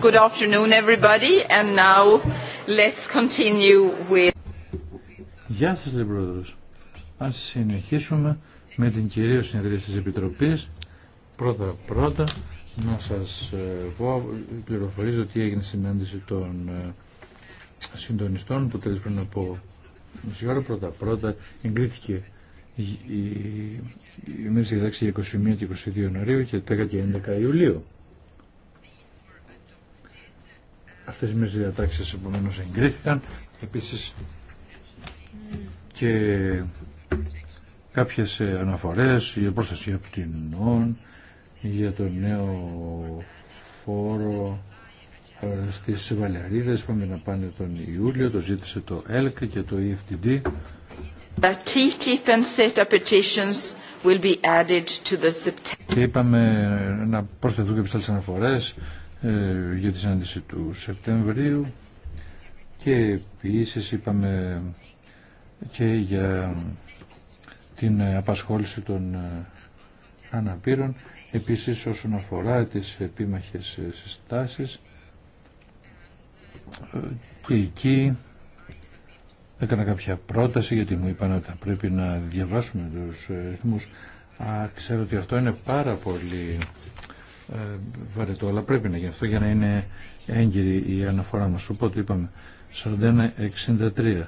Good afternoon everybody and now let's continue with... Γεια σας λέει πρόεδρος. Ας συνεχίσουμε με την κυρίως συνεδρία της Επιτροπής. Πρώτα πρώτα να σας ε, πω, πληροφορίζω ότι έγινε συνάντηση των ε, συντονιστών το τέλος πριν από μισή ώρα πρώτα πρώτα εγκρίθηκε η μέρες για 21 και 22 Ιανουαρίου και 10 και 11 Ιουλίου. Αυτέ οι μέρε διατάξεις επομένως εγκρίθηκαν. επίση. και κάποιε αναφορέ για προστασία πτηνών, για το νέο φόρο ε, στις Βαλαιαρίδες, πάμε να πάνε τον Ιούλιο, το ζήτησε το ΕΛΚ και το EFTD. Και είπαμε να προσθεθούν και πιστές αναφορές ε, για τη συνάντηση του Σεπτεμβρίου και επίση είπαμε και για την απασχόληση των ε, αναπήρων επίσης όσον αφορά τις επίμαχες ε, συστάσεις και εκεί έκανα κάποια πρόταση γιατί μου είπαν ότι θα πρέπει να διαβάσουμε τους ε, ρυθμούς. Α, ξέρω ότι αυτό είναι πάρα πολύ ε, βαρετό, αλλά πρέπει να γίνει αυτό για να είναι έγκυρη η αναφορά μας. Οπότε είπαμε 41-63,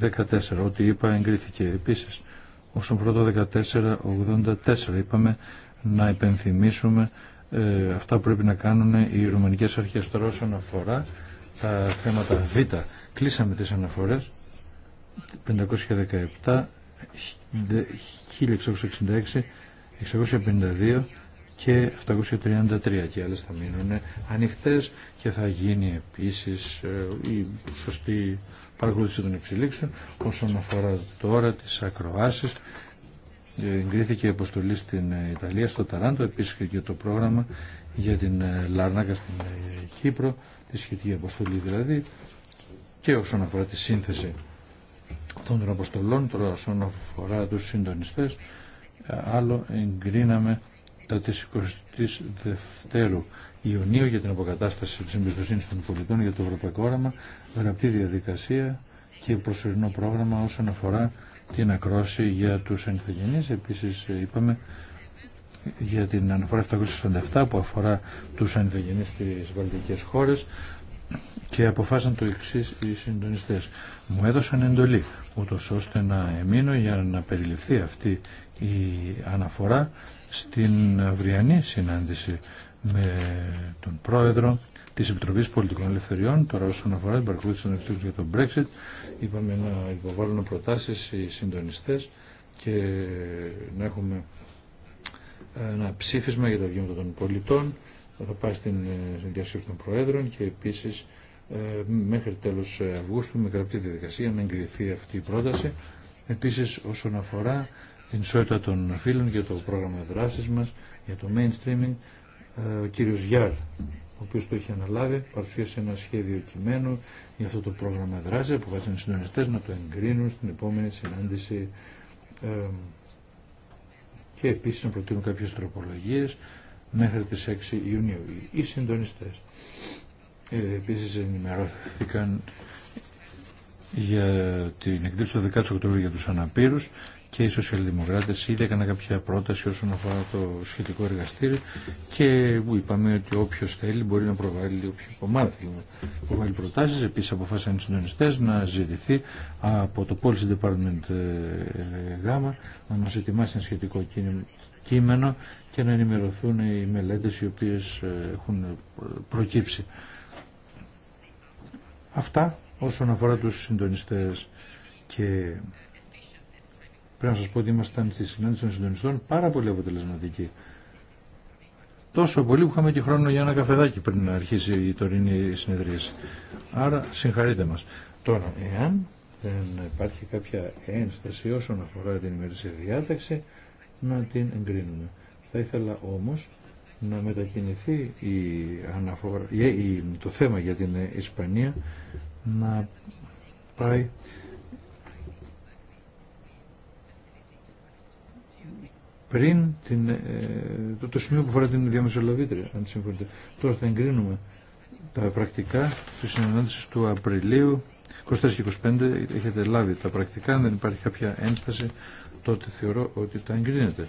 15-14, ό,τι είπα εγκρίθηκε. Επίσης, όσον πρώτο 14-84, είπαμε να υπενθυμίσουμε ε, αυτά που πρέπει να κάνουν οι ρουμανικές αρχές τώρα όσον αφορά τα θέματα β' Κλείσαμε τις αναφορές 517, 1666, 652 και 733 και άλλες θα μείνουν ανοιχτές και θα γίνει επίσης ε, η σωστή παρακολούθηση των εξελίξεων όσον αφορά τώρα τις ακροάσεις ε, εγκρίθηκε η αποστολή στην ε, Ιταλία, στο Ταράντο, επίσης και το πρόγραμμα για την Λάρνακα στην Κύπρο, τη σχετική αποστολή δηλαδή, και όσον αφορά τη σύνθεση των αποστολών, τώρα όσον αφορά τους συντονιστές, άλλο εγκρίναμε τα της 22 Δευτέρου Ιουνίου για την αποκατάσταση της εμπιστοσύνη των πολιτών για το Ευρωπαϊκό Όραμα, γραπτή διαδικασία και προσωρινό πρόγραμμα όσον αφορά την ακρόση για τους ενθογενείς. Επίσης είπαμε για την αναφορά 747 που αφορά τους ενθογενείς στις βαλτικές χώρες και αποφάσισαν το εξή οι συντονιστέ. Μου έδωσαν εντολή, ούτω ώστε να εμείνω για να περιληφθεί αυτή η αναφορά στην αυριανή συνάντηση με τον πρόεδρο τη Επιτροπή Πολιτικών Ελευθεριών. Τώρα, όσον αφορά την παρακολούθηση των ελευθεριών για τον Brexit, είπαμε να υποβάλουν προτάσει οι συντονιστέ και να έχουμε ε, ένα ψήφισμα για τα βιώματα των πολιτών θα πάει στην ε, συνδυασία των Προέδρων και επίσης ε, μέχρι τέλος Αυγούστου με γραπτή διαδικασία να εγκριθεί αυτή η πρόταση. Επίσης όσον αφορά την ισότητα των φίλων για το πρόγραμμα δράσης μας, για το mainstreaming, ε, ο κύριος Γιάρ, ο οποίος το έχει αναλάβει, παρουσίασε ένα σχέδιο κειμένου για αυτό το πρόγραμμα δράσης που βάζουν οι συντονιστές να το εγκρίνουν στην επόμενη συνάντηση και επίσης να προτείνουν κάποιες τροπολογίες μέχρι τις 6 Ιουνίου. Οι συντονιστές ε, επίσης ενημερώθηκαν για την εκδήλωση του 10 Οκτωβρίου για τους αναπήρους και οι σοσιαλδημοκράτες ήδη έκανα κάποια πρόταση όσον αφορά το σχετικό εργαστήριο και που είπαμε ότι όποιος θέλει μπορεί να προβάλλει όποιο κομμάτι θέλει να προβάλλει προτάσεις. Επίσης αποφάσισαν οι συντονιστές να ζητηθεί από το Policy Department ε, ε, γάμα να μας ετοιμάσει ένα σχετικό κείμενο και να ενημερωθούν οι μελέτες οι οποίες ε, έχουν ε, προκύψει. Αυτά όσον αφορά τους συντονιστές και πρέπει να σας πω ότι ήμασταν στη συνάντηση των συντονιστών πάρα πολύ αποτελεσματικοί. Τόσο πολύ που είχαμε και χρόνο για ένα καφεδάκι πριν να αρχίσει η τωρινή συνεδρίαση. Άρα συγχαρείτε μας. Τώρα, εάν δεν υπάρχει κάποια ένσταση όσον αφορά την ημερήσια διάταξη, να την εγκρίνουμε. Θα ήθελα όμως να μετακινηθεί η αναφορά, η, το θέμα για την Ισπανία να πάει πριν την, ε, το, το σημείο που φορά την διαμεσολαβήτρια, αν συμφωνείτε. Τώρα θα εγκρίνουμε τα πρακτικά της συνεδρίασης του Απριλίου 24 και 25 έχετε λάβει τα πρακτικά, δεν υπάρχει κάποια ένσταση τότε θεωρώ ότι τα εγκρίνεται.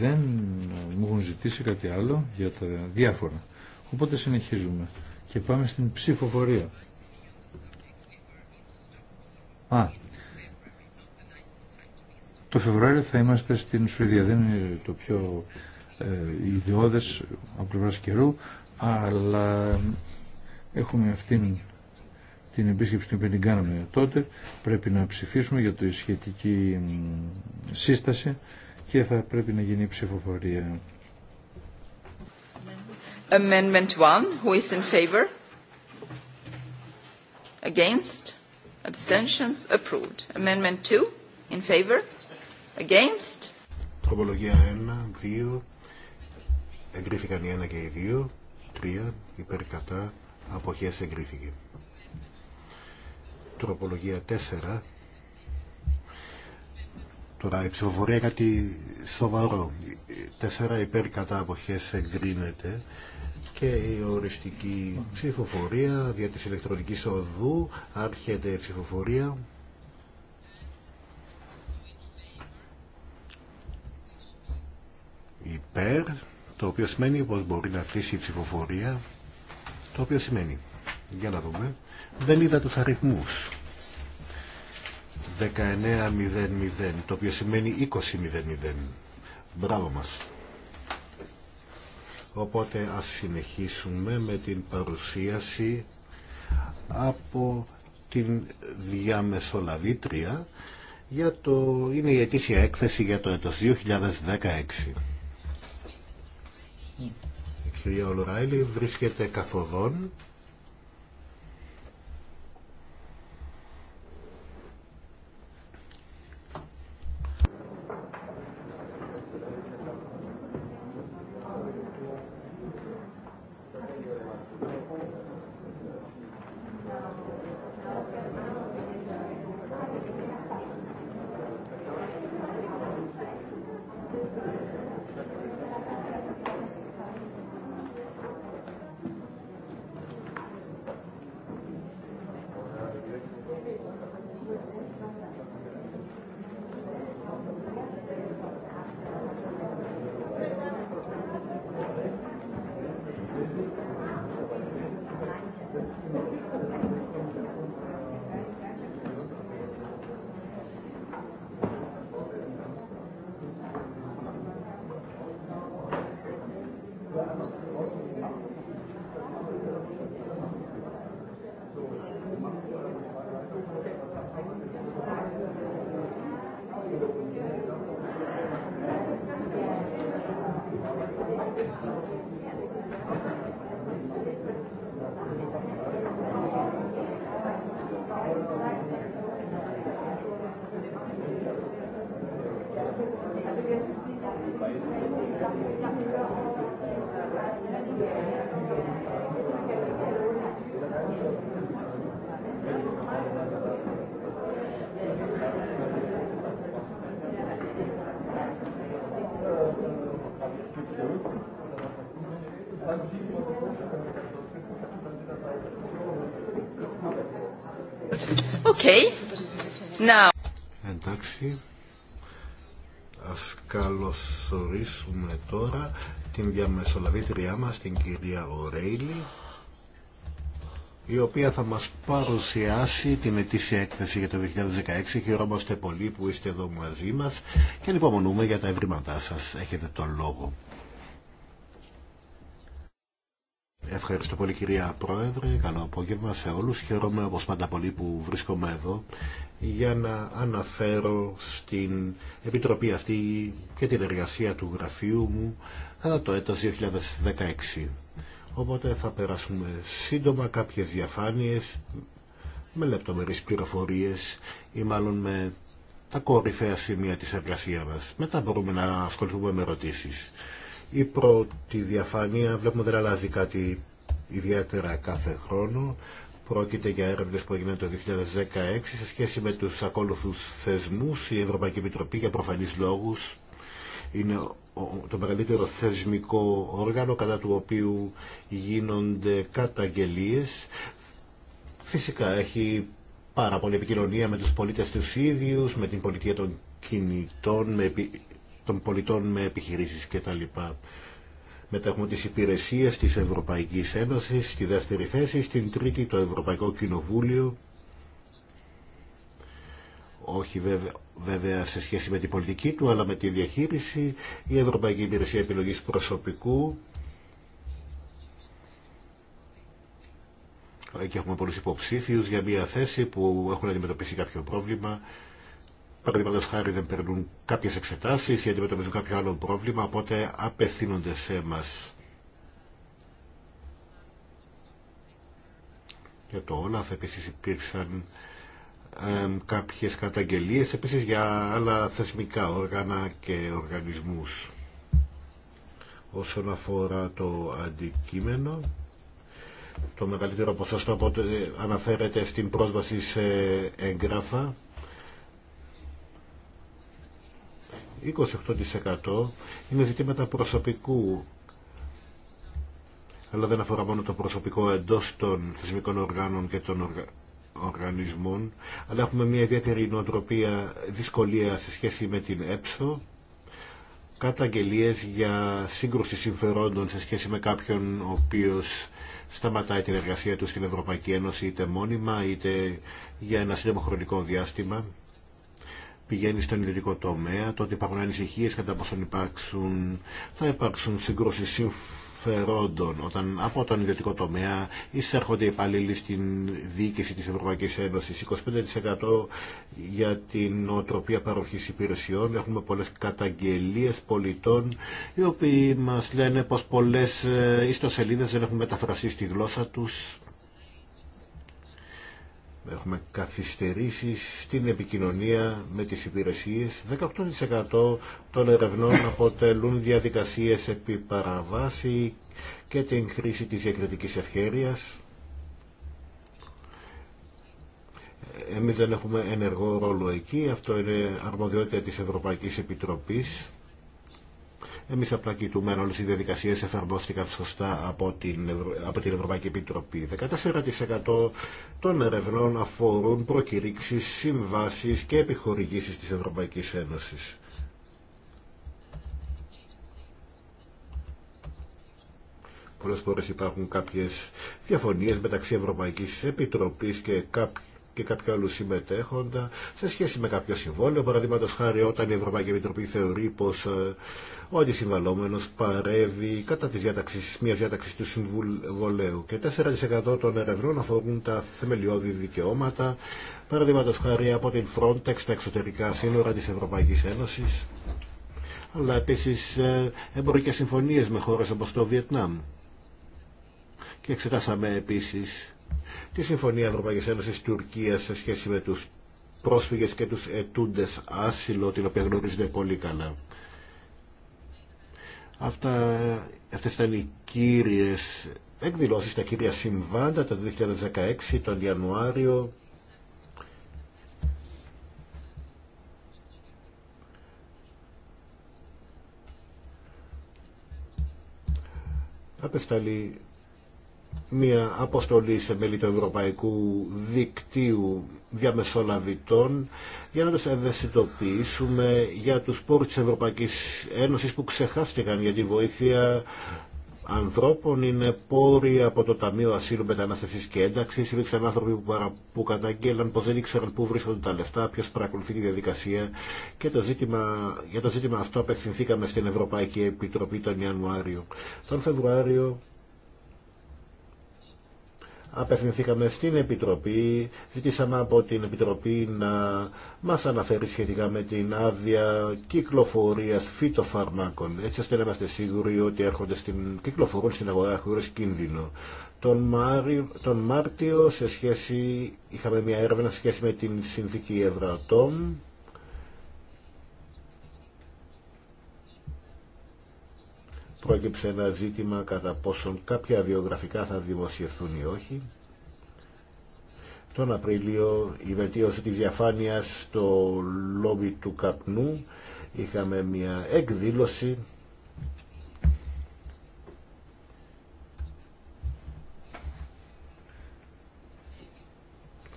Δεν μου έχουν ζητήσει κάτι άλλο για τα διάφορα. Οπότε συνεχίζουμε και πάμε στην ψηφοφορία. Α, το Φεβρουάριο θα είμαστε στην Σουηδία. Δεν είναι το πιο ε, ιδιώδες από πλευράς καιρού, αλλά έχουμε αυτήν την επίσκεψη την οποία την κάναμε τότε πρέπει να ψηφίσουμε για το σχετική σύσταση και θα πρέπει να γίνει η ψηφοφορία. Amendment 1, who is in favor? Against? Abstentions? Approved. Amendment 2, in favor? Against? Τροπολογία 1, 2, εγκρίθηκαν οι 1 και οι 2, 3, υπερ κατά, αποχές εγκρίθηκε τροπολογία 4 τώρα η ψηφοφορία κάτι σοβαρό 4 υπέρ κατά αποχές εγκρίνεται και η οριστική ψηφοφορία δια της ηλεκτρονικής οδού άρχεται η ψηφοφορία υπέρ το οποίο σημαίνει πως μπορεί να κλείσει η ψηφοφορία το οποίο σημαίνει για να δούμε δεν είδα τους αριθμούς. 19.00, το οποίο σημαίνει 20.00. Μπράβο μας. Οπότε ας συνεχίσουμε με την παρουσίαση από την διαμεσολαβήτρια για το, είναι η ετήσια έκθεση για το έτος 2016. Η κυρία Ολοράιλη βρίσκεται καθοδόν Εντάξει, ας καλωσορίσουμε τώρα την διαμεσολαβήτριά μας, την κυρία Ορέιλη, η οποία θα μας παρουσιάσει την ετήσια έκθεση για το 2016. Χαιρόμαστε πολύ που είστε εδώ μαζί μας και ανυπομονούμε για τα ευρήματά σας. Έχετε τον λόγο. Ευχαριστώ πολύ κυρία Πρόεδρε, καλό απόγευμα σε όλους. Χαίρομαι όπως πάντα πολύ που βρίσκομαι εδώ για να αναφέρω στην Επιτροπή αυτή και την εργασία του γραφείου μου κατά ε, το έτος 2016. Οπότε θα περάσουμε σύντομα κάποιες διαφάνειες με λεπτομερείς πληροφορίες ή μάλλον με τα κορυφαία σημεία της εργασίας μας. Μετά μπορούμε να ασχοληθούμε με ερωτήσεις. Η πρώτη διαφάνεια, βλέπουμε δεν αλλάζει κάτι ιδιαίτερα κάθε χρόνο. Πρόκειται για έρευνες που έγιναν το 2016 σε σχέση με τους ακόλουθους θεσμούς. Η Ευρωπαϊκή Επιτροπή για προφανείς λόγους είναι το μεγαλύτερο θεσμικό όργανο κατά του οποίου γίνονται καταγγελίες. Φυσικά έχει πάρα πολλή επικοινωνία με τους πολίτες τους ίδιους, με την πολιτεία των κινητών, με των πολιτών με επιχειρήσεις κτλ. Μετά έχουμε τις υπηρεσίες της Ευρωπαϊκής Ένωσης, στη δεύτερη θέση, στην τρίτη το Ευρωπαϊκό Κοινοβούλιο, όχι βέβαια σε σχέση με την πολιτική του, αλλά με τη διαχείριση, η Ευρωπαϊκή Υπηρεσία Επιλογής Προσωπικού, και έχουμε πολλούς υποψήφιους για μια θέση που έχουν αντιμετωπίσει κάποιο πρόβλημα παραδείγματο χάρη δεν περνούν κάποιε εξετάσει ή αντιμετωπίζουν κάποιο άλλο πρόβλημα, οπότε απευθύνονται σε εμά. Για το Όλαφ επίση υπήρξαν ε, κάποιες καταγγελίες επίσης για άλλα θεσμικά όργανα και οργανισμού. Όσον αφορά το αντικείμενο, το μεγαλύτερο ποσοστό αναφέρεται στην πρόσβαση σε έγγραφα 28% είναι ζητήματα προσωπικού αλλά δεν αφορά μόνο το προσωπικό εντός των θεσμικών οργάνων και των οργανισμών αλλά έχουμε μια ιδιαίτερη νοοτροπία δυσκολία σε σχέση με την έψο καταγγελίες για σύγκρουση συμφερόντων σε σχέση με κάποιον ο οποίος σταματάει την εργασία του στην Ευρωπαϊκή Ένωση είτε μόνιμα είτε για ένα σύντομο χρονικό διάστημα πηγαίνει στον ιδιωτικό τομέα, τότε υπάρχουν ανησυχίες κατά πόσον θα υπάρξουν συγκρούσεις συμφερόντων όταν από τον ιδιωτικό τομέα εισέρχονται οι υπαλλήλοι στην διοίκηση της Ευρωπαϊκής Ένωσης 25% για την νοοτροπία παροχής υπηρεσιών έχουμε πολλές καταγγελίες πολιτών οι οποίοι μας λένε πως πολλές ε, ιστοσελίδες δεν έχουν μεταφραστεί στη γλώσσα τους Έχουμε καθυστερήσει στην επικοινωνία με τις υπηρεσίες. 18% των ερευνών αποτελούν διαδικασίες επί παραβάση και την χρήση της διακριτικής ευχέρειας. Εμείς δεν έχουμε ενεργό ρόλο εκεί. Αυτό είναι αρμοδιότητα της Ευρωπαϊκής Επιτροπής εμείς απλά κοιτούμε αν όλες οι διαδικασίες εφαρμόστηκαν σωστά από την, από την Ευρωπαϊκή Επιτροπή. 14% των ερευνών αφορούν προκηρύξεις, συμβάσεις και επιχορηγήσεις της Ευρωπαϊκής Ένωσης. Πολλές φορές υπάρχουν κάποιες διαφωνίες μεταξύ Ευρωπαϊκής Επιτροπής και κάποιων και κάποιου άλλου συμμετέχοντα σε σχέση με κάποιο συμβόλαιο. Παραδείγματο χάρη όταν η Ευρωπαϊκή Επιτροπή θεωρεί πω ο ε, αντισυμβαλόμενο παρεύει κατά τη διάταξη, μια διάταξη του συμβολέου. Και 4% των ερευνών αφορούν τα θεμελιώδη δικαιώματα. Παραδείγματο χάρη από την Frontex, τα εξωτερικά σύνορα τη Ευρωπαϊκή Ένωση αλλά επίσης ε, εμπορικές συμφωνίε με χώρε όπω το Βιετνάμ. Και εξετάσαμε επίσης τη Συμφωνία Ευρωπαϊκής Ένωσης Τουρκίας σε σχέση με τους πρόσφυγες και τους ετούντες άσυλο, την οποία γνωρίζετε πολύ καλά. Αυτά, αυτές ήταν οι κύριες εκδηλώσεις, τα κύρια συμβάντα το 2016, τον Ιανουάριο. Απεσταλεί μια αποστολή σε μέλη του Ευρωπαϊκού Δικτύου Διαμεσολαβητών για να τους ευαισθητοποιήσουμε για τους πόρους της Ευρωπαϊκής Ένωσης που ξεχάστηκαν για τη βοήθεια ανθρώπων είναι πόροι από το Ταμείο Ασύλου Μετανάστευση και Ένταξη. Υπήρξαν άνθρωποι που, παρα... που καταγγέλαν πω δεν ήξεραν πού βρίσκονται τα λεφτά, ποιο παρακολουθεί τη διαδικασία. Και το ζήτημα... για το ζήτημα αυτό απευθυνθήκαμε στην Ευρωπαϊκή Επιτροπή τον Ιανουάριο. Τον Φεβρουάριο Απευθυνθήκαμε στην Επιτροπή, ζητήσαμε από την Επιτροπή να μας αναφέρει σχετικά με την άδεια κυκλοφορίας φυτοφαρμάκων, έτσι ώστε να είμαστε σίγουροι ότι έρχονται στην, κυκλοφορία, στην αγορά χωρίς κίνδυνο. Τον, τον Μάρτιο σε σχέση, είχαμε μια έρευνα σε σχέση με την συνθήκη Ευρατών, Πρόκειψε ένα ζήτημα κατά πόσον κάποια βιογραφικά θα δημοσιευθούν ή όχι. Τον Απρίλιο η βελτίωση της διαφάνειας στο λόμπι του καπνού είχαμε μια εκδήλωση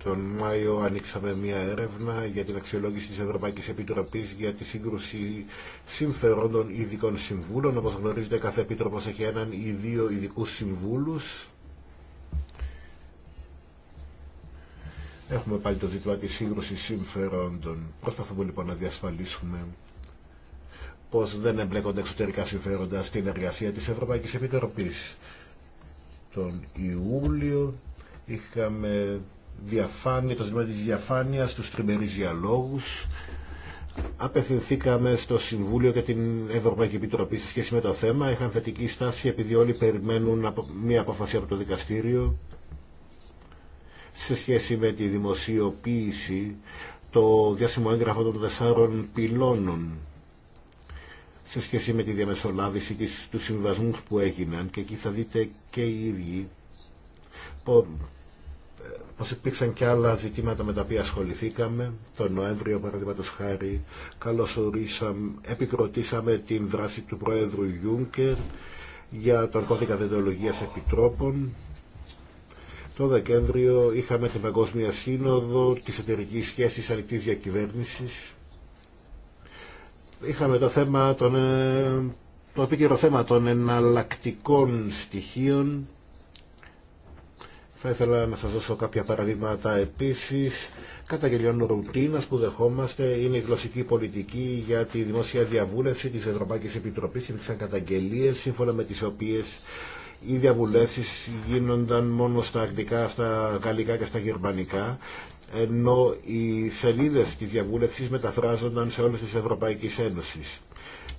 Τον Μάιο ανοίξαμε μία έρευνα για την αξιολόγηση της Ευρωπαϊκής Επιτροπής για τη σύγκρουση συμφερόντων ειδικών συμβούλων. Όπως γνωρίζετε κάθε επίτροπος έχει έναν ή δύο ειδικού συμβούλους. Έχουμε πάλι το ζήτημα της σύγκρουσης συμφερόντων. Προσπαθούμε λοιπόν να διασφαλίσουμε πως δεν εμπλέκονται εξωτερικά συμφέροντα στην εργασία της Ευρωπαϊκής Επιτροπής. Τον Ιούλιο είχαμε διαφάνεια, το ζήτημα της διαφάνειας, τους τριμερείς διαλόγους. Απευθυνθήκαμε στο Συμβούλιο και την Ευρωπαϊκή Επιτροπή σε σχέση με το θέμα. Είχαν θετική στάση επειδή όλοι περιμένουν μία απόφαση από το δικαστήριο σε σχέση με τη δημοσιοποίηση το διάσημο έγγραφο των τεσσάρων πυλώνων σε σχέση με τη διαμεσολάβηση και τους συμβασμούς που έγιναν και εκεί θα δείτε και οι ίδιοι Όπω υπήρξαν και άλλα ζητήματα με τα οποία ασχοληθήκαμε, τον Νοέμβριο παραδείγματο χάρη καλωσορίσαμε, επικροτήσαμε την δράση του Πρόεδρου Γιούνκερ για τον κώδικα δεντολογίας επιτρόπων. Το Δεκέμβριο είχαμε την Παγκόσμια Σύνοδο της εταιρική Σχέσης Ανοιχτής Διακυβέρνησης. Είχαμε το θέμα των, ε, το επίκαιρο θέμα των εναλλακτικών στοιχείων θα ήθελα να σας δώσω κάποια παραδείγματα επίσης. Κατά γελιών ρουτίνας που δεχόμαστε είναι η γλωσσική πολιτική για τη δημόσια διαβούλευση της Ευρωπαϊκής Επιτροπής. Υπήρξαν καταγγελίες σύμφωνα με τις οποίες οι διαβουλεύσεις γίνονταν μόνο στα αγγλικά, στα γαλλικά και στα γερμανικά ενώ οι σελίδες της διαβούλευσης μεταφράζονταν σε όλες τις Ευρωπαϊκές Ένωσης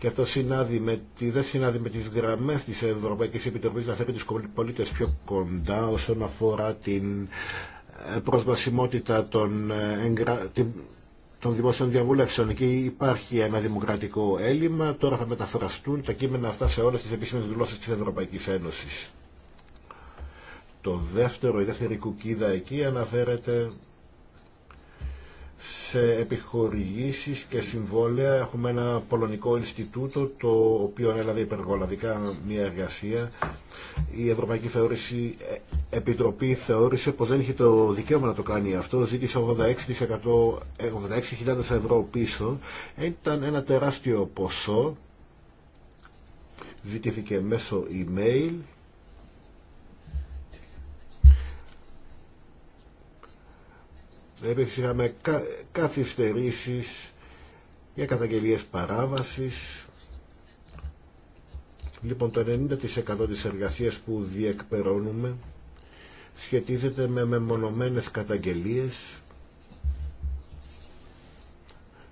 και αυτό συνάδει με, δεν συνάδει με τις γραμμές της Ευρωπαϊκής Επιτροπής να φέρει τους πολίτες πιο κοντά όσον αφορά την ε, προσβασιμότητα των, ε, των δημόσιων διαβουλεύσεων. Εκεί υπάρχει ένα δημοκρατικό έλλειμμα, τώρα θα μεταφραστούν τα κείμενα αυτά σε όλες τις επίσημες γλώσσες της Ευρωπαϊκής Ένωσης. Το δεύτερο, η δεύτερη κουκίδα εκεί αναφέρεται σε επιχορηγήσεις και συμβόλαια. Έχουμε ένα πολωνικό Ινστιτούτο το οποίο έλαβε υπεργολαβικά μια εργασία. Η Ευρωπαϊκή Θεώρηση ε, Επιτροπή θεώρησε πως δεν είχε το δικαίωμα να το κάνει αυτό. Ζήτησε 86.000 86 ε, ευρώ πίσω. Ήταν ένα τεράστιο ποσό. Ζητήθηκε μέσω email Είχαμε κα, καθυστερήσεις για καταγγελίες παράβασης. Λοιπόν, το 90% της εργασίας που διεκπερώνουμε σχετίζεται με μεμονωμένες καταγγελίες.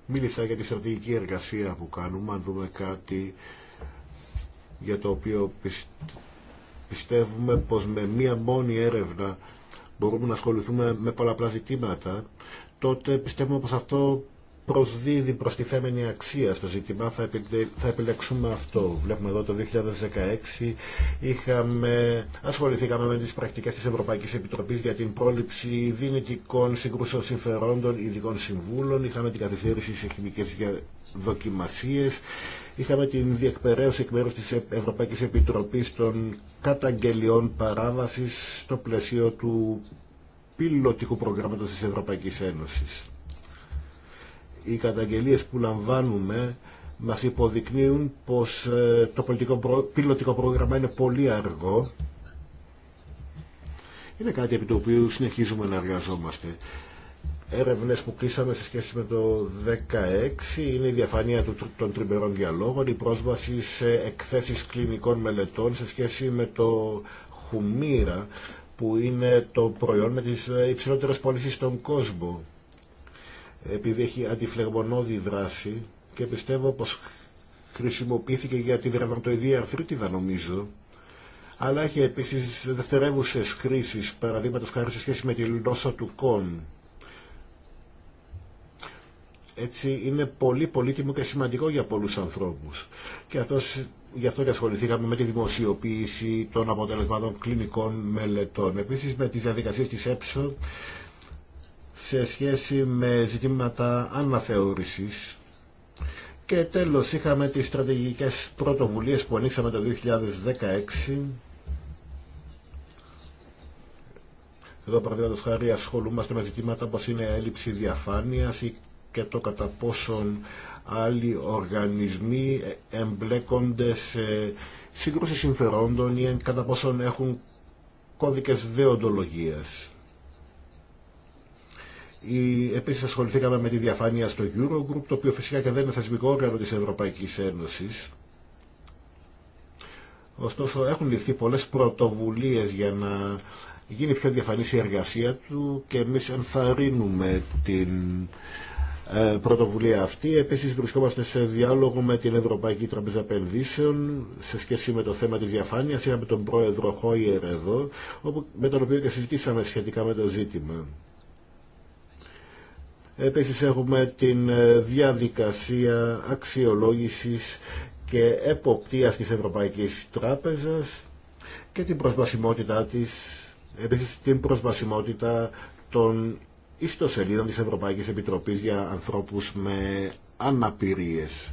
Μίλησα για τη στρατηγική εργασία που κάνουμε, αν δούμε κάτι για το οποίο πιστεύουμε πως με μία μόνη έρευνα μπορούμε να ασχοληθούμε με πολλαπλά ζητήματα, τότε πιστεύουμε πως αυτό προσδίδει προστιθέμενη αξία στο ζήτημα, θα, θα επιλέξουμε αυτό. Βλέπουμε εδώ το 2016 είχαμε, ασχοληθήκαμε με τις πρακτικές της Ευρωπαϊκής Επιτροπής για την πρόληψη δυνητικών συγκρούσεων συμφερόντων ειδικών συμβούλων, είχαμε την καθυστέρηση σε χημικές δοκιμασίες, Είχαμε την διεκπαιρέωση εκ μέρους της Ευρωπαϊκής Επιτροπής των καταγγελιών παράβασης στο πλαίσιο του πιλωτικού προγράμματος της Ευρωπαϊκής Ένωσης. Οι καταγγελίες που λαμβάνουμε μας υποδεικνύουν πως ε, το πολιτικό πιλωτικό πρόγραμμα είναι πολύ αργό. Είναι κάτι επί του οποίου συνεχίζουμε να εργαζόμαστε. Έρευνε που κλείσαμε σε σχέση με το 2016 είναι η διαφανεία των τριμπερών διαλόγων, η πρόσβαση σε εκθέσει κλινικών μελετών σε σχέση με το Χουμίρα που είναι το προϊόν με τις ε, υψηλότερες πωλήσει στον κόσμο επειδή έχει αντιφλεγμονώδη δράση και πιστεύω πως χρησιμοποιήθηκε για τη δραματοειδή αρθρίτιδα νομίζω αλλά έχει επίσης δευτερεύουσες κρίσεις παραδείγματος χάρη σε σχέση με τη νόσο του κόν έτσι είναι πολύ πολύτιμο και σημαντικό για πολλούς ανθρώπους. Και αυτός, γι' αυτό και ασχοληθήκαμε με τη δημοσιοποίηση των αποτελεσμάτων κλινικών μελετών. Επίσης με τις διαδικασίες της ΕΠΣΟ σε σχέση με ζητήματα αναθεώρησης. Και τέλος είχαμε τις στρατηγικές πρωτοβουλίες που ανοίξαμε το 2016 εδώ παραδείγματο χάρη ασχολούμαστε με ζητήματα όπω είναι έλλειψη διαφάνεια και το κατά πόσον άλλοι οργανισμοί εμπλέκονται σε σύγκρουση συμφερόντων ή κατά πόσον έχουν κώδικες δεοντολογίας. Η, επίσης ασχοληθήκαμε με τη διαφάνεια στο Eurogroup, το οποίο φυσικά και δεν είναι θεσμικό όργανο της Ευρωπαϊκής Ένωσης. Ωστόσο έχουν ληφθεί πολλές πρωτοβουλίες για να γίνει πιο διαφανής η εργασία του και εμείς ενθαρρύνουμε την ε, πρωτοβουλία αυτή. Επίσης βρισκόμαστε σε διάλογο με την Ευρωπαϊκή Τραπεζα Επενδύσεων σε σχέση με το θέμα της διαφάνειας. Είχαμε τον πρόεδρο Χόιερ εδώ, με τον οποίο και συζητήσαμε σχετικά με το ζήτημα. Επίσης έχουμε την ε, διαδικασία αξιολόγησης και εποπτείας της Ευρωπαϊκής Τράπεζας και την προσβασιμότητά της, επίσης την προσβασιμότητα των ιστοσελίδα της Ευρωπαϊκής Επιτροπής για ανθρώπους με αναπηρίες.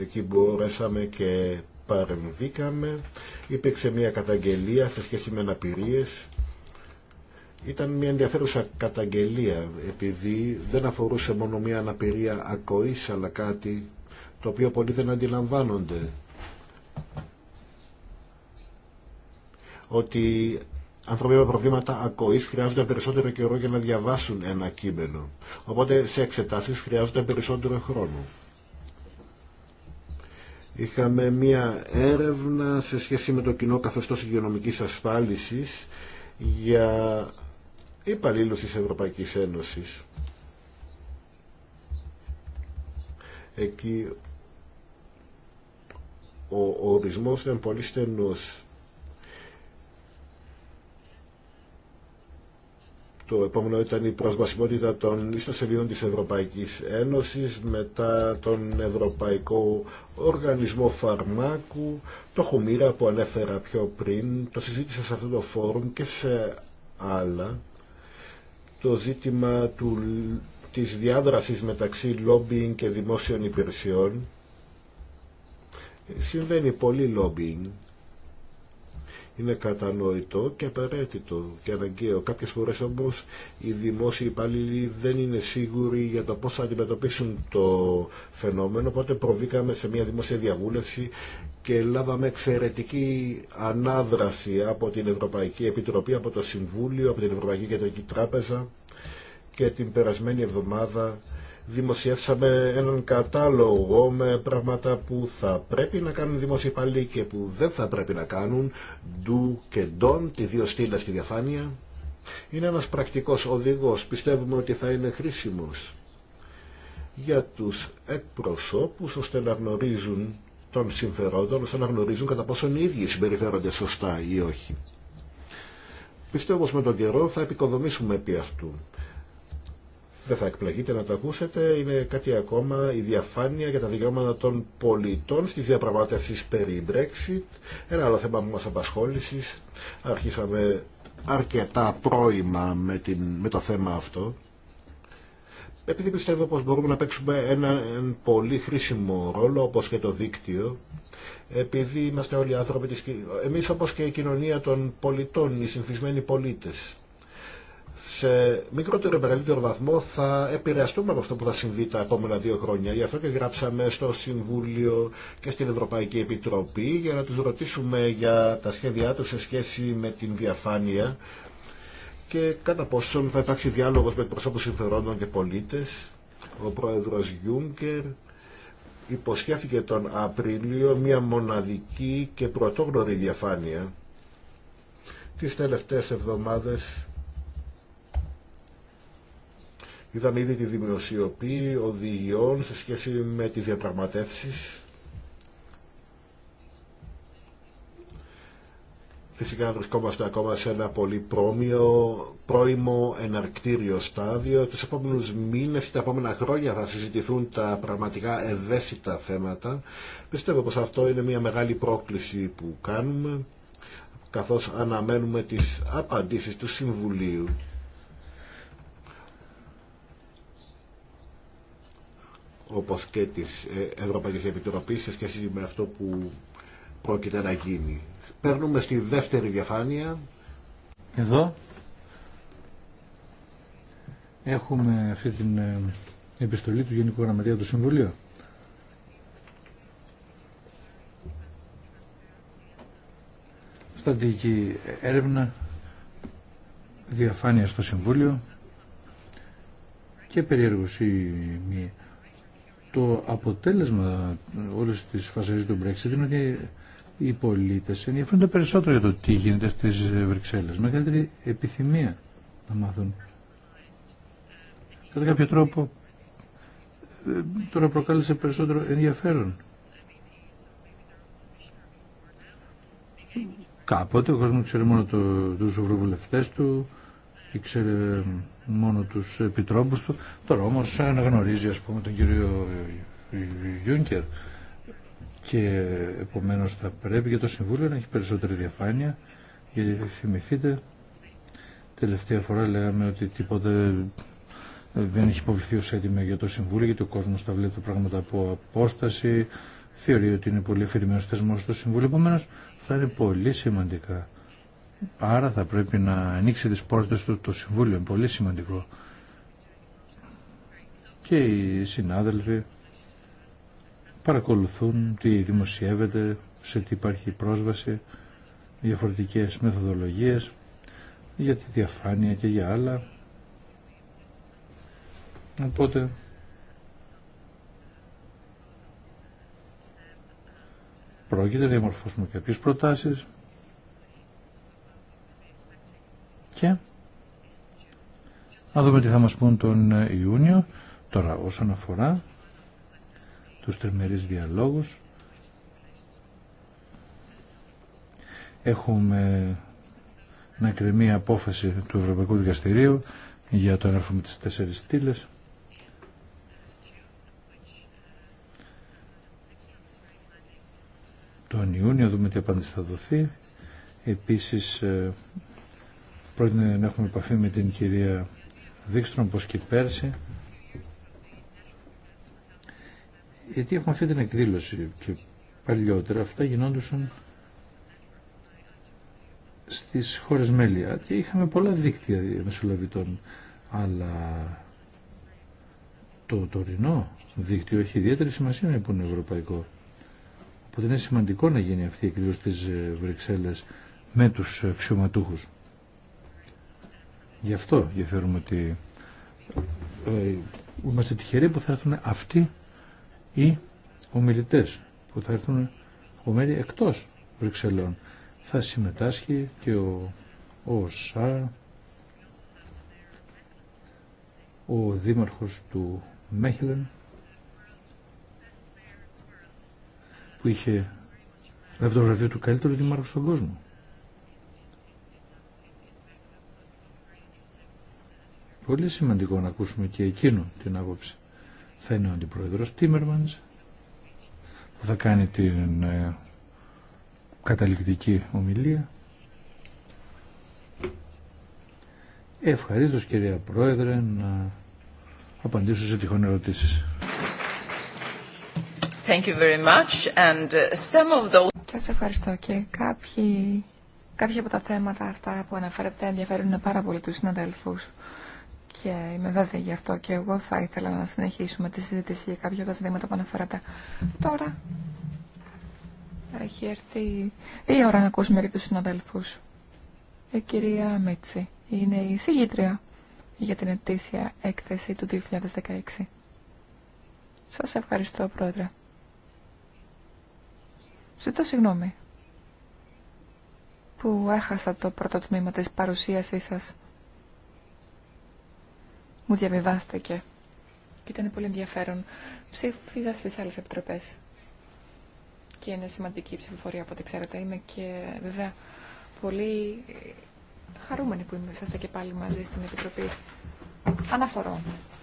Εκεί μπορέσαμε και παρεμβήκαμε. Υπήρξε μια καταγγελία σε σχέση με αναπηρίες. Ήταν μια ενδιαφέρουσα καταγγελία επειδή δεν αφορούσε μόνο μια αναπηρία ακοής αλλά κάτι το οποίο πολλοί δεν αντιλαμβάνονται ότι άνθρωποι με προβλήματα ακοής χρειάζονται περισσότερο καιρό για να διαβάσουν ένα κείμενο. Οπότε σε εξετάσεις χρειάζονται περισσότερο χρόνο. Είχαμε μία έρευνα σε σχέση με το κοινό καθεστώς υγειονομικής ασφάλισης για υπαλλήλους της Ευρωπαϊκής Ένωσης. Εκεί ο ορισμός ήταν πολύ στενός Το επόμενο ήταν η προσβασιμότητα των ιστοσελίδων της Ευρωπαϊκής Ένωσης, μετά τον Ευρωπαϊκό Οργανισμό Φαρμάκου, το Χουμίρα που ανέφερα πιο πριν, το συζήτησα σε αυτό το φόρουμ και σε άλλα, το ζήτημα του, της διάδρασης μεταξύ lobbying και δημόσιων υπηρεσιών. Συμβαίνει πολύ λόμπινγκ είναι κατανοητό και απαραίτητο και αναγκαίο. Κάποιες φορές όμως οι δημόσιοι υπάλληλοι δεν είναι σίγουροι για το πώς θα αντιμετωπίσουν το φαινόμενο, οπότε προβήκαμε σε μια δημόσια διαβούλευση και λάβαμε εξαιρετική ανάδραση από την Ευρωπαϊκή Επιτροπή, από το Συμβούλιο, από την Ευρωπαϊκή Κεντρική Τράπεζα και την περασμένη εβδομάδα δημοσιεύσαμε έναν κατάλογο με πράγματα που θα πρέπει να κάνουν δημοσιοπαλοί και που δεν θα πρέπει να κάνουν, ντου και ντον, τη δύο στήλα στη διαφάνεια. Είναι ένας πρακτικός οδηγός, πιστεύουμε ότι θα είναι χρήσιμος για τους εκπροσώπους ώστε να γνωρίζουν των συμφερόντων, ώστε να γνωρίζουν κατά πόσον οι ίδιοι συμπεριφέρονται σωστά ή όχι. Πιστεύω πως με τον καιρό θα επικοδομήσουμε επί αυτού. Δεν θα εκπλαγείτε να το ακούσετε. Είναι κάτι ακόμα η διαφάνεια για τα δικαιώματα των πολιτών στη διαπραγματεύσεις περί Brexit. Ένα άλλο θέμα που μας απασχόλησης. Αρχίσαμε αρκετά πρόημα με, την, με το θέμα αυτό. Επειδή πιστεύω πως μπορούμε να παίξουμε έναν πολύ χρήσιμο ρόλο όπως και το δίκτυο επειδή είμαστε όλοι άνθρωποι της... Εμείς όπως και η κοινωνία των πολιτών, οι συνθισμένοι πολίτες σε μικρότερο ή μεγαλύτερο βαθμό θα επηρεαστούμε από αυτό που θα συμβεί τα επόμενα δύο χρόνια. Γι' αυτό και γράψαμε στο Συμβούλιο και στην Ευρωπαϊκή Επιτροπή για να τους ρωτήσουμε για τα σχέδιά τους σε σχέση με την διαφάνεια και κατά πόσον θα υπάρξει διάλογος με προσώπους συμφερόντων και πολίτες. Ο πρόεδρος Γιούγκερ υποσχέθηκε τον Απρίλιο μια μοναδική και πρωτόγνωρη διαφάνεια. Τις τελευταίες εβδομάδες Είδαμε ήδη τη δημοσιοποίηση οδηγιών σε σχέση με τις διαπραγματεύσεις. Φυσικά βρισκόμαστε ακόμα σε ένα πολύ πρόμοιο, πρώιμο εναρκτήριο στάδιο. Τους επόμενους μήνες, τα επόμενα χρόνια θα συζητηθούν τα πραγματικά ευαίσθητα θέματα. Πιστεύω πως αυτό είναι μια μεγάλη πρόκληση που κάνουμε, καθώς αναμένουμε τις απαντήσεις του Συμβουλίου όπως και της ε, Ευρωπαϊκής Επιτροπής σε σχέση με αυτό που πρόκειται να γίνει. Παίρνουμε στη δεύτερη διαφάνεια. Εδώ έχουμε αυτή την ε, επιστολή του Γενικού Γραμματεία του Συμβουλίου. Στατική έρευνα, διαφάνεια στο Συμβούλιο και περίεργος το αποτέλεσμα όλη τη φασαρίας του Brexit είναι ότι οι πολίτε ενδιαφέρονται περισσότερο για το τι γίνεται στις Βρυξέλλες. Μεγαλύτερη επιθυμία να μάθουν. Κατά κάποιο τρόπο ε, τώρα προκάλεσε περισσότερο ενδιαφέρον. Κάποτε ο κόσμος ξέρει μόνο το, τους του, ήξερε ε, μόνο τους επιτρόπους του. Τώρα όμως αναγνωρίζει ας πούμε τον κύριο Γιούνκερ και επομένως θα πρέπει για το Συμβούλιο να έχει περισσότερη διαφάνεια γιατί θυμηθείτε τελευταία φορά λέγαμε ότι τίποτε δεν έχει υποβληθεί ως έτοιμο για το Συμβούλιο γιατί ο κόσμος τα βλέπει τα πράγματα από απόσταση θεωρεί ότι είναι πολύ αφηρημένος θεσμός στο Συμβούλιο επομένως θα είναι πολύ σημαντικά Άρα θα πρέπει να ανοίξει τις πόρτες του το Συμβούλιο. Είναι πολύ σημαντικό. Και οι συνάδελφοι παρακολουθούν τι δημοσιεύεται, σε τι υπάρχει πρόσβαση, διαφορετικές μεθοδολογίες για τη διαφάνεια και για άλλα. Οπότε πρόκειται να διαμορφώσουμε κάποιες προτάσεις και να δούμε τι θα μας πούν τον Ιούνιο τώρα όσον αφορά τους τριμερείς διαλόγους έχουμε να κρεμεί απόφαση του Ευρωπαϊκού Δικαστηρίου για το έγραφο με τις τέσσερις στήλες τον Ιούνιο δούμε τι απάντηση θα δοθεί επίσης ε, Πρόκειται να έχουμε επαφή με την κυρία Δίξτρον, όπως και πέρσι. Γιατί έχουμε αυτή την εκδήλωση και παλιότερα αυτά γινόντουσαν στις χώρες μέλη και είχαμε πολλά δίκτυα μεσολαβητών αλλά το τωρινό δίκτυο έχει ιδιαίτερη σημασία να είναι ευρωπαϊκό οπότε είναι σημαντικό να γίνει αυτή η εκδήλωση της Βρυξέλλες με τους αξιωματούχους Γι' αυτό και θεωρούμε ότι ε, είμαστε τυχεροί που θα έρθουν αυτοί οι ομιλητές που θα έρθουν Μέρι εκτός Βρυξελών. Θα συμμετάσχει και ο, ο ο δήμαρχος του Μέχελεν, που είχε το βραβείο του καλύτερου δήμαρχου στον κόσμο. Πολύ σημαντικό να ακούσουμε και εκείνο την άποψη. Θα είναι ο αντιπρόεδρος Τίμερμανς που θα κάνει την ε, καταληκτική ομιλία. Ευχαριστώ, κυρία Πρόεδρε να απαντήσω σε τυχόν ερωτήσεις. Thank you very much. And uh, some of those... Σας ευχαριστώ και κάποιοι, κάποια από τα θέματα αυτά που αναφέρετε ενδιαφέρουν πάρα πολύ τους συναδέλφους και είμαι βέβαιη γι' αυτό και εγώ θα ήθελα να συνεχίσουμε τη συζήτηση για κάποια από τα ζητήματα που αναφέρατε. Τώρα έχει έρθει η ώρα να ακούσουμε και τους συναδέλφους. Η κυρία Μίτση είναι η συγγήτρια για την ετήσια έκθεση του 2016. Σας ευχαριστώ, Πρόεδρε. Ζητώ συγγνώμη που έχασα το πρώτο τμήμα της παρουσίασής σας μου διαβιβάστηκε και ήταν πολύ ενδιαφέρον. Ψήφιζα στι άλλε επιτροπέ. και είναι σημαντική η ψηφοφορία από ό,τι ξέρετε. Είμαι και βέβαια πολύ χαρούμενη που είμαστε και πάλι μαζί στην Επιτροπή Αναφορών.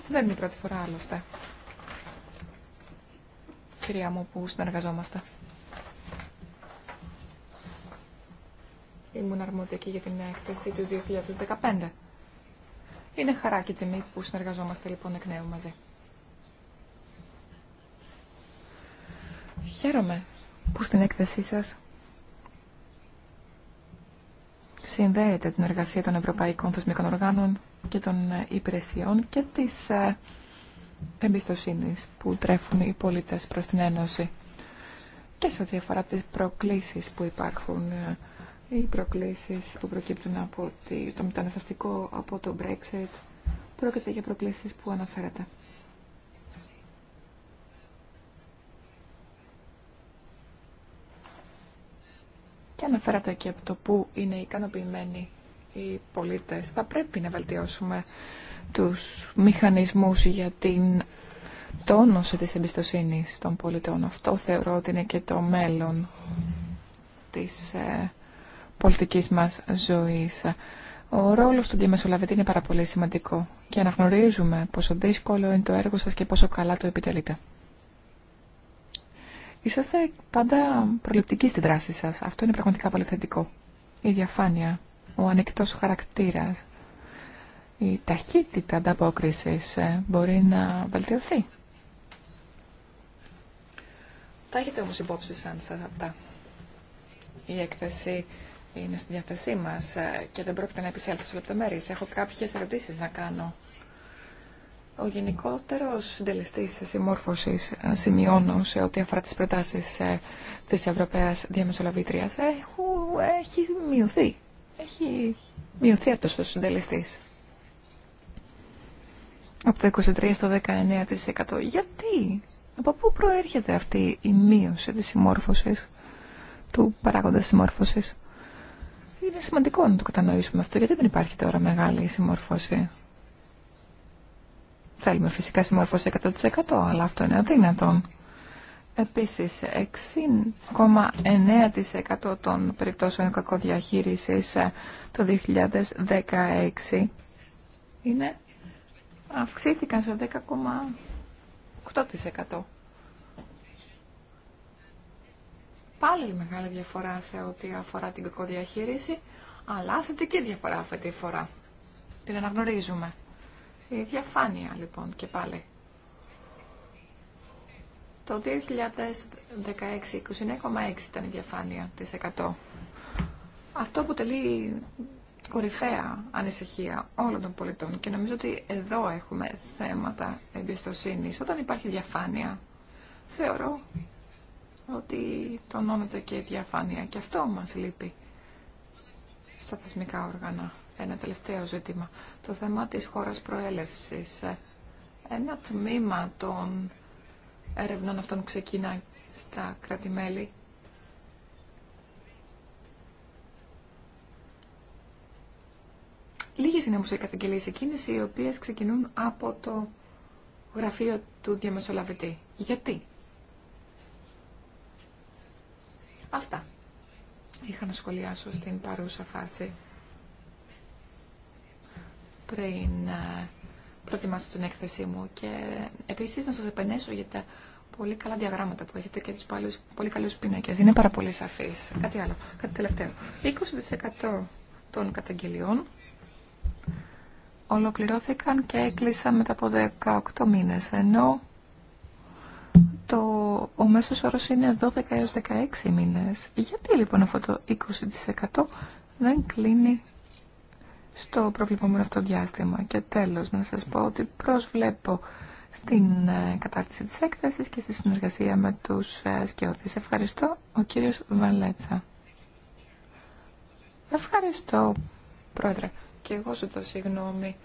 Δεν είναι η πρώτη φορά άλλωστε. Κυρία μου που συνεργαζόμαστε. Ήμουν αρμόδια και για την έκθεση του 2015. Είναι χαρά και τιμή που συνεργαζόμαστε λοιπόν εκ νέου μαζί. Χαίρομαι που στην έκθεσή σας συνδέεται την εργασία των Ευρωπαϊκών Θεσμικών Οργάνων και των ε, υπηρεσιών και της ε, εμπιστοσύνης που τρέφουν οι πολίτες προς την Ένωση και σε ό,τι αφορά τις προκλήσεις που υπάρχουν ε, οι προκλήσεις που προκύπτουν από το μεταναστευτικό, από το Brexit, πρόκειται για προκλήσεις που αναφέρατε. Και αναφέρατε και από το που είναι ικανοποιημένοι οι πολίτες. Θα πρέπει να βελτιώσουμε τους μηχανισμούς για την τόνωση της εμπιστοσύνης των πολιτών. Αυτό θεωρώ ότι είναι και το μέλλον της ε, πολιτικής μας ζωής. Ο ρόλος του διαμεσολαβητή είναι πάρα πολύ σημαντικό και αναγνωρίζουμε πόσο δύσκολο είναι το έργο σας και πόσο καλά το επιτελείτε. Είσαστε πάντα προληπτικοί στη δράση σας. Αυτό είναι πραγματικά πολύ θετικό. Η διαφάνεια, ο ανοιχτός χαρακτήρας, η ταχύτητα ανταπόκρισης ε, μπορεί να βελτιωθεί. Τα έχετε όμως υπόψη σαν σας αυτά. Η έκθεση είναι στη διάθεσή μας ε, και δεν πρόκειται να επισέλθω σε λεπτομέρειες. Έχω κάποιες ερωτήσεις να κάνω. Ο γενικότερος συντελεστής συμμόρφωση ε, σημειώνω σε ό,τι αφορά τι προτάσεις ε, της Ευρωπαία Διαμεσολαβήτριας έχει μειωθεί. Έχει μειωθεί αυτό ο συντελεστή. Από το 23% στο 19%. Γιατί, από πού προέρχεται αυτή η μείωση της συμμόρφωση, του παράγοντα συμμόρφωση. Είναι σημαντικό να το κατανοήσουμε αυτό, γιατί δεν υπάρχει τώρα μεγάλη συμμορφώση. Θέλουμε φυσικά συμμορφώση 100%, αλλά αυτό είναι αδύνατο. Επίσης, 6,9% των περιπτώσεων κακοδιαχείρισης ε, το 2016 είναι, αυξήθηκαν σε 10,8%. πάλι μεγάλη διαφορά σε ό,τι αφορά την κακοδιαχείριση, αλλά θετική διαφορά αυτή τη φορά. Την αναγνωρίζουμε. Η διαφάνεια λοιπόν και πάλι. Το 2016 29,6 ήταν η διαφάνεια της 100. Αυτό αποτελεί κορυφαία ανησυχία όλων των πολιτών και νομίζω ότι εδώ έχουμε θέματα εμπιστοσύνης. Όταν υπάρχει διαφάνεια, θεωρώ ότι τονώνεται και η διαφάνεια. Και αυτό μας λείπει στα θεσμικά όργανα. Ένα τελευταίο ζήτημα. Το θέμα της χώρας προέλευσης. Ένα τμήμα των έρευνων αυτών ξεκινά στα κράτη-μέλη. Λίγες είναι όμω οι καταγγελίε εκείνες οι οποίες ξεκινούν από το γραφείο του διαμεσολαβητή. Γιατί? Αυτά είχα να σχολιάσω στην παρούσα φάση πριν ε, προετοιμάσω την έκθεσή μου και επίσης να σας επενέσω για τα πολύ καλά διαγράμματα που έχετε και τους παλούς, πολύ καλούς πίνακες. Είναι πάρα πολύ σαφείς. Κάτι άλλο, κάτι τελευταίο. 20% των καταγγελιών ολοκληρώθηκαν και έκλεισαν μετά από 18 μήνες, ενώ το, ο μέσος όρος είναι 12 έως 16 μήνες. Γιατί λοιπόν αυτό το 20% δεν κλείνει στο προβλεπόμενο αυτό διάστημα. Και τέλος να σας πω ότι προσβλέπω στην ε, κατάρτιση της έκθεσης και στη συνεργασία με τους ε, σκιώδεις. Ευχαριστώ, ο κύριος Βαλέτσα. Ευχαριστώ, Πρόεδρε. Και εγώ σου το συγγνώμη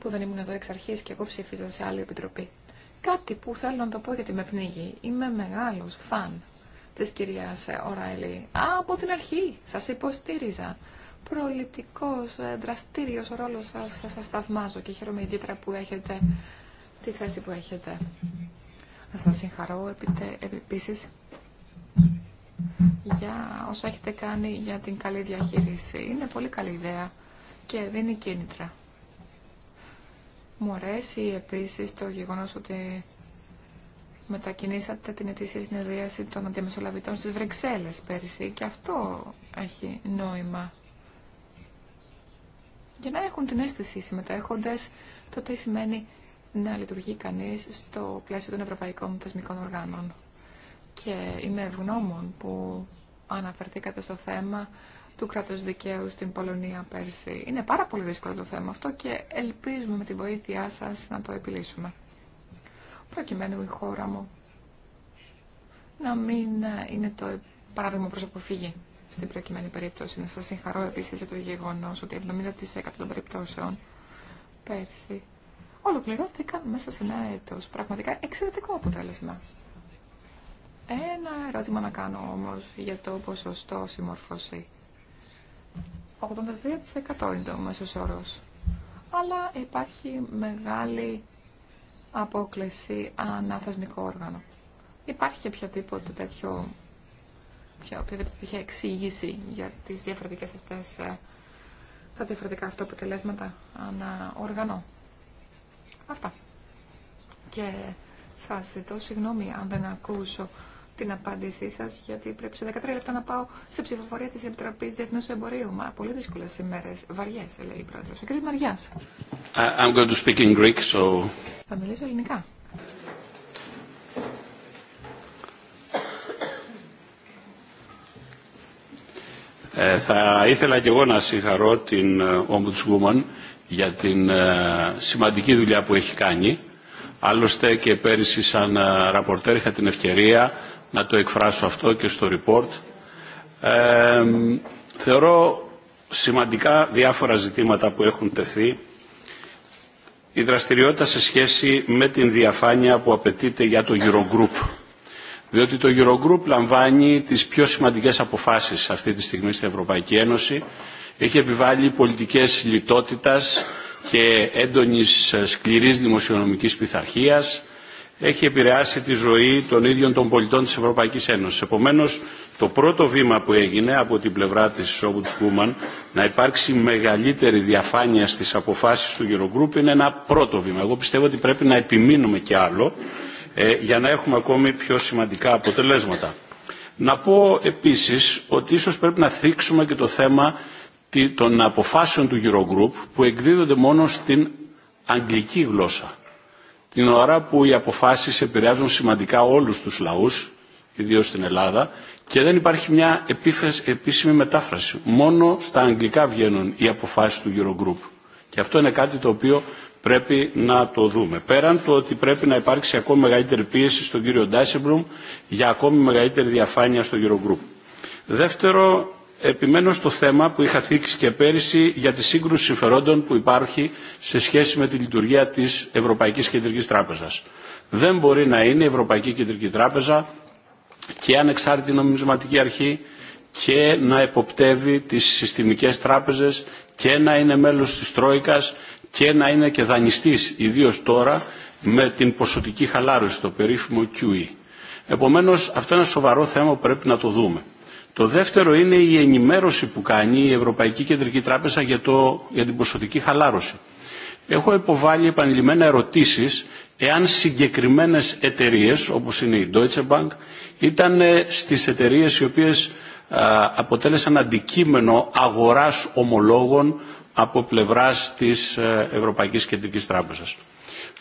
που δεν ήμουν εδώ εξ αρχής και εγώ ψήφιζα σε άλλη επιτροπή. Κάτι που θέλω να το πω γιατί με πνίγει. Είμαι μεγάλος φαν της κυρίας Ωραίλη Α, από την αρχή σας υποστήριζα. Προληπτικός, ε, δραστήριος ρόλος σας, σας θαυμάζω και χαίρομαι ιδιαίτερα που έχετε τη θέση που έχετε. Να σας συγχαρώ επίσης για όσα έχετε κάνει για την καλή διαχείριση. Είναι πολύ καλή ιδέα και δίνει κίνητρα. Μου αρέσει επίσης το γεγονός ότι μετακινήσατε την ετήσια συνεδρίαση των αντιμεσολαβητών στις Βρυξέλλες πέρυσι και αυτό έχει νόημα. Για να έχουν την αίσθηση συμμετέχοντες το τι σημαίνει να λειτουργεί κανείς στο πλαίσιο των ευρωπαϊκών θεσμικών οργάνων. Και είμαι ευγνώμων που αναφερθήκατε στο θέμα του κράτους δικαίου στην Πολωνία πέρσι. Είναι πάρα πολύ δύσκολο το θέμα αυτό και ελπίζουμε με τη βοήθειά σας να το επιλύσουμε. Προκειμένου η χώρα μου να μην είναι το παράδειγμα προς αποφύγη στην προκειμένη περίπτωση. Να σας συγχαρώ επίσης για το γεγονός ότι 70% των περιπτώσεων πέρσι ολοκληρώθηκαν μέσα σε ένα έτος. Πραγματικά εξαιρετικό αποτέλεσμα. Ένα ερώτημα να κάνω όμως για το ποσοστό συμμορφωσή. 83% είναι το μέσος όρος. Αλλά υπάρχει μεγάλη απόκληση αναθεσμικό όργανο. Υπάρχει οποιαδήποτε τέτοιο οποιαδήποτε τέτοια εξήγηση για τις διαφορετικές αυτές ε, τα διαφορετικά αυτό αποτελέσματα ανά όργανο. Αυτά. Και σας ζητώ συγγνώμη αν δεν ακούσω την απάντησή σα, γιατί πρέπει σε 13 λεπτά να πάω σε ψηφοφορία τη Επιτροπή Διεθνού Εμπορίου. Μα πολύ δύσκολε ημέρε, βαριέ, λέει η πρόεδρο. Ο κ. Μαριά. So... Θα μιλήσω ελληνικά. Ε, θα ήθελα και εγώ να συγχαρώ την ε, Ombudswoman για την ε, σημαντική δουλειά που έχει κάνει. Άλλωστε και πέρυσι σαν ε, ραπορτέρ είχα την ευκαιρία να το εκφράσω αυτό και στο report. θεωρώ σημαντικά διάφορα ζητήματα που έχουν τεθεί. Η δραστηριότητα σε σχέση με την διαφάνεια που απαιτείται για το Eurogroup. Διότι το Eurogroup λαμβάνει τις πιο σημαντικές αποφάσεις αυτή τη στιγμή στην Ευρωπαϊκή Ένωση. Έχει επιβάλει πολιτικές λιτότητας και έντονης ε, σκληρής δημοσιονομικής πειθαρχίας έχει επηρεάσει τη ζωή των ίδιων των πολιτών της Ευρωπαϊκής Ένωσης. Επομένως, το πρώτο βήμα που έγινε από την πλευρά της Κούμαν να υπάρξει μεγαλύτερη διαφάνεια στις αποφάσεις του Eurogroup είναι ένα πρώτο βήμα. Εγώ πιστεύω ότι πρέπει να επιμείνουμε κι άλλο ε, για να έχουμε ακόμη πιο σημαντικά αποτελέσματα. Να πω επίσης ότι ίσως πρέπει να θίξουμε και το θέμα των αποφάσεων του Eurogroup που εκδίδονται μόνο στην αγγλική γλώσσα την ώρα που οι αποφάσεις επηρεάζουν σημαντικά όλους τους λαούς, ιδίως στην Ελλάδα, και δεν υπάρχει μια επίσημη μετάφραση. Μόνο στα αγγλικά βγαίνουν οι αποφάσεις του Eurogroup. Και αυτό είναι κάτι το οποίο πρέπει να το δούμε. Πέραν του ότι πρέπει να υπάρξει ακόμη μεγαλύτερη πίεση στον κύριο Ντάισεμπρουμ για ακόμη μεγαλύτερη διαφάνεια στο Eurogroup. Δεύτερο, επιμένω στο θέμα που είχα θίξει και πέρυσι για τη σύγκρουση συμφερόντων που υπάρχει σε σχέση με τη λειτουργία της Ευρωπαϊκής Κεντρικής Τράπεζας. Δεν μπορεί να είναι η Ευρωπαϊκή Κεντρική Τράπεζα και ανεξάρτητη νομισματική αρχή και να εποπτεύει τις συστημικές τράπεζες και να είναι μέλος της Τρόικας και να είναι και δανειστής, ιδίως τώρα, με την ποσοτική χαλάρωση, το περίφημο QE. Επομένως, αυτό είναι ένα σοβαρό θέμα που πρέπει να το δούμε. Το δεύτερο είναι η ενημέρωση που κάνει η Ευρωπαϊκή Κεντρική Τράπεζα για, το, την ποσοτική χαλάρωση. Έχω υποβάλει επανειλημμένα ερωτήσεις εάν συγκεκριμένες εταιρείες όπως είναι η Deutsche Bank ήταν ε, στις εταιρείες οι οποίες αποτέλεσαν αντικείμενο αγοράς ομολόγων από πλευράς της ε, Ευρωπαϊκής Κεντρικής Τράπεζας.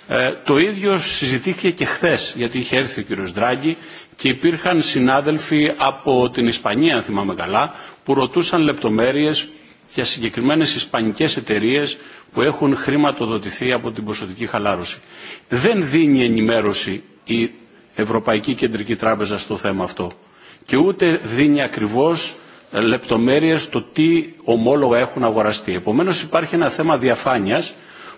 Ε, το ίδιο συζητήθηκε και χθε, γιατί είχε έρθει ο κύριος Δράγκη και υπήρχαν συνάδελφοι από την Ισπανία, αν θυμάμαι καλά, που ρωτούσαν λεπτομέρειες για συγκεκριμένες ισπανικές εταιρείε που έχουν χρηματοδοτηθεί από την ποσοτική χαλάρωση. Δεν δίνει ενημέρωση η Ευρωπαϊκή Κεντρική Τράπεζα στο θέμα αυτό και ούτε δίνει ακριβώς ε, λεπτομέρειες το τι ομόλογα έχουν αγοραστεί. Επομένως υπάρχει ένα θέμα διαφάνειας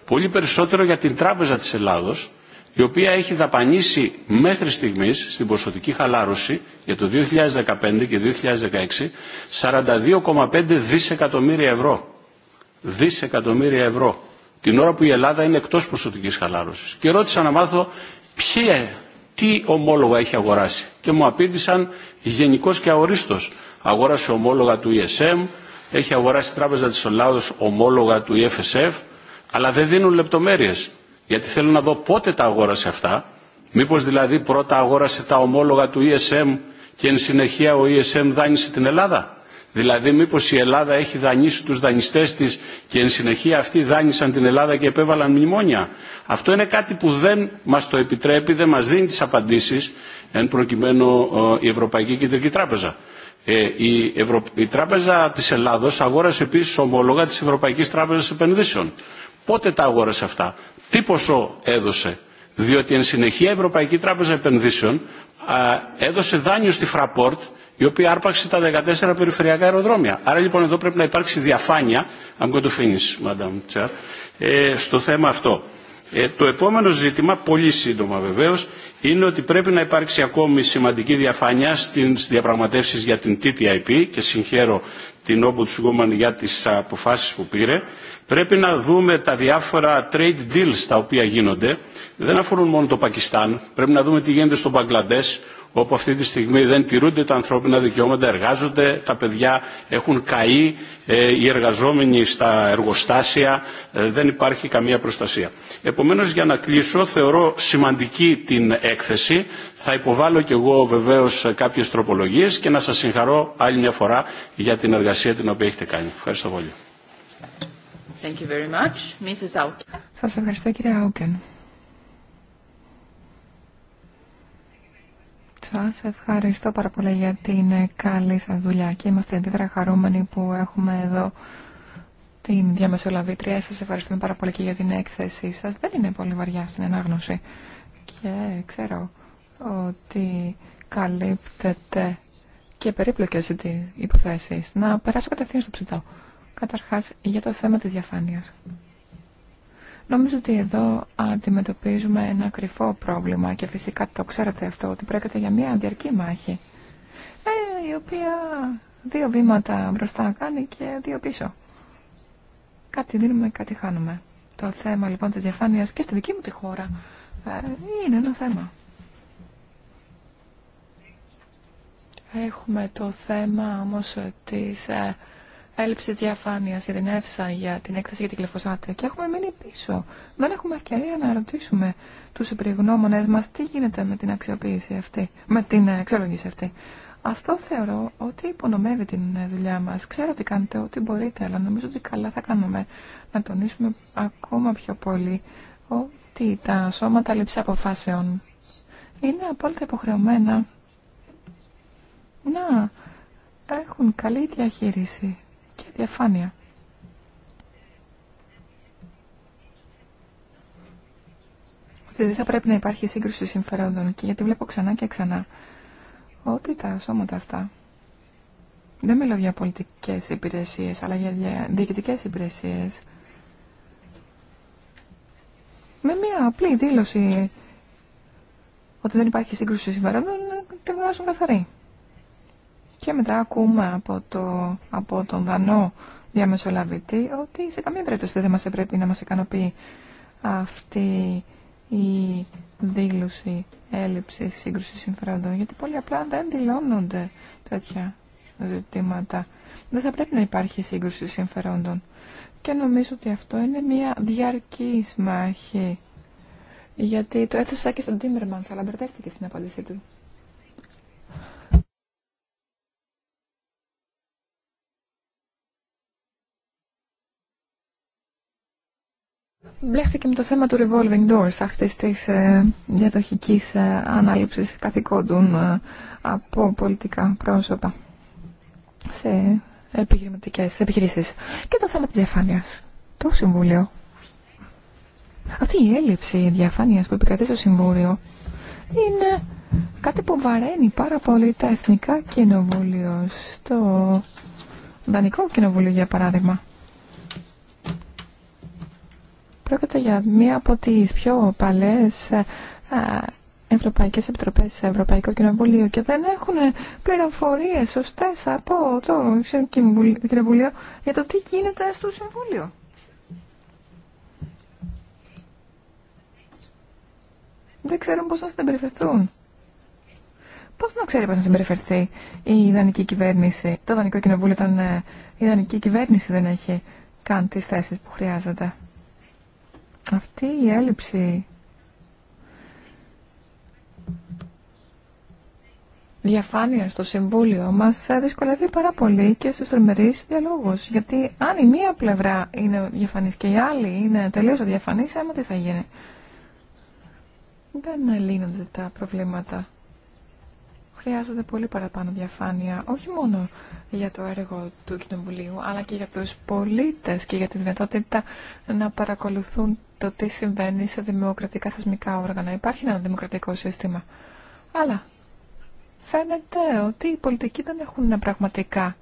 πολύ περισσότερο για την Τράπεζα της Ελλάδος η οποία έχει δαπανίσει μέχρι στιγμής στην ποσοτική χαλάρωση για το 2015 και 2016 42,5 δισεκατομμύρια ευρώ. Δισεκατομμύρια ευρώ. Την ώρα που η Ελλάδα είναι εκτός ποσοτικής χαλάρωσης. Και ρώτησα να μάθω τι ομόλογα έχει αγοράσει. Και μου απήντησαν γενικώ και αορίστος. Αγόρασε ομόλογα του ESM, έχει αγοράσει η Τράπεζα της Ελλάδος ομόλογα του EFSF, αλλά δεν δίνουν λεπτομέρειες γιατί θέλω να δω πότε τα αγόρασε αυτά. Μήπως δηλαδή πρώτα αγόρασε τα ομόλογα του ESM και εν συνεχεία ο ESM δάνεισε την Ελλάδα. Δηλαδή μήπως η Ελλάδα έχει δανείσει τους δανειστές της και εν συνεχεία αυτοί δάνεισαν την Ελλάδα και επέβαλαν μνημόνια. Αυτό είναι κάτι που δεν μας το επιτρέπει, δεν μας δίνει τις απαντήσεις εν προκειμένου ε, η Ευρωπαϊκή Κεντρική Τράπεζα. Ε, η, Ευρω... Τράπεζα της Ελλάδος αγόρασε επίσης ομολόγα της Ευρωπαϊκής Τράπεζας Επενδύσεων. Πότε τα αγόρασε αυτά τι ποσό έδωσε. Διότι εν συνεχεία η Ευρωπαϊκή Τράπεζα Επενδύσεων έδωσε δάνειο στη Φραπόρτ η οποία άρπαξε τα 14 περιφερειακά αεροδρόμια. Άρα λοιπόν εδώ πρέπει να υπάρξει διαφάνεια. I'm going to finish, Madam Chair, ε, στο θέμα αυτό. Ε, το επόμενο ζήτημα, πολύ σύντομα βεβαίω, είναι ότι πρέπει να υπάρξει ακόμη σημαντική διαφάνεια στι διαπραγματεύσει για την TTIP και συγχαίρω την Ombudswoman για τι αποφάσει που πήρε πρέπει να δούμε τα διάφορα trade deals τα οποία γίνονται. Δεν αφορούν μόνο το Πακιστάν. Πρέπει να δούμε τι γίνεται στο Μπαγκλαντές, όπου αυτή τη στιγμή δεν τηρούνται τα ανθρώπινα δικαιώματα, εργάζονται, τα παιδιά έχουν καεί, ε, οι εργαζόμενοι στα εργοστάσια, ε, δεν υπάρχει καμία προστασία. Επομένως, για να κλείσω, θεωρώ σημαντική την έκθεση. Θα υποβάλω κι εγώ βεβαίως κάποιες τροπολογίες και να σας συγχαρώ άλλη μια φορά για την εργασία την οποία έχετε κάνει. Ευχαριστώ πολύ. Thank Σας ευχαριστώ κύριε Άουκεν. Σας ευχαριστώ πάρα πολύ για την καλή σας δουλειά και είμαστε ιδιαίτερα χαρούμενοι που έχουμε εδώ την διαμεσολαβήτρια. Σας ευχαριστούμε πάρα πολύ και για την έκθεσή σας. Δεν είναι πολύ βαριά στην ανάγνωση και ξέρω ότι καλύπτεται και περίπλοκες υποθέσεις. Να περάσω κατευθείαν στο ψητό. Καταρχάς, για το θέμα της διαφάνειας. Νομίζω ότι εδώ αντιμετωπίζουμε ένα κρυφό πρόβλημα και φυσικά το ξέρετε αυτό, ότι πρόκειται για μια διαρκή μάχη, ε, η οποία δύο βήματα μπροστά κάνει και δύο πίσω. Κάτι δίνουμε, κάτι χάνουμε. Το θέμα λοιπόν της διαφάνειας και στη δική μου τη χώρα ε, είναι ένα θέμα. Έχουμε το θέμα όμως της ε, έλλειψη διαφάνεια για την ΕΦΣΑ, για την έκθεση για την κλεφωσάτη. και έχουμε μείνει πίσω. Δεν έχουμε ευκαιρία να ρωτήσουμε τους υπηρεγνώμονες μας τι γίνεται με την αξιοποίηση αυτή, με την εξολογήση αυτή. Αυτό θεωρώ ότι υπονομεύει την δουλειά μας. Ξέρω ότι κάνετε ό,τι μπορείτε, αλλά νομίζω ότι καλά θα κάνουμε να τονίσουμε ακόμα πιο πολύ ότι τα σώματα λήψη αποφάσεων είναι απόλυτα υποχρεωμένα να έχουν καλή διαχείριση και διαφάνεια. Ότι δεν θα πρέπει να υπάρχει σύγκρουση συμφερόντων και γιατί βλέπω ξανά και ξανά ότι τα σώματα αυτά δεν μιλώ για πολιτικές υπηρεσίες αλλά για διοικητικές υπηρεσίες με μια απλή δήλωση ότι δεν υπάρχει σύγκρουση συμφερόντων, τη βγάζουν καθαρή. Και μετά ακούμε από, το, από τον Δανό διαμεσολαβητή ότι σε καμία περίπτωση δεν μας πρέπει να μας ικανοποιεί αυτή η δήλωση έλλειψη σύγκρουση συμφερόντων, γιατί πολύ απλά δεν δηλώνονται τέτοια ζητήματα. Δεν θα πρέπει να υπάρχει σύγκρουση συμφερόντων. Και νομίζω ότι αυτό είναι μια διαρκή μάχη. Γιατί το έθεσα και στον Τίμερμαν, αλλά μπερδεύτηκε στην απάντησή του. μπλέχθηκε με το θέμα του revolving doors, αυτής της ε, διαδοχικής ε, ανάληψης καθηκόντων ε, από πολιτικά πρόσωπα σε επιχειρηματικές επιχειρήσεις. Και το θέμα της διαφάνειας. Το Συμβούλιο. Αυτή η έλλειψη διαφάνειας που επικρατεί στο Συμβούλιο είναι κάτι που βαραίνει πάρα πολύ τα εθνικά κοινοβούλια. Στο Δανικό Κοινοβούλιο, για παράδειγμα. Πρόκειται για μία από τι πιο παλές ε, Ευρωπαϊκές Επιτροπές, Ευρωπαϊκό Κοινοβουλίο και δεν έχουν πληροφορίες σωστέ από το Κοινοβουλίο για το τι γίνεται στο Συμβούλιο. Δεν ξέρουν πώς να συμπεριφερθούν. Πώς να ξέρει πώς να συμπεριφερθεί η ιδανική κυβέρνηση, το ιδανικό κοινοβούλιο, ήταν ε, η ιδανική κυβέρνηση δεν έχει καν τι θέσει που χρειάζεται. Αυτή η έλλειψη διαφάνεια στο Συμβούλιο μας δυσκολεύει πάρα πολύ και στους τριμερείς διαλόγους. Γιατί αν η μία πλευρά είναι διαφανής και η άλλη είναι τελείως διαφανής, άμα τι θα γίνει. Δεν λύνονται τα προβλήματα. Χρειάζεται πολύ παραπάνω διαφάνεια, όχι μόνο για το έργο του Κοινοβουλίου, αλλά και για τους πολίτες και για τη δυνατότητα να παρακολουθούν το τι συμβαίνει σε δημοκρατικά θεσμικά όργανα. Υπάρχει ένα δημοκρατικό σύστημα. Αλλά φαίνεται ότι οι πολιτικοί δεν έχουν πραγματικά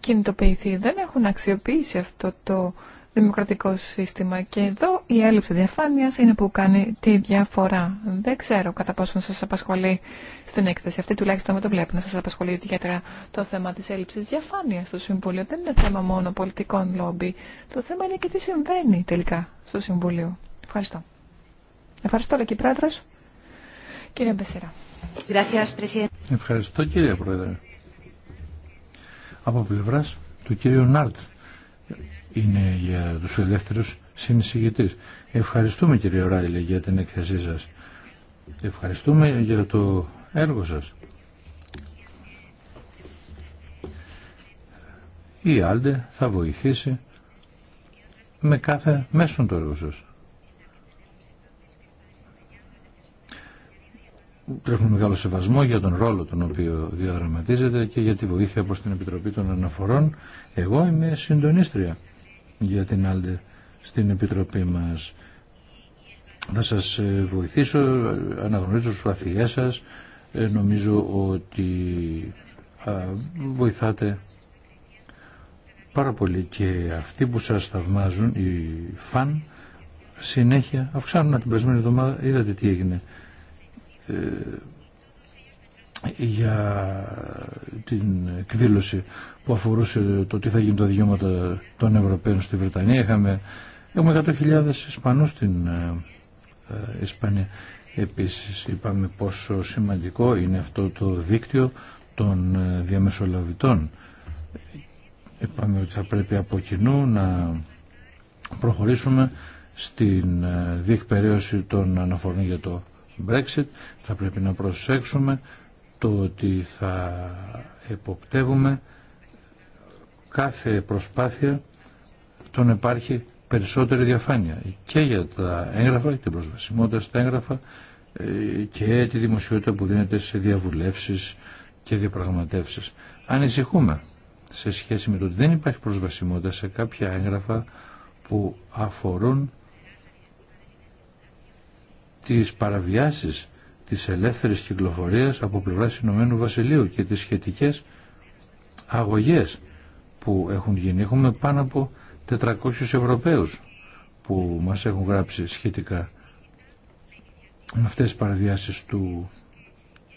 κινητοποιηθεί, δεν έχουν αξιοποιήσει αυτό το δημοκρατικό σύστημα. Και εδώ η έλλειψη διαφάνειας είναι που κάνει τη διαφορά. Δεν ξέρω κατά πόσον σα απασχολεί στην έκθεση αυτή, τουλάχιστον με το βλέπω να σας απασχολεί ιδιαίτερα το θέμα της έλλειψης διαφάνειας στο Συμβούλιο. Δεν είναι θέμα μόνο πολιτικών λόμπι. Το θέμα είναι και τι συμβαίνει τελικά στο Συμβούλιο. Ευχαριστώ. Ευχαριστώ, Λεκή πρόεδρο. Κύριε Μπεσέρα. Ευχαριστώ, κύριε Πρόεδρε. Από πλευρά του κύριου Νάρτ είναι για τους ελεύθερους συνεισηγητής. Ευχαριστούμε κύριε Ράιλε για την εκθεσή σας. Ευχαριστούμε για το έργο σας. Η Άλντε θα βοηθήσει με κάθε μέσον το έργο σας. Τρέχουμε μεγάλο σεβασμό για τον ρόλο τον οποίο διαδραματίζεται και για τη βοήθεια προς την Επιτροπή των Αναφορών. Εγώ είμαι συντονίστρια για την Άλντε στην Επιτροπή μας. Θα σας ε, βοηθήσω, αναγνωρίζω τους προσπαθειές σας, ε, νομίζω ότι βοηθάτε πάρα πολύ και αυτοί που σας θαυμάζουν, οι φαν, συνέχεια αυξάνουν την περασμένη εβδομάδα, είδατε τι έγινε ε, για την εκδήλωση που αφορούσε το τι θα γίνει το δικαιώματα των Ευρωπαίων στη Βρετανία. Είχαμε, έχουμε 100.000 Ισπανούς στην ε, ε, Ισπανία. Επίσης είπαμε πόσο σημαντικό είναι αυτό το δίκτυο των ε, διαμεσολαβητών. Είπαμε ότι θα πρέπει από κοινού να προχωρήσουμε στην διεκπαιρέωση των αναφορών για το Brexit. Θα πρέπει να προσέξουμε το ότι θα εποπτεύουμε κάθε προσπάθεια τον υπάρχει περισσότερη διαφάνεια και για τα έγγραφα, την προσβασιμότητα στα έγγραφα ε, και τη δημοσιότητα που δίνεται σε διαβουλεύσεις και διαπραγματεύσεις. Ανησυχούμε σε σχέση με το ότι δεν υπάρχει προσβασιμότητα σε κάποια έγγραφα που αφορούν τις παραβιάσεις της ελεύθερης κυκλοφορίας από πλευράς Ηνωμένου Βασιλείου και τις σχετικές αγωγές που έχουν γίνει. Έχουμε πάνω από 400 Ευρωπαίους που μας έχουν γράψει σχετικά με αυτές τις παραδιάσεις του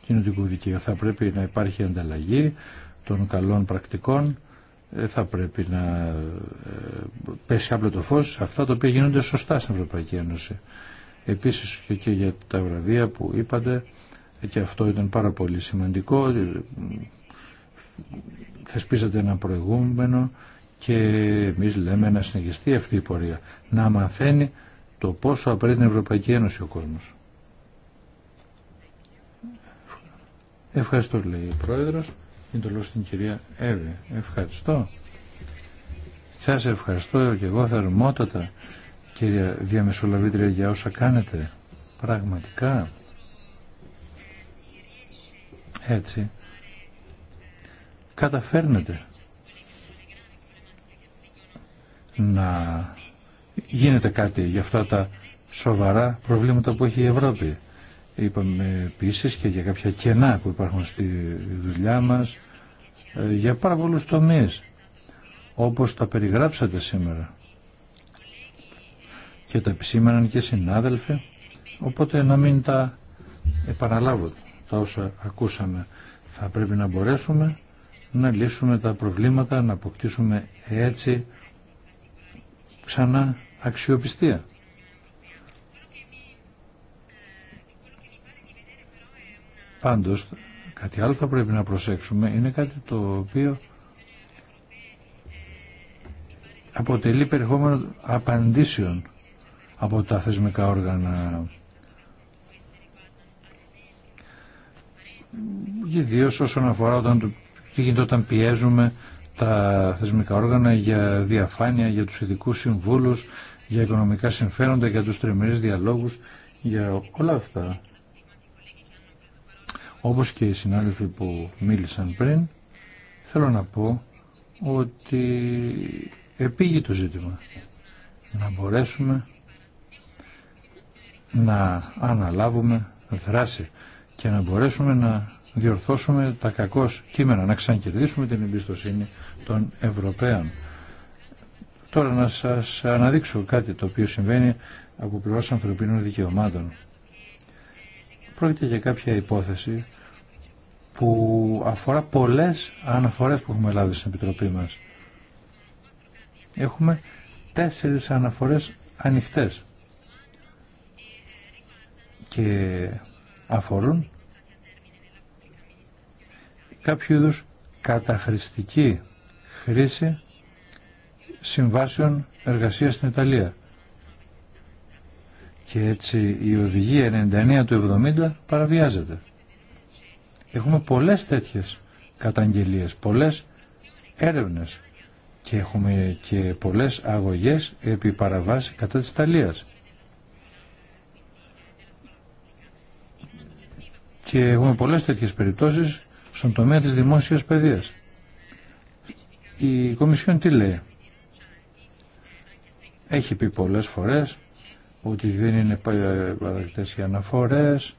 κοινωτικού δικαίου. Θα πρέπει να υπάρχει ανταλλαγή των καλών πρακτικών, ε, θα πρέπει να ε, πέσει άπλο το φως αυτά τα οποία γίνονται σωστά στην Ευρωπαϊκή Ένωση. Επίσης και, για τα βραδεία που είπατε και αυτό ήταν πάρα πολύ σημαντικό. Θεσπίσατε ένα προηγούμενο και εμείς λέμε να συνεχιστεί αυτή η πορεία. Να μαθαίνει το πόσο απαραίτητη η Ευρωπαϊκή Ένωση ο κόσμος. Ευχαριστώ λέει ο Πρόεδρος. Είναι το λόγο στην κυρία Εύη. Ευχαριστώ. Σας ευχαριστώ και εγώ θερμότατα κύριε Διαμεσολαβήτρια για όσα κάνετε πραγματικά έτσι καταφέρνετε να γίνεται κάτι για αυτά τα σοβαρά προβλήματα που έχει η Ευρώπη. Είπαμε επίση και για κάποια κενά που υπάρχουν στη δουλειά μας, ε, για πάρα πολλούς τομείς, όπως τα περιγράψατε σήμερα και τα επισήμεναν και συνάδελφοι, οπότε να μην τα επαναλάβω τα όσα ακούσαμε. Θα πρέπει να μπορέσουμε να λύσουμε τα προβλήματα, να αποκτήσουμε έτσι ξανά αξιοπιστία. Πάντως, κάτι άλλο θα πρέπει να προσέξουμε, είναι κάτι το οποίο αποτελεί περιεχόμενο απαντήσεων από τα θεσμικά όργανα. Ιδίω όσον αφορά όταν, τι γίνεται όταν πιέζουμε τα θεσμικά όργανα για διαφάνεια, για τους ειδικού συμβούλους, για οικονομικά συμφέροντα, για τους τριμερείς διαλόγους, για όλα αυτά. Όπως και οι συνάδελφοι που μίλησαν πριν, θέλω να πω ότι επήγει το ζήτημα να μπορέσουμε να αναλάβουμε δράση και να μπορέσουμε να διορθώσουμε τα κακώς κείμενα, να ξανακερδίσουμε την εμπιστοσύνη των Ευρωπαίων. Τώρα να σας αναδείξω κάτι το οποίο συμβαίνει από πλευράς ανθρωπίνων δικαιωμάτων. Πρόκειται για κάποια υπόθεση που αφορά πολλές αναφορές που έχουμε λάβει στην Επιτροπή μας. Έχουμε τέσσερις αναφορές ανοιχτές και αφορούν κάποιο είδου καταχρηστική χρήση συμβάσεων εργασίας στην Ιταλία. Και έτσι η οδηγία 99 του 70 παραβιάζεται. Έχουμε πολλές τέτοιες καταγγελίες, πολλές έρευνες και έχουμε και πολλές αγωγές επί παραβάση κατά της Ιταλίας. Και έχουμε πολλές τέτοιες περιπτώσεις στον τομέα της δημόσιας παιδείας. Η Κομισιόν τι λέει. Έχει πει πολλές φορές ότι δεν είναι παραδεκτές οι αναφορές,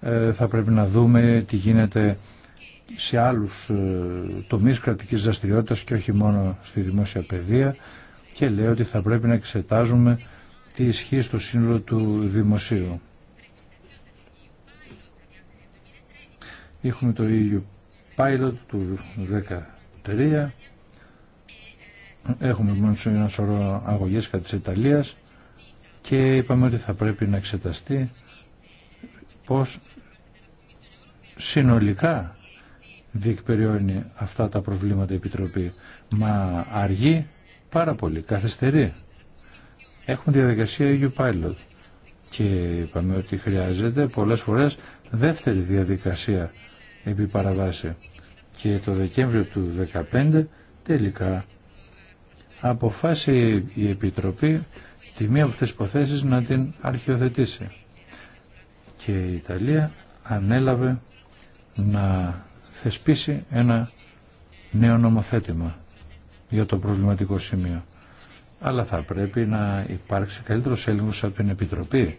ε, θα πρέπει να δούμε τι γίνεται σε άλλους ε, τομείς κρατικής δραστηριότητας και όχι μόνο στη δημόσια παιδεία και λέει ότι θα πρέπει να εξετάζουμε τι ισχύει στο σύνολο του δημοσίου. Έχουμε το ίδιο Pilot του 2013. Έχουμε μόνο ένα σωρό αγωγές κατά της Ιταλίας και είπαμε ότι θα πρέπει να εξεταστεί πώς συνολικά διεκπεριώνει αυτά τα προβλήματα η Επιτροπή. Μα αργεί πάρα πολύ, καθυστερεί. Έχουμε διαδικασία EU Pilot και είπαμε ότι χρειάζεται πολλές φορές δεύτερη διαδικασία επί Και το Δεκέμβριο του 2015 τελικά αποφάσισε η Επιτροπή τη μία από αυτές να την αρχιοθετήσει. Και η Ιταλία ανέλαβε να θεσπίσει ένα νέο νομοθέτημα για το προβληματικό σημείο. Αλλά θα πρέπει να υπάρξει καλύτερος έλεγχος από την Επιτροπή.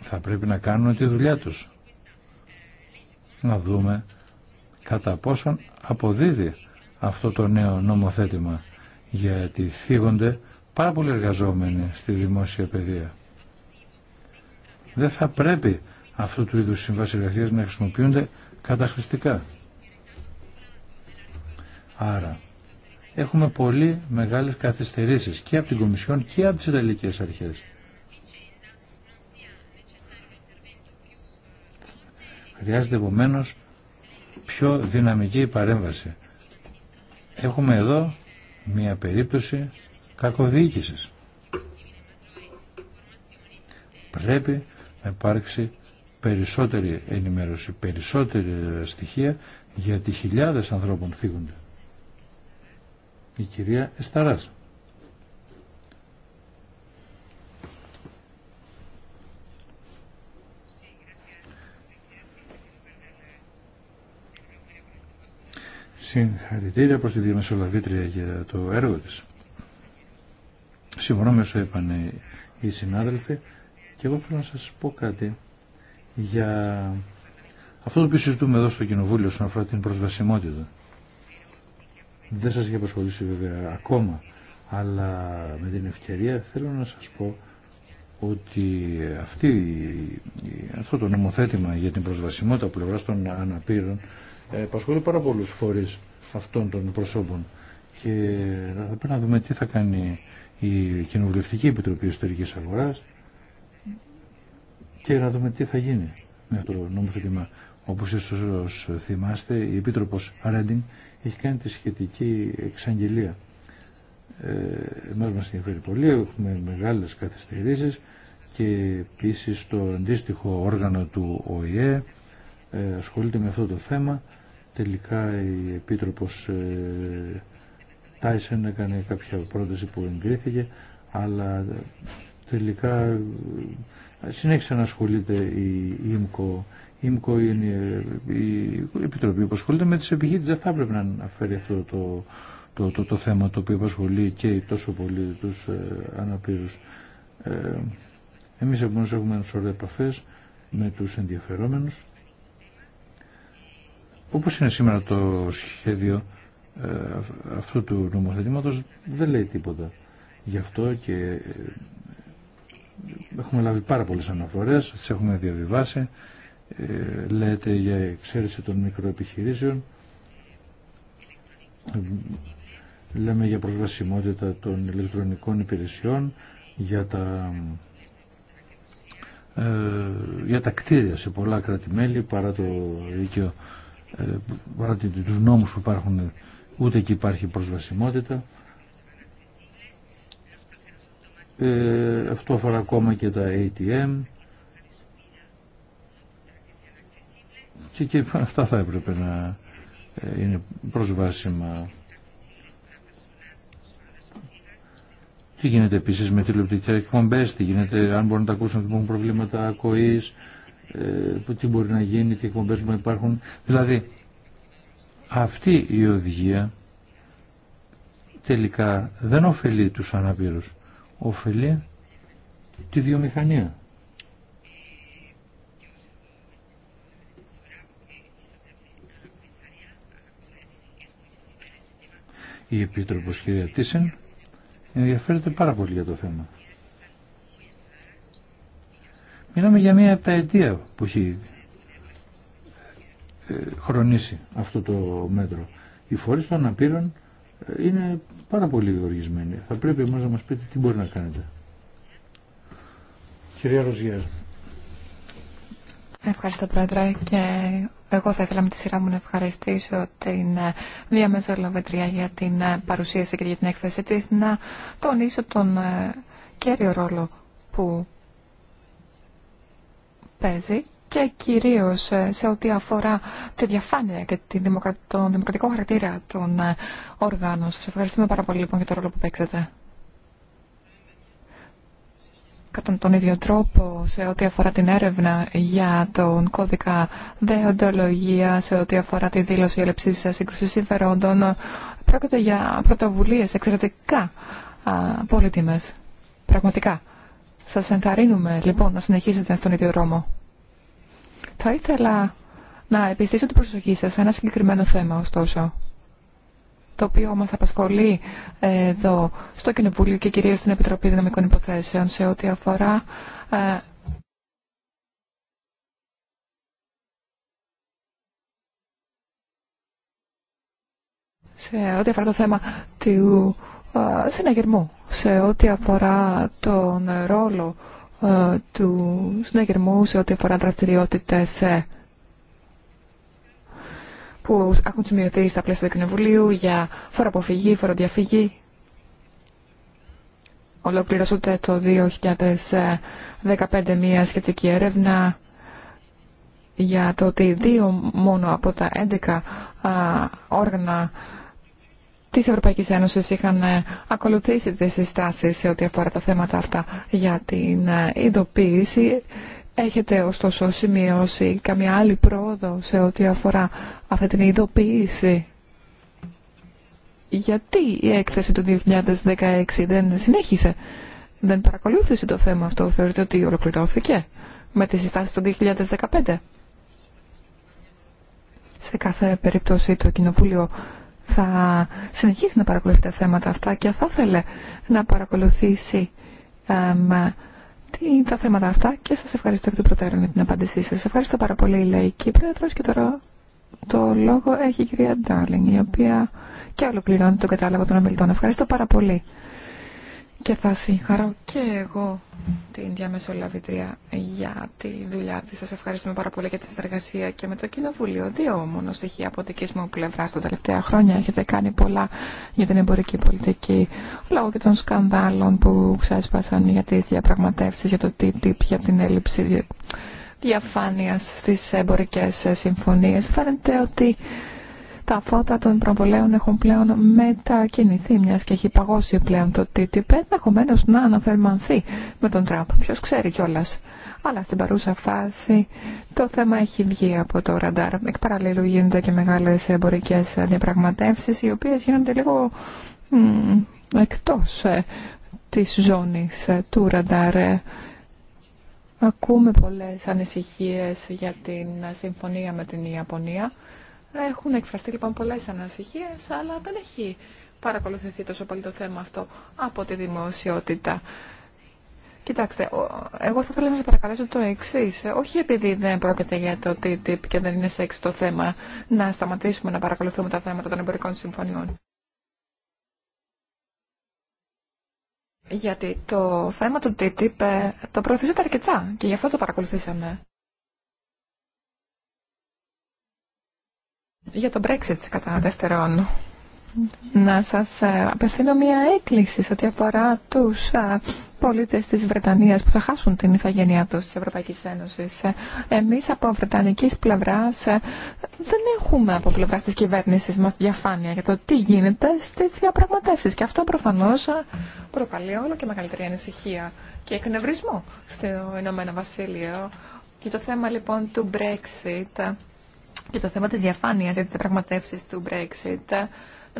Θα πρέπει να κάνουν τη δουλειά τους να δούμε κατά πόσον αποδίδει αυτό το νέο νομοθέτημα γιατί θίγονται πάρα πολλοί εργαζόμενοι στη δημόσια παιδεία. Δεν θα πρέπει αυτού του είδους συμβάσεις εργασίας να χρησιμοποιούνται καταχρηστικά. Άρα, έχουμε πολύ μεγάλες καθυστερήσεις και από την Κομισιόν και από τις Ιταλικές Αρχές. Χρειάζεται επομένω πιο δυναμική παρέμβαση. Έχουμε εδώ μια περίπτωση κακοδιοίκησης. Πρέπει να υπάρξει περισσότερη ενημέρωση, περισσότερη στοιχεία γιατί χιλιάδες ανθρώπων φύγονται. Η κυρία Εσταράς. Συγχαρητήρια προς τη Διαμεσολαβήτρια για το έργο της. Συμφωνώ με όσο είπαν οι συνάδελφοι και εγώ θέλω να σας πω κάτι για αυτό το οποίο συζητούμε εδώ στο Κοινοβούλιο όσον αφορά την προσβασιμότητα. Δεν σας έχει απασχολήσει βέβαια ακόμα, αλλά με την ευκαιρία θέλω να σας πω ότι αυτή, αυτό το νομοθέτημα για την προσβασιμότητα πλευράς των αναπήρων ε, πασχόλει πάρα πολλούς φορείς αυτών των προσώπων και θα πρέπει να δούμε τι θα κάνει η Κοινοβουλευτική Επιτροπή Ιστορικής Αγοράς και να δούμε τι θα γίνει με το νομοθετήμα. Όπως ίσως θυμάστε, η Επίτροπος Ρέντινγκ έχει κάνει τη σχετική εξαγγελία. Ε, εμάς μας ενδιαφέρει πολύ, έχουμε μεγάλες καθυστερήσεις και επίση το αντίστοιχο όργανο του ΟΗΕ ε, ασχολείται με αυτό το θέμα. Τελικά η Επίτροπος ε, Τάισεν έκανε κάποια πρόταση που εγκρίθηκε, αλλά τελικά ε, συνέχισε να ασχολείται η ΙΜΚΟ. Η ΙΜΚΟ είναι η Επιτροπή που ασχολείται με τις επιχείρησεις. Δεν θα έπρεπε να αναφέρει αυτό το, το, θέμα το οποίο απασχολεί και τόσο πολύ τους αναπήρους. Ε, εμείς επομένως έχουμε ένα σωρό επαφές με τους ενδιαφερόμενους όπως είναι σήμερα το σχέδιο ε, αυτού του νομοθετήματος δεν λέει τίποτα. Γι' αυτό και ε, έχουμε λάβει πάρα πολλές αναφορές, τις έχουμε διαβιβάσει, ε, λέτε για εξαίρεση των μικροεπιχειρήσεων, λέμε για προσβασιμότητα των ηλεκτρονικών υπηρεσιών, για τα, για τα κτίρια σε πολλά κράτη-μέλη παρά το δίκαιο ε, παρά τους νόμους που υπάρχουν ούτε εκεί υπάρχει προσβασιμότητα ε, αυτό αφορά ακόμα και τα ATM και, και αυτά θα έπρεπε να ε, είναι προσβάσιμα τι γίνεται επίσης με τηλεοπτικές εκπομπές τι γίνεται αν μπορούν να τα ακούσουν να έχουν προβλήματα ακοής ε, που τι μπορεί να γίνει, τι εκπομπές που υπάρχουν. Δηλαδή, αυτή η οδηγία τελικά δεν ωφελεί τους αναπήρους, ωφελεί τη βιομηχανία. Η Επίτροπος κυρία Τίσεν ενδιαφέρεται πάρα πολύ για το θέμα. Μιλάμε για μια επταετία που έχει ε, χρονίσει αυτό το μέτρο. Οι φορεί των απείρων ε, είναι πάρα πολύ οργισμένοι. Θα πρέπει εμάς να μας πείτε τι μπορεί να κάνετε. Κυρία Ροζιέρ. Ευχαριστώ Πρόεδρε και εγώ θα ήθελα με τη σειρά μου να ευχαριστήσω την διαμεσολαβετρία ε, για την παρουσίαση και για την έκθεση της να τονίσω τον κέριο ρόλο που παίζει και κυρίως ε, σε ό,τι αφορά τη διαφάνεια και τον δημοκρατικό χαρακτήρα των ε, οργάνων. Σας ευχαριστούμε πάρα πολύ λοιπόν για το ρόλο που παίξετε. Κατά τον ίδιο τρόπο σε ό,τι αφορά την έρευνα για τον κώδικα δεοντολογία, σε ό,τι αφορά τη δήλωση ελεψής σύγκρουσης συμφερόντων, πρόκειται για πρωτοβουλίε εξαιρετικά α, πραγματικά. Σας ενθαρρύνουμε λοιπόν να συνεχίσετε στον ίδιο δρόμο. Θα ήθελα να επιστήσω την προσοχή σας σε ένα συγκεκριμένο θέμα ωστόσο το οποίο μας απασχολεί εδώ στο Κοινοβούλιο και κυρίως στην Επιτροπή Δυναμικών Υποθέσεων ό,τι αφορά ε, σε ό,τι αφορά το θέμα του συναγερμού σε ό,τι αφορά τον ρόλο του συναγερμού, σε ό,τι αφορά δραστηριότητε ε, που έχουν σημειωθεί στα πλαίσια του Κοινοβουλίου για φοροαποφυγή, φοροδιαφυγή. Ολοκληρώσονται το 2015 μια σχετική έρευνα για το ότι δύο μόνο από τα 11 όργανα της Ευρωπαϊκής Ένωσης είχαν ε, ακολουθήσει τις συστάσεις σε ό,τι αφορά τα θέματα αυτά για την ε, ειδοποίηση. Έχετε ωστόσο σημειώσει καμία άλλη πρόοδο σε ό,τι αφορά αυτή την ειδοποίηση. Γιατί η έκθεση του 2016 δεν συνέχισε, δεν παρακολούθησε το θέμα αυτό, θεωρείτε ότι ολοκληρώθηκε με τις συστάσεις του 2015. Σε κάθε περίπτωση το Κοινοβούλιο θα συνεχίσει να παρακολουθεί τα θέματα αυτά και θα ήθελε να παρακολουθήσει τα θέματα αυτά και σας ευχαριστώ εκ του προτέρων για την απάντησή σας. Ευχαριστώ πάρα πολύ, λέει η Πρόεδρος και τώρα το λόγο έχει η κυρία Ντάρλινγκ, η οποία και ολοκληρώνει τον κατάλογο των ομιλητών. Ευχαριστώ πάρα πολύ. Και θα συγχαρώ και εγώ την διαμεσολαβητρία για τη δουλειά της. Σας ευχαριστούμε πάρα πολύ για τη συνεργασία και με το Κοινοβούλιο. Δύο μόνο στοιχεία από δική μου πλευρά τα τελευταία χρόνια. Έχετε κάνει πολλά για την εμπορική πολιτική λόγω και των σκανδάλων που ξέσπασαν για τις διαπραγματεύσεις, για το TTIP, για την έλλειψη διαφάνειας στις εμπορικές συμφωνίες. Φαίνεται ότι τα φώτα των προβολέων έχουν πλέον μετακινηθεί, μια και έχει παγώσει πλέον το TTIP, ενδεχομένω να αναθερμανθεί με τον Τραμπ. Ποιο ξέρει κιόλα. Αλλά στην παρούσα φάση το θέμα έχει βγει από το ραντάρ. Εκ παραλλήλου γίνονται και μεγάλε εμπορικέ διαπραγματεύσει, οι οποίε γίνονται λίγο εκτό ε, τη ζώνη ε, του ραντάρ. Ακούμε πολλές ανησυχίες για την συμφωνία με την Ιαπωνία έχουν εκφραστεί λοιπόν πολλές ανασυχίες, αλλά δεν έχει παρακολουθηθεί τόσο πολύ το θέμα αυτό από τη δημοσιότητα. Κοιτάξτε, εγώ θα ήθελα να σα παρακαλέσω το εξή. Όχι επειδή δεν πρόκειται για το TTIP και δεν είναι σεξ το θέμα, να σταματήσουμε να παρακολουθούμε τα θέματα των εμπορικών συμφωνιών. Γιατί το θέμα του TTIP ε, το προωθήσατε αρκετά και γι' αυτό το παρακολουθήσαμε. Για το Brexit, κατά δεύτερον, να σας ε, απευθύνω μια έκκληση σε ό,τι αφορά τους ε, πολίτες της Βρετανίας που θα χάσουν την ηθαγένειά τους της Ευρωπαϊκής Ένωσης. Ε, εμείς από βρετανικής πλευράς δεν έχουμε από πλευράς της κυβέρνησης μας διαφάνεια για το τι γίνεται στις διαπραγματεύσεις και αυτό προφανώς προκαλεί όλο και μεγαλύτερη ανησυχία και εκνευρισμό στο Ηνωμένο Βασίλειο. Και το θέμα λοιπόν του Brexit και το θέμα της διαφάνειας για τις διαπραγματεύσεις του Brexit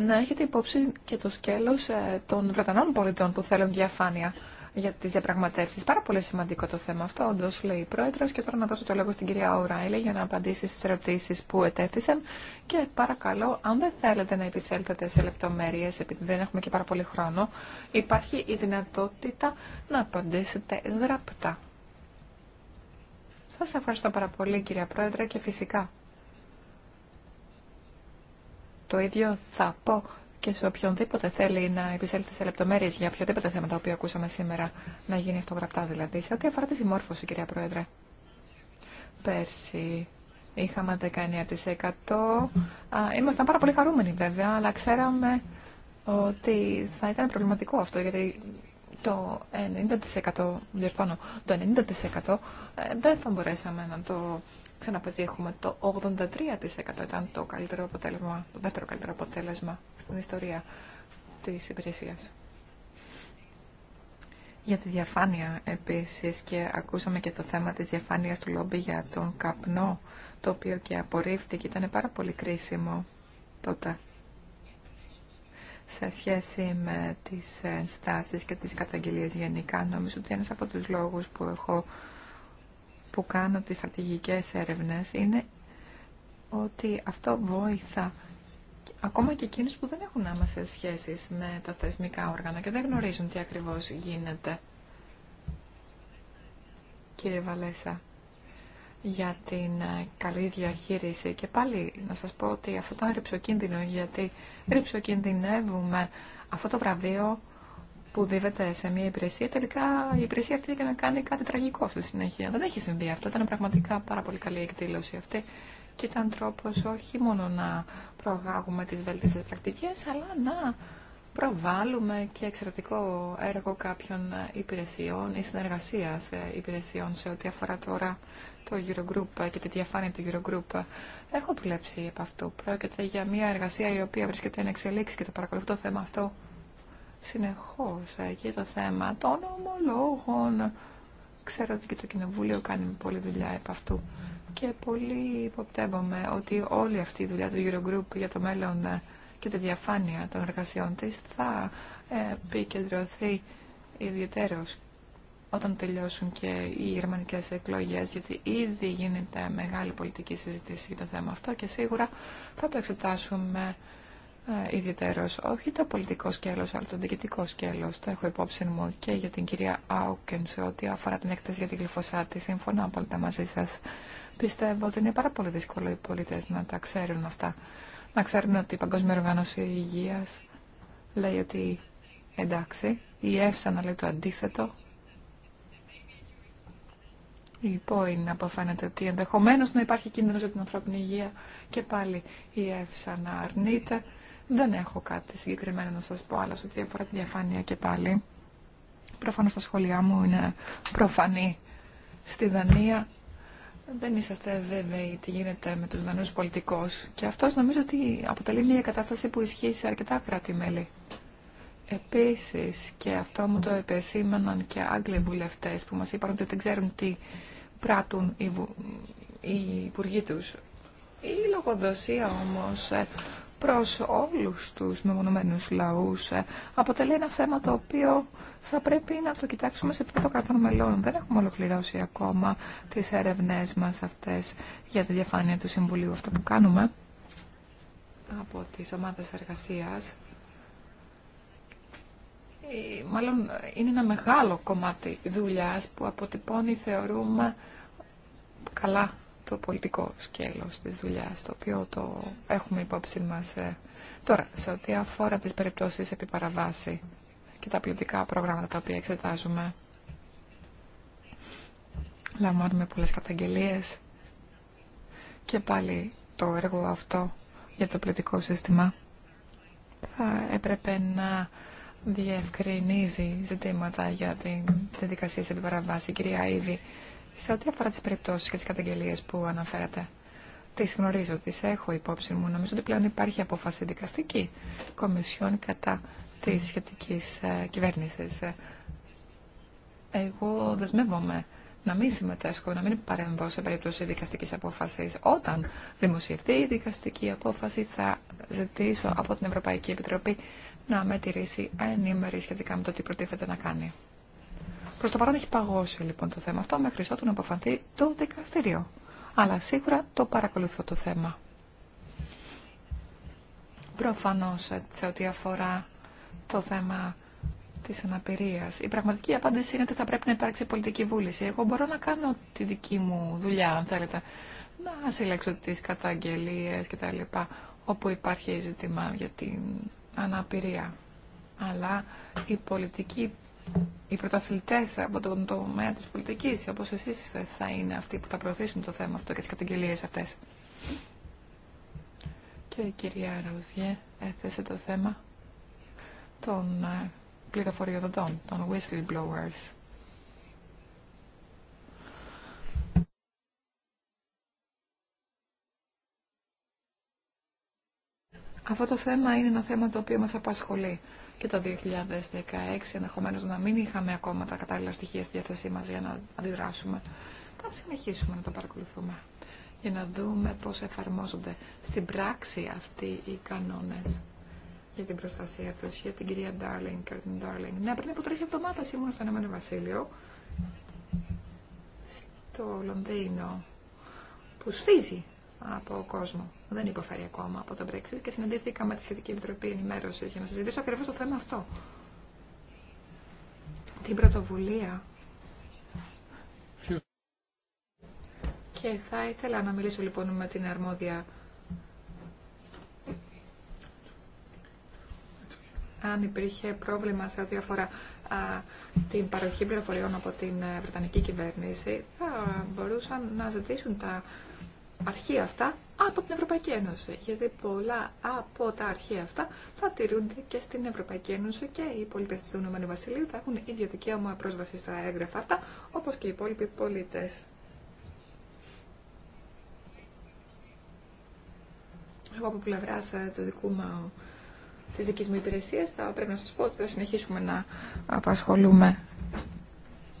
να έχετε υπόψη και το σκέλος ε, των Βρετανών πολιτών που θέλουν διαφάνεια για τις διαπραγματεύσεις. Πάρα πολύ σημαντικό το θέμα αυτό, όντως, λέει η Πρόεδρος. Και τώρα να δώσω το λόγο στην κυρία Οράιλε για να απαντήσει στις ερωτήσεις που ετέθησαν. Και παρακαλώ, αν δεν θέλετε να επισέλθετε σε λεπτομέρειες, επειδή δεν έχουμε και πάρα πολύ χρόνο, υπάρχει η δυνατότητα να απαντήσετε γραπτά. Σας ευχαριστώ πάρα πολύ κυρία Πρόεδρε και φυσικά το ίδιο θα πω και σε οποιονδήποτε θέλει να επισέλθει σε λεπτομέρειε για οποιοδήποτε θέμα το οποίο ακούσαμε σήμερα, να γίνει αυτογραπτά γραπτά δηλαδή. Σε ό,τι αφορά τη συμμόρφωση, κυρία Πρόεδρε. Πέρσι είχαμε 19%. Ήμασταν πάρα πολύ χαρούμενοι βέβαια, αλλά ξέραμε ότι θα ήταν προβληματικό αυτό, γιατί το 90%, το 90% ε, δεν θα μπορέσαμε να το ξαναπετύχουμε. Το 83% ήταν το, καλύτερο αποτέλεσμα, το δεύτερο καλύτερο αποτέλεσμα στην ιστορία της υπηρεσίας. Για τη διαφάνεια επίσης και ακούσαμε και το θέμα της διαφάνειας του λόμπι για τον καπνό, το οποίο και απορρίφθηκε, ήταν πάρα πολύ κρίσιμο τότε σε σχέση με τις στάσεις και τις καταγγελίες γενικά. Νομίζω ότι ένας από τους λόγους που έχω που κάνω τις στρατηγικέ έρευνες είναι ότι αυτό βοηθά ακόμα και εκείνους που δεν έχουν άμεσες σχέσεις με τα θεσμικά όργανα και δεν γνωρίζουν τι ακριβώς γίνεται. Κύριε Βαλέσα, για την ε, καλή διαχείριση και πάλι να σας πω ότι αυτό ήταν ρηψοκίνδυνο γιατί ρηψοκινδυνεύουμε αυτό το βραβείο που δίδεται σε μια υπηρεσία, τελικά η υπηρεσία αυτή έκανε να κάνει κάτι τραγικό στη συνέχεια. Δεν έχει συμβεί αυτό. Ήταν πραγματικά πάρα πολύ καλή εκδήλωση αυτή και ήταν τρόπο όχι μόνο να προαγάγουμε τι βέλτιστε πρακτικέ, αλλά να προβάλλουμε και εξαιρετικό έργο κάποιων υπηρεσιών ή συνεργασία υπηρεσιών σε ό,τι αφορά τώρα το Eurogroup και τη διαφάνεια του Eurogroup. Έχω δουλέψει από αυτό. Πρόκειται για μια εργασία η οποία βρίσκεται εν εξελίξη και το παρακολουθώ το θέμα αυτό συνεχώς ε, και το θέμα των ομολόγων. Ξέρω ότι και το Κοινοβούλιο κάνει πολλή δουλειά επ' αυτού και πολύ υποπτεύομαι ότι όλη αυτή η δουλειά του Eurogroup για το μέλλον ε, και τη διαφάνεια των εργασιών της θα ε, επικεντρωθεί ιδιαίτερως όταν τελειώσουν και οι γερμανικές εκλογές, γιατί ήδη γίνεται μεγάλη πολιτική συζήτηση για το θέμα αυτό και σίγουρα θα το εξετάσουμε ε, Ιδιαίτερο όχι το πολιτικό σκέλο αλλά το διοικητικό σκέλο. Το έχω υπόψη μου και για την κυρία Άουκεν σε ό,τι αφορά την έκθεση για την γλυφοσάτη. Συμφωνώ απόλυτα μαζί σα. Πιστεύω ότι είναι πάρα πολύ δύσκολο οι πολίτε να τα ξέρουν αυτά. Να ξέρουν ότι η Παγκόσμια Οργάνωση Υγείας λέει ότι εντάξει, η ΕΦΣΑ να λέει το αντίθετο. Η ΠΟΗ να αποφαίνεται ότι ενδεχομένω να υπάρχει κίνδυνο για την ανθρώπινη υγεία και πάλι η ΕΦΣΑ να αρνείται. Δεν έχω κάτι συγκεκριμένο να σας πω, άλλο σε ό,τι αφορά τη διαφάνεια και πάλι. Προφανώς τα σχόλιά μου είναι προφανή. Στη Δανία δεν είσαστε βέβαιοι τι γίνεται με τους Δανούς πολιτικούς. Και αυτός νομίζω ότι αποτελεί μια κατάσταση που ισχύει σε αρκετά κράτη-μέλη. Επίσης, και αυτό μου το επεσήμαναν και Άγγλοι βουλευτές που μας είπαν ότι δεν ξέρουν τι πράττουν οι, οι υπουργοί τους. Η λογοδοσία όμως ε, προς όλους τους μεμονωμένους λαούς ε, αποτελεί ένα θέμα το οποίο θα πρέπει να το κοιτάξουμε σε το κρατών μελών. Δεν έχουμε ολοκληρώσει ακόμα τις έρευνές μας αυτές για τη διαφάνεια του Συμβουλίου. Αυτό που κάνουμε από τις ομάδες εργασίας ε, μάλλον είναι ένα μεγάλο κομμάτι δουλειάς που αποτυπώνει, θεωρούμε, καλά το πολιτικό σκέλος της δουλειάς, το οποίο το έχουμε υπόψη μας ε, τώρα, σε ό,τι αφορά τις περιπτώσεις επί παραβάση και τα πολιτικά προγράμματα τα οποία εξετάζουμε. Λαμβάνουμε πολλές καταγγελίες και πάλι το έργο αυτό για το πολιτικό σύστημα θα έπρεπε να διευκρινίζει ζητήματα για την διαδικασία σε επιπαραβάση. κυρία Ήδη σε ό,τι αφορά τι περιπτώσει και τι καταγγελίε που αναφέρατε, τι γνωρίζω, τι έχω υπόψη μου. Νομίζω ότι πλέον υπάρχει απόφαση δικαστική κομισιόν κατά τη ναι. σχετικής ε, κυβέρνηση. Εγώ δεσμεύομαι να μην συμμετέσχω, να μην παρέμβω σε περίπτωση δικαστική απόφαση Όταν δημοσιευτεί η δικαστική απόφαση θα ζητήσω από την Ευρωπαϊκή Επιτροπή να με τηρήσει ενήμερη σχετικά με το τι προτίθεται να κάνει. Προ το παρόν έχει παγώσει λοιπόν το θέμα αυτό μέχρι ότου να αποφανθεί το δικαστήριο. Αλλά σίγουρα το παρακολουθώ το θέμα. Προφανώ, ε, σε ό,τι αφορά το θέμα τη αναπηρία. Η πραγματική απάντηση είναι ότι θα πρέπει να υπάρξει πολιτική βούληση. Εγώ μπορώ να κάνω τη δική μου δουλειά, αν θέλετε, να συλλέξω τι καταγγελίε κτλ. όπου υπάρχει ζήτημα για την αναπηρία. Αλλά η πολιτική οι πρωταθλητέ από τον τομέα τη πολιτική, όπω εσεί θα είναι αυτοί που θα προωθήσουν το θέμα αυτό και τι καταγγελίε αυτέ. Και η κυρία Ρουδιέ έθεσε το θέμα των ε, πληροφοριοδοτών, των whistleblowers. Αυτό το θέμα είναι ένα θέμα το οποίο μας απασχολεί και το 2016 ενδεχομένως να μην είχαμε ακόμα τα κατάλληλα στοιχεία στη διάθεσή μας για να αντιδράσουμε. Θα συνεχίσουμε να το παρακολουθούμε για να δούμε πώς εφαρμόζονται στην πράξη αυτοί οι κανόνες για την προστασία του. Για την κυρία Ντάρλινγκ, Κέρτιν Ντάρλινγκ. Ναι, πριν από τρει εβδομάδε ήμουν στο Ηνωμένο Βασίλειο, στο Λονδίνο, που σφίζει από κόσμο δεν υποφέρει ακόμα από τον Brexit και συναντήθηκα με τη Σχετική Επιτροπή Ενημέρωση για να συζητήσω ακριβώ το θέμα αυτό. Την πρωτοβουλία. Και θα ήθελα να μιλήσω λοιπόν με την αρμόδια αν υπήρχε πρόβλημα σε ό,τι αφορά α, την παροχή πληροφοριών από την ε, Βρετανική κυβέρνηση, θα μπορούσαν να ζητήσουν τα αρχεία αυτά από την Ευρωπαϊκή Ένωση. Γιατί πολλά από τα αρχεία αυτά θα τηρούνται και στην Ευρωπαϊκή Ένωση και οι πολίτε του Ηνωμένου Βασιλείου θα έχουν ίδιο δικαίωμα πρόσβαση στα έγγραφα αυτά, όπω και οι υπόλοιποι πολίτε. Εγώ από πλευρά ε, του δικού μου τη δική μου υπηρεσία θα πρέπει να σα πω ότι θα συνεχίσουμε να απασχολούμε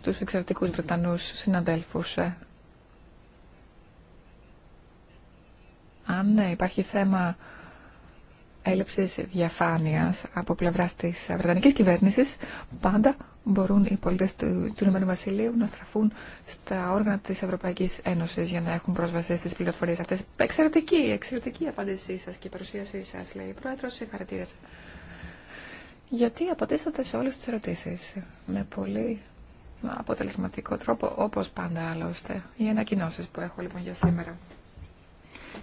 του εξαιρετικού Βρετανού συναδέλφου ε. αν ναι, υπάρχει θέμα έλλειψης διαφάνειας από πλευράς της Βρετανικής κυβέρνησης, πάντα μπορούν οι πολίτες του, του Ηνωμένου Βασιλείου να στραφούν στα όργανα της Ευρωπαϊκής Ένωσης για να έχουν πρόσβαση στις πληροφορίες αυτές. Εξαιρετική, εξαιρετική απάντησή σας και η παρουσίασή σας, λέει η Πρόεδρο. συγχαρητήρια σας. Γιατί απαντήσατε σε όλες τις ερωτήσεις με πολύ αποτελεσματικό τρόπο, όπως πάντα άλλωστε, οι ανακοινώσει που έχω λοιπόν για σήμερα.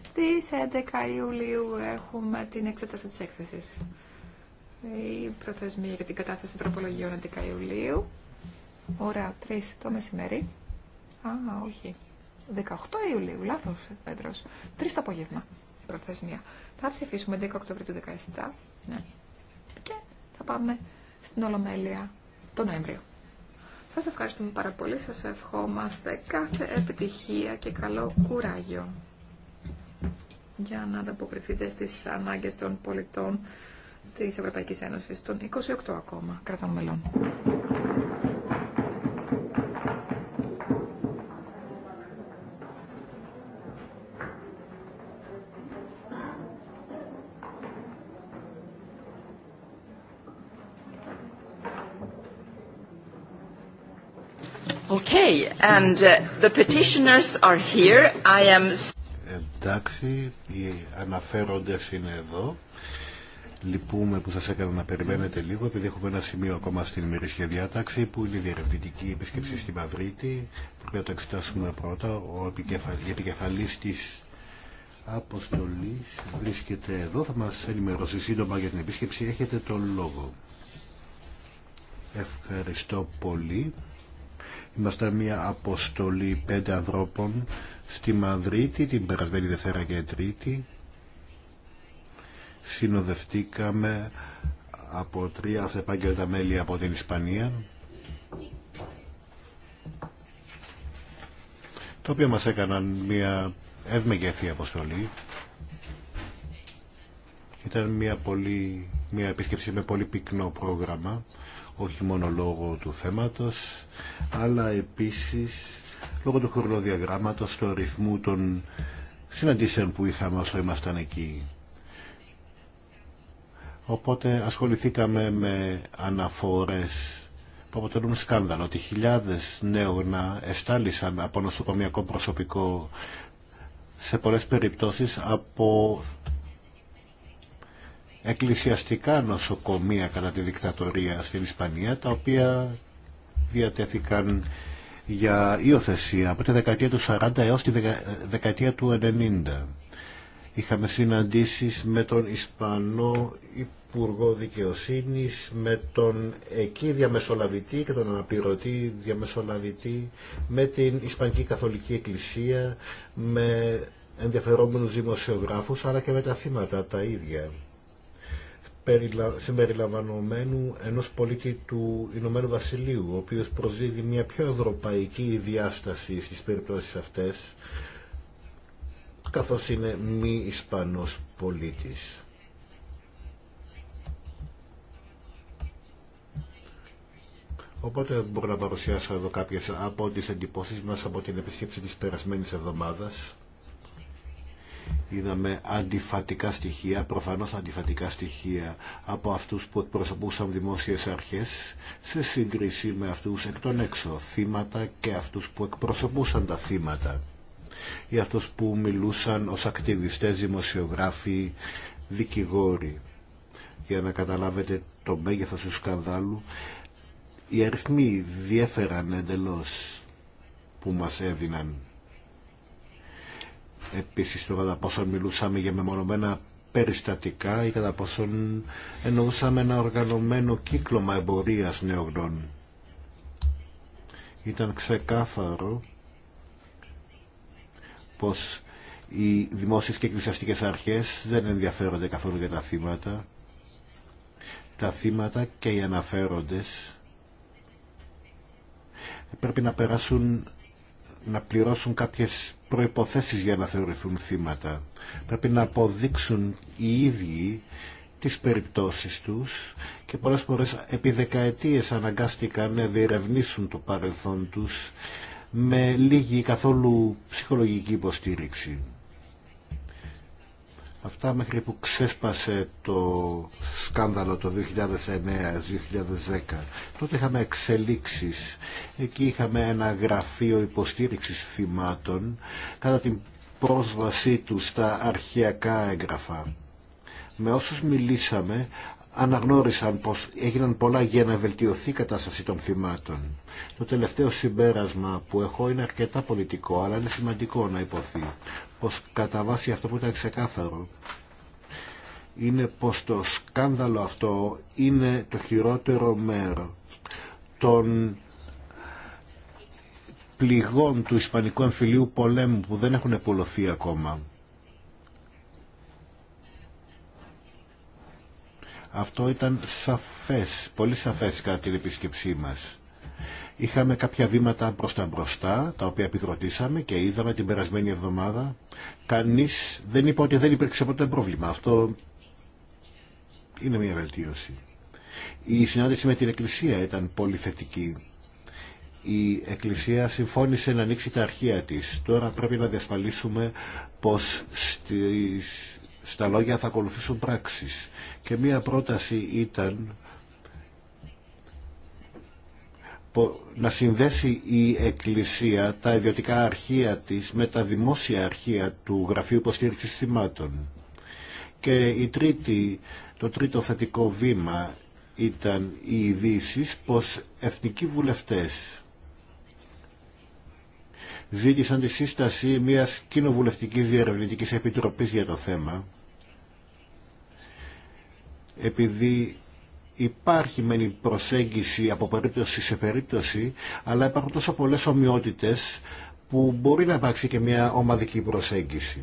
Στις 11 Ιουλίου έχουμε την εξέταση της έκθεσης. Η προθεσμία για την κατάθεση τροπολογιών 11 Ιουλίου. Ωραία, 3 το μεσημέρι. Α, όχι. 18 Ιουλίου, λάθος, Πέτρος. 3 το απόγευμα, προθεσμία. Θα ψηφίσουμε 10 Οκτωβρίου του 2017. Ναι. Και θα πάμε στην Ολομέλεια το Νοέμβριο. Σας ευχαριστούμε πάρα πολύ, σας ευχόμαστε κάθε επιτυχία και καλό κουράγιο για να ανταποκριθείτε στις ανάγκες των πολιτών της Ευρωπαϊκή Ένωση, των 28 ακόμα κρατών μελών. Okay, and uh, the petitioners are here. I am εντάξει, οι αναφέροντες είναι εδώ. Λυπούμε που σας έκανα να περιμένετε λίγο, επειδή έχουμε ένα σημείο ακόμα στην ημερήσια διάταξη που είναι η διερευνητική επίσκεψη στη Μαυρίτη. Πρέπει να το εξετάσουμε πρώτα. Ο επικεφαλής της αποστολής βρίσκεται εδώ. Θα μας ενημερώσει σύντομα για την επίσκεψη. Έχετε τον λόγο. Ευχαριστώ πολύ. Ήμασταν μια αποστολή πέντε ανθρώπων στη Μαδρίτη την περασμένη Δευτέρα και Τρίτη. Συνοδευτήκαμε από τρία αυτεπάγγελτα μέλη από την Ισπανία το οποίο μας έκαναν μια ευμεγεθή αποστολή ήταν μια, πολύ, μια επίσκεψη με πολύ πυκνό πρόγραμμα όχι μόνο λόγω του θέματος αλλά επίσης λόγω του χρονοδιαγράμματος, του αριθμού των συναντήσεων που είχαμε όσο ήμασταν εκεί. Οπότε ασχοληθήκαμε με αναφορές που αποτελούν σκάνδαλο ότι χιλιάδες να εστάλησαν από νοσοκομιακό προσωπικό σε πολλές περιπτώσεις από εκκλησιαστικά νοσοκομεία κατά τη δικτατορία στην Ισπανία τα οποία διατέθηκαν για υιοθεσία από τη δεκαετία του 40 έως τη δεκαετία του 90. Είχαμε συναντήσεις με τον Ισπανό Υπουργό Δικαιοσύνης, με τον εκεί διαμεσολαβητή και τον αναπληρωτή διαμεσολαβητή, με την Ισπανική Καθολική Εκκλησία, με ενδιαφερόμενους δημοσιογράφους, αλλά και με τα θύματα τα ίδια συμπεριλαμβανομένου ενός πολίτη του Ηνωμένου Βασιλείου, ο οποίος προσδίδει μια πιο ευρωπαϊκή διάσταση στις περιπτώσεις αυτές, καθώς είναι μη Ισπανός πολίτης. Οπότε μπορώ να παρουσιάσω εδώ κάποιες από τις εντυπώσεις μας από την επισκέψη της περασμένης εβδομάδας είδαμε αντιφατικά στοιχεία, προφανώς αντιφατικά στοιχεία από αυτούς που εκπροσωπούσαν δημόσιες αρχές σε σύγκριση με αυτούς εκ των έξω, θύματα και αυτούς που εκπροσωπούσαν τα θύματα ή αυτούς που μιλούσαν ως ακτιβιστές, δημοσιογράφοι, δικηγόροι. Για να καταλάβετε το μέγεθος του σκανδάλου, οι αριθμοί διέφεραν εντελώς που μας έδιναν επίσης το κατά πόσο μιλούσαμε για μεμονωμένα περιστατικά ή κατά πόσον εννοούσαμε ένα οργανωμένο κύκλωμα εμπορίας νεογνών. Ήταν ξεκάθαρο πως οι δημόσιες και εκκλησιαστικές αρχές δεν ενδιαφέρονται καθόλου για τα θύματα. Τα θύματα και οι αναφέροντες πρέπει να περάσουν να πληρώσουν κάποιες προϋποθέσεις για να θεωρηθούν θύματα. Πρέπει να αποδείξουν οι ίδιοι τις περιπτώσεις τους και πολλές φορές επί δεκαετίες αναγκάστηκαν να διερευνήσουν το παρελθόν τους με λίγη καθόλου ψυχολογική υποστήριξη. Αυτά μέχρι που ξέσπασε το σκάνδαλο το 2009-2010. Τότε είχαμε εξελίξεις. Εκεί είχαμε ένα γραφείο υποστήριξης θυμάτων κατά την πρόσβασή του στα αρχαιακά έγγραφα. Με όσους μιλήσαμε αναγνώρισαν πως έγιναν πολλά για να βελτιωθεί η κατάσταση των θυμάτων. Το τελευταίο συμπέρασμα που έχω είναι αρκετά πολιτικό, αλλά είναι σημαντικό να υποθεί πως κατά βάση αυτό που ήταν ξεκάθαρο είναι πως το σκάνδαλο αυτό είναι το χειρότερο μέρο των πληγών του Ισπανικού Εμφυλίου Πολέμου που δεν έχουν επουλωθεί ακόμα. Αυτό ήταν σαφές, πολύ σαφές κατά την επίσκεψή μας. Είχαμε κάποια βήματα προς τα μπροστά, τα οποία επικροτήσαμε και είδαμε την περασμένη εβδομάδα. Κανείς δεν είπε ότι δεν υπήρξε ποτέ πρόβλημα. Αυτό είναι μια βελτίωση. Η συνάντηση με την Εκκλησία ήταν πολύ θετική. Η Εκκλησία συμφώνησε να ανοίξει τα αρχεία της. Τώρα πρέπει να διασφαλίσουμε πως στις, στα λόγια θα ακολουθήσουν πράξεις. Και μία πρόταση ήταν να συνδέσει η Εκκλησία τα ιδιωτικά αρχεία της με τα δημόσια αρχεία του Γραφείου Υποστήριξης Θυμάτων. Και η τρίτη, το τρίτο θετικό βήμα ήταν οι ειδήσει πως εθνικοί βουλευτές ζήτησαν τη σύσταση μιας κοινοβουλευτικής διερευνητικής επιτροπής για το θέμα επειδή Υπάρχει μεν η προσέγγιση από περίπτωση σε περίπτωση, αλλά υπάρχουν τόσο πολλέ ομοιότητες που μπορεί να υπάρξει και μια ομαδική προσέγγιση.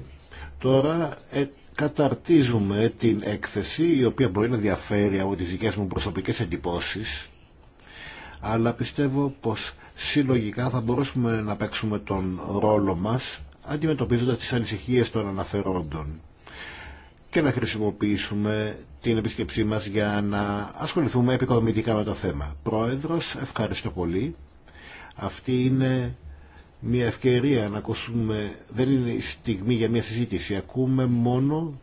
Τώρα ε, καταρτίζουμε την έκθεση, η οποία μπορεί να διαφέρει από τις δικές μου προσωπικές εντυπώσεις, αλλά πιστεύω πως συλλογικά θα μπορούσαμε να παίξουμε τον ρόλο μας, αντιμετωπίζοντας τις ανησυχίες των αναφερόντων και να χρησιμοποιήσουμε την επισκεψή μας για να ασχοληθούμε επικοδομητικά με το θέμα. Πρόεδρος, ευχαριστώ πολύ. Αυτή είναι μια ευκαιρία να ακούσουμε, δεν είναι η στιγμή για μια συζήτηση, ακούμε μόνο,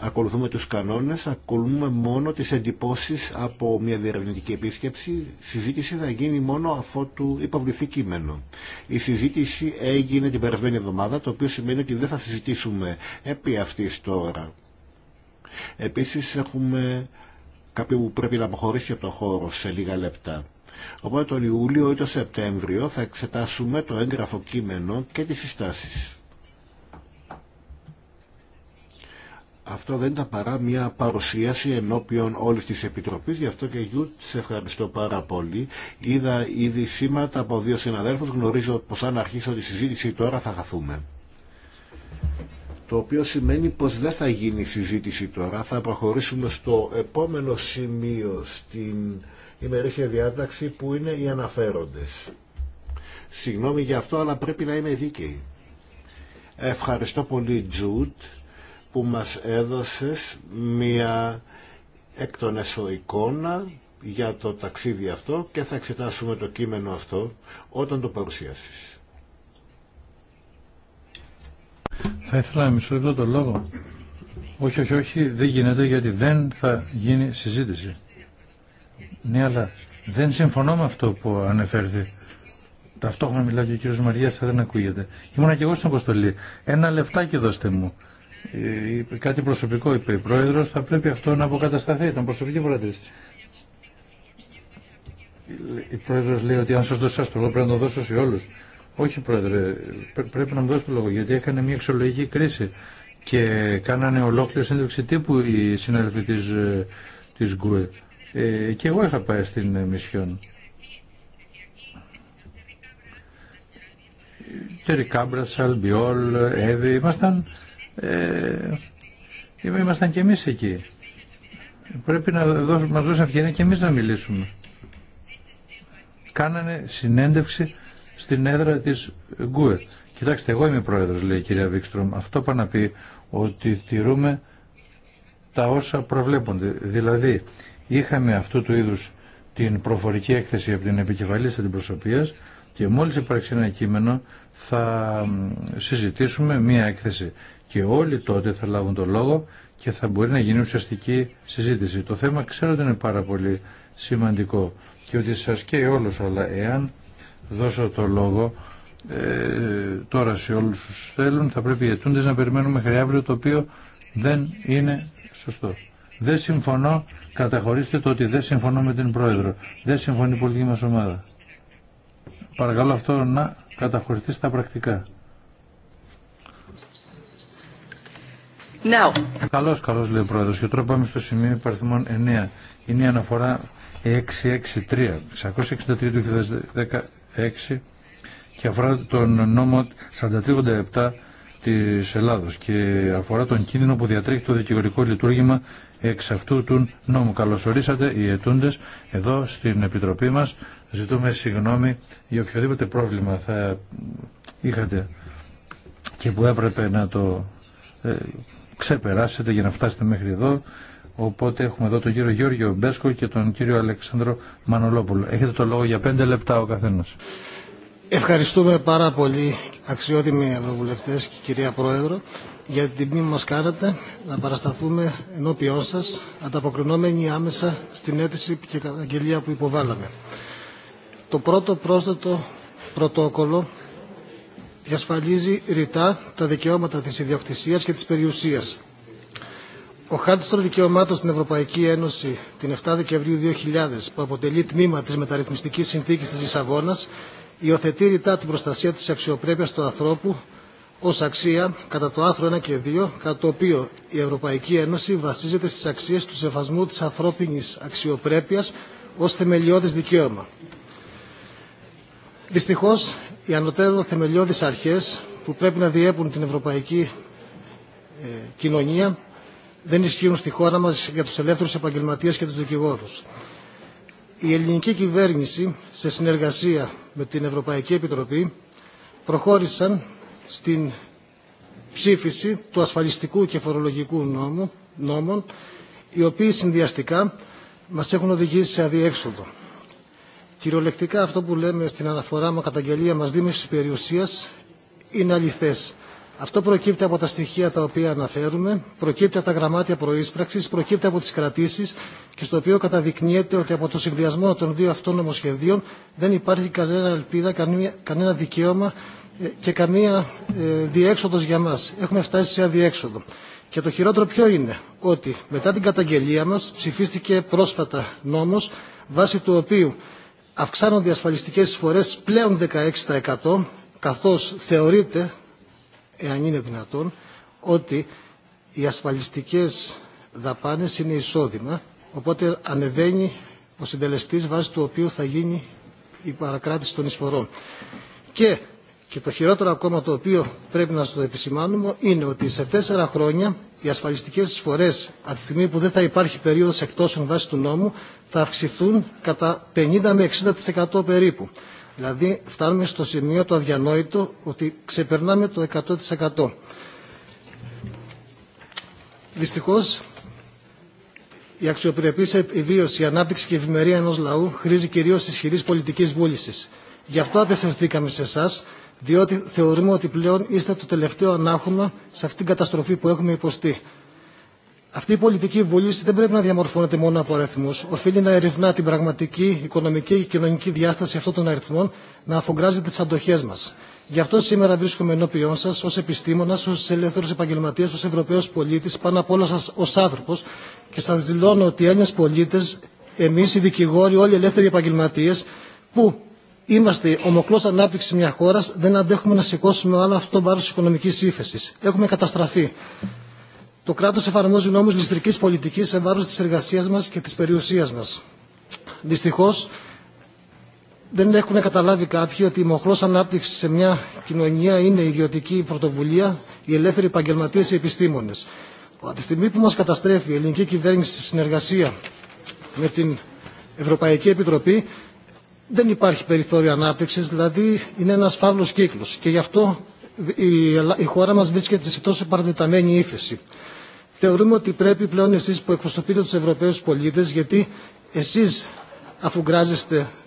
ακολουθούμε τους κανόνες, ακολουθούμε μόνο τις εντυπώσεις από μια διερευνητική επίσκεψη, συζήτηση θα γίνει μόνο αφότου υποβληθεί κείμενο. Η συζήτηση έγινε την περασμένη εβδομάδα, το οποίο σημαίνει ότι δεν θα συζητήσουμε επί αυτής τώρα. Επίσης έχουμε κάποιο που πρέπει να αποχωρήσει από το χώρο σε λίγα λεπτά. Οπότε τον Ιούλιο ή τον Σεπτέμβριο θα εξετάσουμε το έγγραφο κείμενο και τις συστάσεις. Αυτό δεν ήταν παρά μια παρουσίαση ενώπιον όλης της Επιτροπής, γι' αυτό και Γιού, σε ευχαριστώ πάρα πολύ. Είδα ήδη σήματα από δύο συναδέλφους, γνωρίζω πως αν αρχίσω τη συζήτηση τώρα θα χαθούμε το οποίο σημαίνει πως δεν θα γίνει συζήτηση τώρα, θα προχωρήσουμε στο επόμενο σημείο στην ημερήσια διάταξη που είναι οι αναφέροντες. Συγγνώμη για αυτό, αλλά πρέπει να είμαι δίκαιη. Ευχαριστώ πολύ Τζουτ που μας έδωσες μία εκ των για το ταξίδι αυτό και θα εξετάσουμε το κείμενο αυτό όταν το παρουσιάσεις. Θα ήθελα να μισώ εδώ το λόγο. Όχι, όχι, όχι, δεν γίνεται γιατί δεν θα γίνει συζήτηση. Ναι, αλλά δεν συμφωνώ με αυτό που ανεφέρθη. Ταυτόχρονα μιλάει και ο κύριος Μαριάς, θα δεν ακούγεται. Ήμουνα και εγώ στην αποστολή. Ένα λεπτάκι δώστε μου. Ε, κάτι προσωπικό είπε η πρόεδρος, θα πρέπει αυτό να αποκατασταθεί. Ήταν προσωπική πρόεδρο. Η πρόεδρος λέει ότι αν σας δώσω το πρέπει να το δώσω σε όλους. Όχι, Πρόεδρε, πρέπει να μου το λόγο, γιατί έκανε μια εξολογική κρίση και κάνανε ολόκληρη σύνδεξη τύπου οι συνάδελφοι της, της Ε, και εγώ είχα πάει στην ε, Μισιόν. Τερικάμπρα, Αλμπιόλ, Εύη, ήμασταν, ε, ε, ήμασταν και εμείς εκεί. Πρέπει να μα μας δώσουν ευκαιρία και εμείς να μιλήσουμε. Κάνανε συνέντευξη στην έδρα της Γκουε. Κοιτάξτε, εγώ είμαι πρόεδρος, λέει η κυρία Βίξτρομ. Αυτό πάει να πει ότι τηρούμε τα όσα προβλέπονται. Δηλαδή, είχαμε αυτού του είδους την προφορική έκθεση από την επικεφαλής αντιπροσωπείας και μόλις υπάρξει ένα κείμενο θα συζητήσουμε μία έκθεση και όλοι τότε θα λάβουν το λόγο και θα μπορεί να γίνει ουσιαστική συζήτηση. Το θέμα ξέρω ότι είναι πάρα πολύ σημαντικό και ότι σας καίει όλους, αλλά εάν δώσω το λόγο ε, τώρα σε όλους τους θέλουν. Θα πρέπει οι αιτούντες να περιμένουν μέχρι αύριο το οποίο δεν είναι σωστό. Δεν συμφωνώ, καταχωρήστε το ότι δεν συμφωνώ με την Πρόεδρο. Δεν συμφωνεί η πολιτική μας ομάδα. Παρακαλώ αυτό να καταχωρηθεί στα πρακτικά. Now. Καλώς, καλώς λέει ο Πρόεδρος. Και τώρα πάμε στο σημείο υπαρθυμών 9. Είναι η αναφορά 663, 663 του και αφορά τον νόμο 437 της Ελλάδος και αφορά τον κίνδυνο που διατρέχει το δικηγορικό λειτουργήμα εξ αυτού του νόμου. Καλωσορίσατε οι ετούντες εδώ στην Επιτροπή μας. Ζητούμε συγγνώμη για οποιοδήποτε πρόβλημα θα είχατε και που έπρεπε να το ε, ξεπεράσετε για να φτάσετε μέχρι εδώ. Οπότε έχουμε εδώ τον κύριο Γιώργιο Μπέσκο και τον κύριο Αλεξάνδρο Μανολόπουλο. Έχετε το λόγο για πέντε λεπτά ο καθένας. Ευχαριστούμε πάρα πολύ αξιότιμοι ευρωβουλευτέ και κυρία Πρόεδρο για την τιμή που μα κάνατε να παρασταθούμε ενώπιόν σας ανταποκρινόμενοι άμεσα στην αίτηση και καταγγελία που υποβάλαμε. Το πρώτο πρόσθετο πρωτόκολλο διασφαλίζει ρητά τα δικαιώματα της ιδιοκτησίας και της περιουσίας ο Χάρτη των Δικαιωμάτων στην Ευρωπαϊκή Ένωση την 7 Δεκεμβρίου 2000, που αποτελεί τμήμα τη μεταρρυθμιστική συνθήκη τη Λισαβόνα, υιοθετεί ρητά την προστασία τη αξιοπρέπεια του ανθρώπου ω αξία κατά το άρθρο 1 και 2, κατά το οποίο η Ευρωπαϊκή Ένωση βασίζεται στι αξίε του σεβασμού τη ανθρώπινη αξιοπρέπεια ω θεμελιώδη δικαίωμα. Δυστυχώ, οι ανωτέρω θεμελιώδει αρχέ που πρέπει να διέπουν την ευρωπαϊκή ε, κοινωνία δεν ισχύουν στη χώρα μας για τους ελεύθερους επαγγελματίες και τους δικηγόρους. Η ελληνική κυβέρνηση, σε συνεργασία με την Ευρωπαϊκή Επιτροπή, προχώρησαν στην ψήφιση του ασφαλιστικού και φορολογικού νόμου, νόμων, οι οποίοι συνδυαστικά μας έχουν οδηγήσει σε αδιέξοδο. Κυριολεκτικά αυτό που λέμε στην αναφορά μου καταγγελία μας δίμηση περιουσίας είναι αληθές. Αυτό προκύπτει από τα στοιχεία τα οποία αναφέρουμε, προκύπτει από τα γραμμάτια προείσπραξη, προκύπτει από τι κρατήσει και στο οποίο καταδεικνύεται ότι από το συνδυασμό των δύο αυτών νομοσχεδίων δεν υπάρχει κανένα ελπίδα, κανένα δικαίωμα ε, και καμία ε, διέξοδος για μας. Έχουμε φτάσει σε αδιέξοδο. Και το χειρότερο ποιο είναι, ότι μετά την καταγγελία μας ψηφίστηκε πρόσφατα νόμος, βάσει του οποίου αυξάνονται οι ασφαλιστικές εισφορές πλέον 16%, καθώς θεωρείται εάν είναι δυνατόν, ότι οι ασφαλιστικές δαπάνες είναι εισόδημα, οπότε ανεβαίνει ο συντελεστής βάσει του οποίου θα γίνει η παρακράτηση των εισφορών. Και, και το χειρότερο ακόμα το οποίο πρέπει να το επισημάνουμε είναι ότι σε τέσσερα χρόνια οι ασφαλιστικές εισφορές από τη στιγμή που δεν θα υπάρχει περίοδος εκτόσεων βάσει του νόμου θα αυξηθούν κατά 50 με 60% περίπου. Δηλαδή φτάνουμε στο σημείο το αδιανόητο ότι ξεπερνάμε το 100%. Δυστυχώς η αξιοπρεπής επιβίωση, η ανάπτυξη και η ευημερία ενός λαού χρήζει κυρίως ισχυρής πολιτικής βούλησης. Γι' αυτό απευθυνθήκαμε σε εσά, διότι θεωρούμε ότι πλέον είστε το τελευταίο ανάγχωμα σε αυτήν την καταστροφή που έχουμε υποστεί. Αυτή η πολιτική βούληση δεν πρέπει να διαμορφώνεται μόνο από αριθμού. Οφείλει να ερευνά την πραγματική οικονομική και κοινωνική διάσταση αυτών των αριθμών, να αφογκράζει τι αντοχέ μα. Γι' αυτό σήμερα βρίσκομαι ενώπιον σα ω επιστήμονα, ω ελεύθερο επαγγελματία, ω Ευρωπαίο πολίτη, πάνω απ' όλα σα ω άνθρωπο και σα δηλώνω ότι οι Έλληνε πολίτε, εμεί οι δικηγόροι, όλοι οι ελεύθεροι επαγγελματίε, που Είμαστε ομοκλώ ανάπτυξη μια χώρα, δεν αντέχουμε να σηκώσουμε άλλο αυτό το βάρο τη οικονομική ύφεση. Έχουμε καταστραφεί. Το κράτος εφαρμόζει νόμους ληστρικής πολιτικής σε βάρος της εργασίας μας και της περιουσίας μας. Δυστυχώς, δεν έχουν καταλάβει κάποιοι ότι η μοχλός ανάπτυξη σε μια κοινωνία είναι η ιδιωτική πρωτοβουλία, οι ελεύθεροι επαγγελματίε οι επιστήμονες. Από τη στιγμή που μας καταστρέφει η ελληνική κυβέρνηση στη συνεργασία με την Ευρωπαϊκή Επιτροπή, δεν υπάρχει περιθώριο ανάπτυξης, δηλαδή είναι ένας φαύλος κύκλος και γι' αυτό η χώρα μας βρίσκεται σε τόσο παραδεταμένη ύφεση θεωρούμε ότι πρέπει πλέον εσείς που εκπροσωπείτε τους Ευρωπαίους πολίτες, γιατί εσείς αφού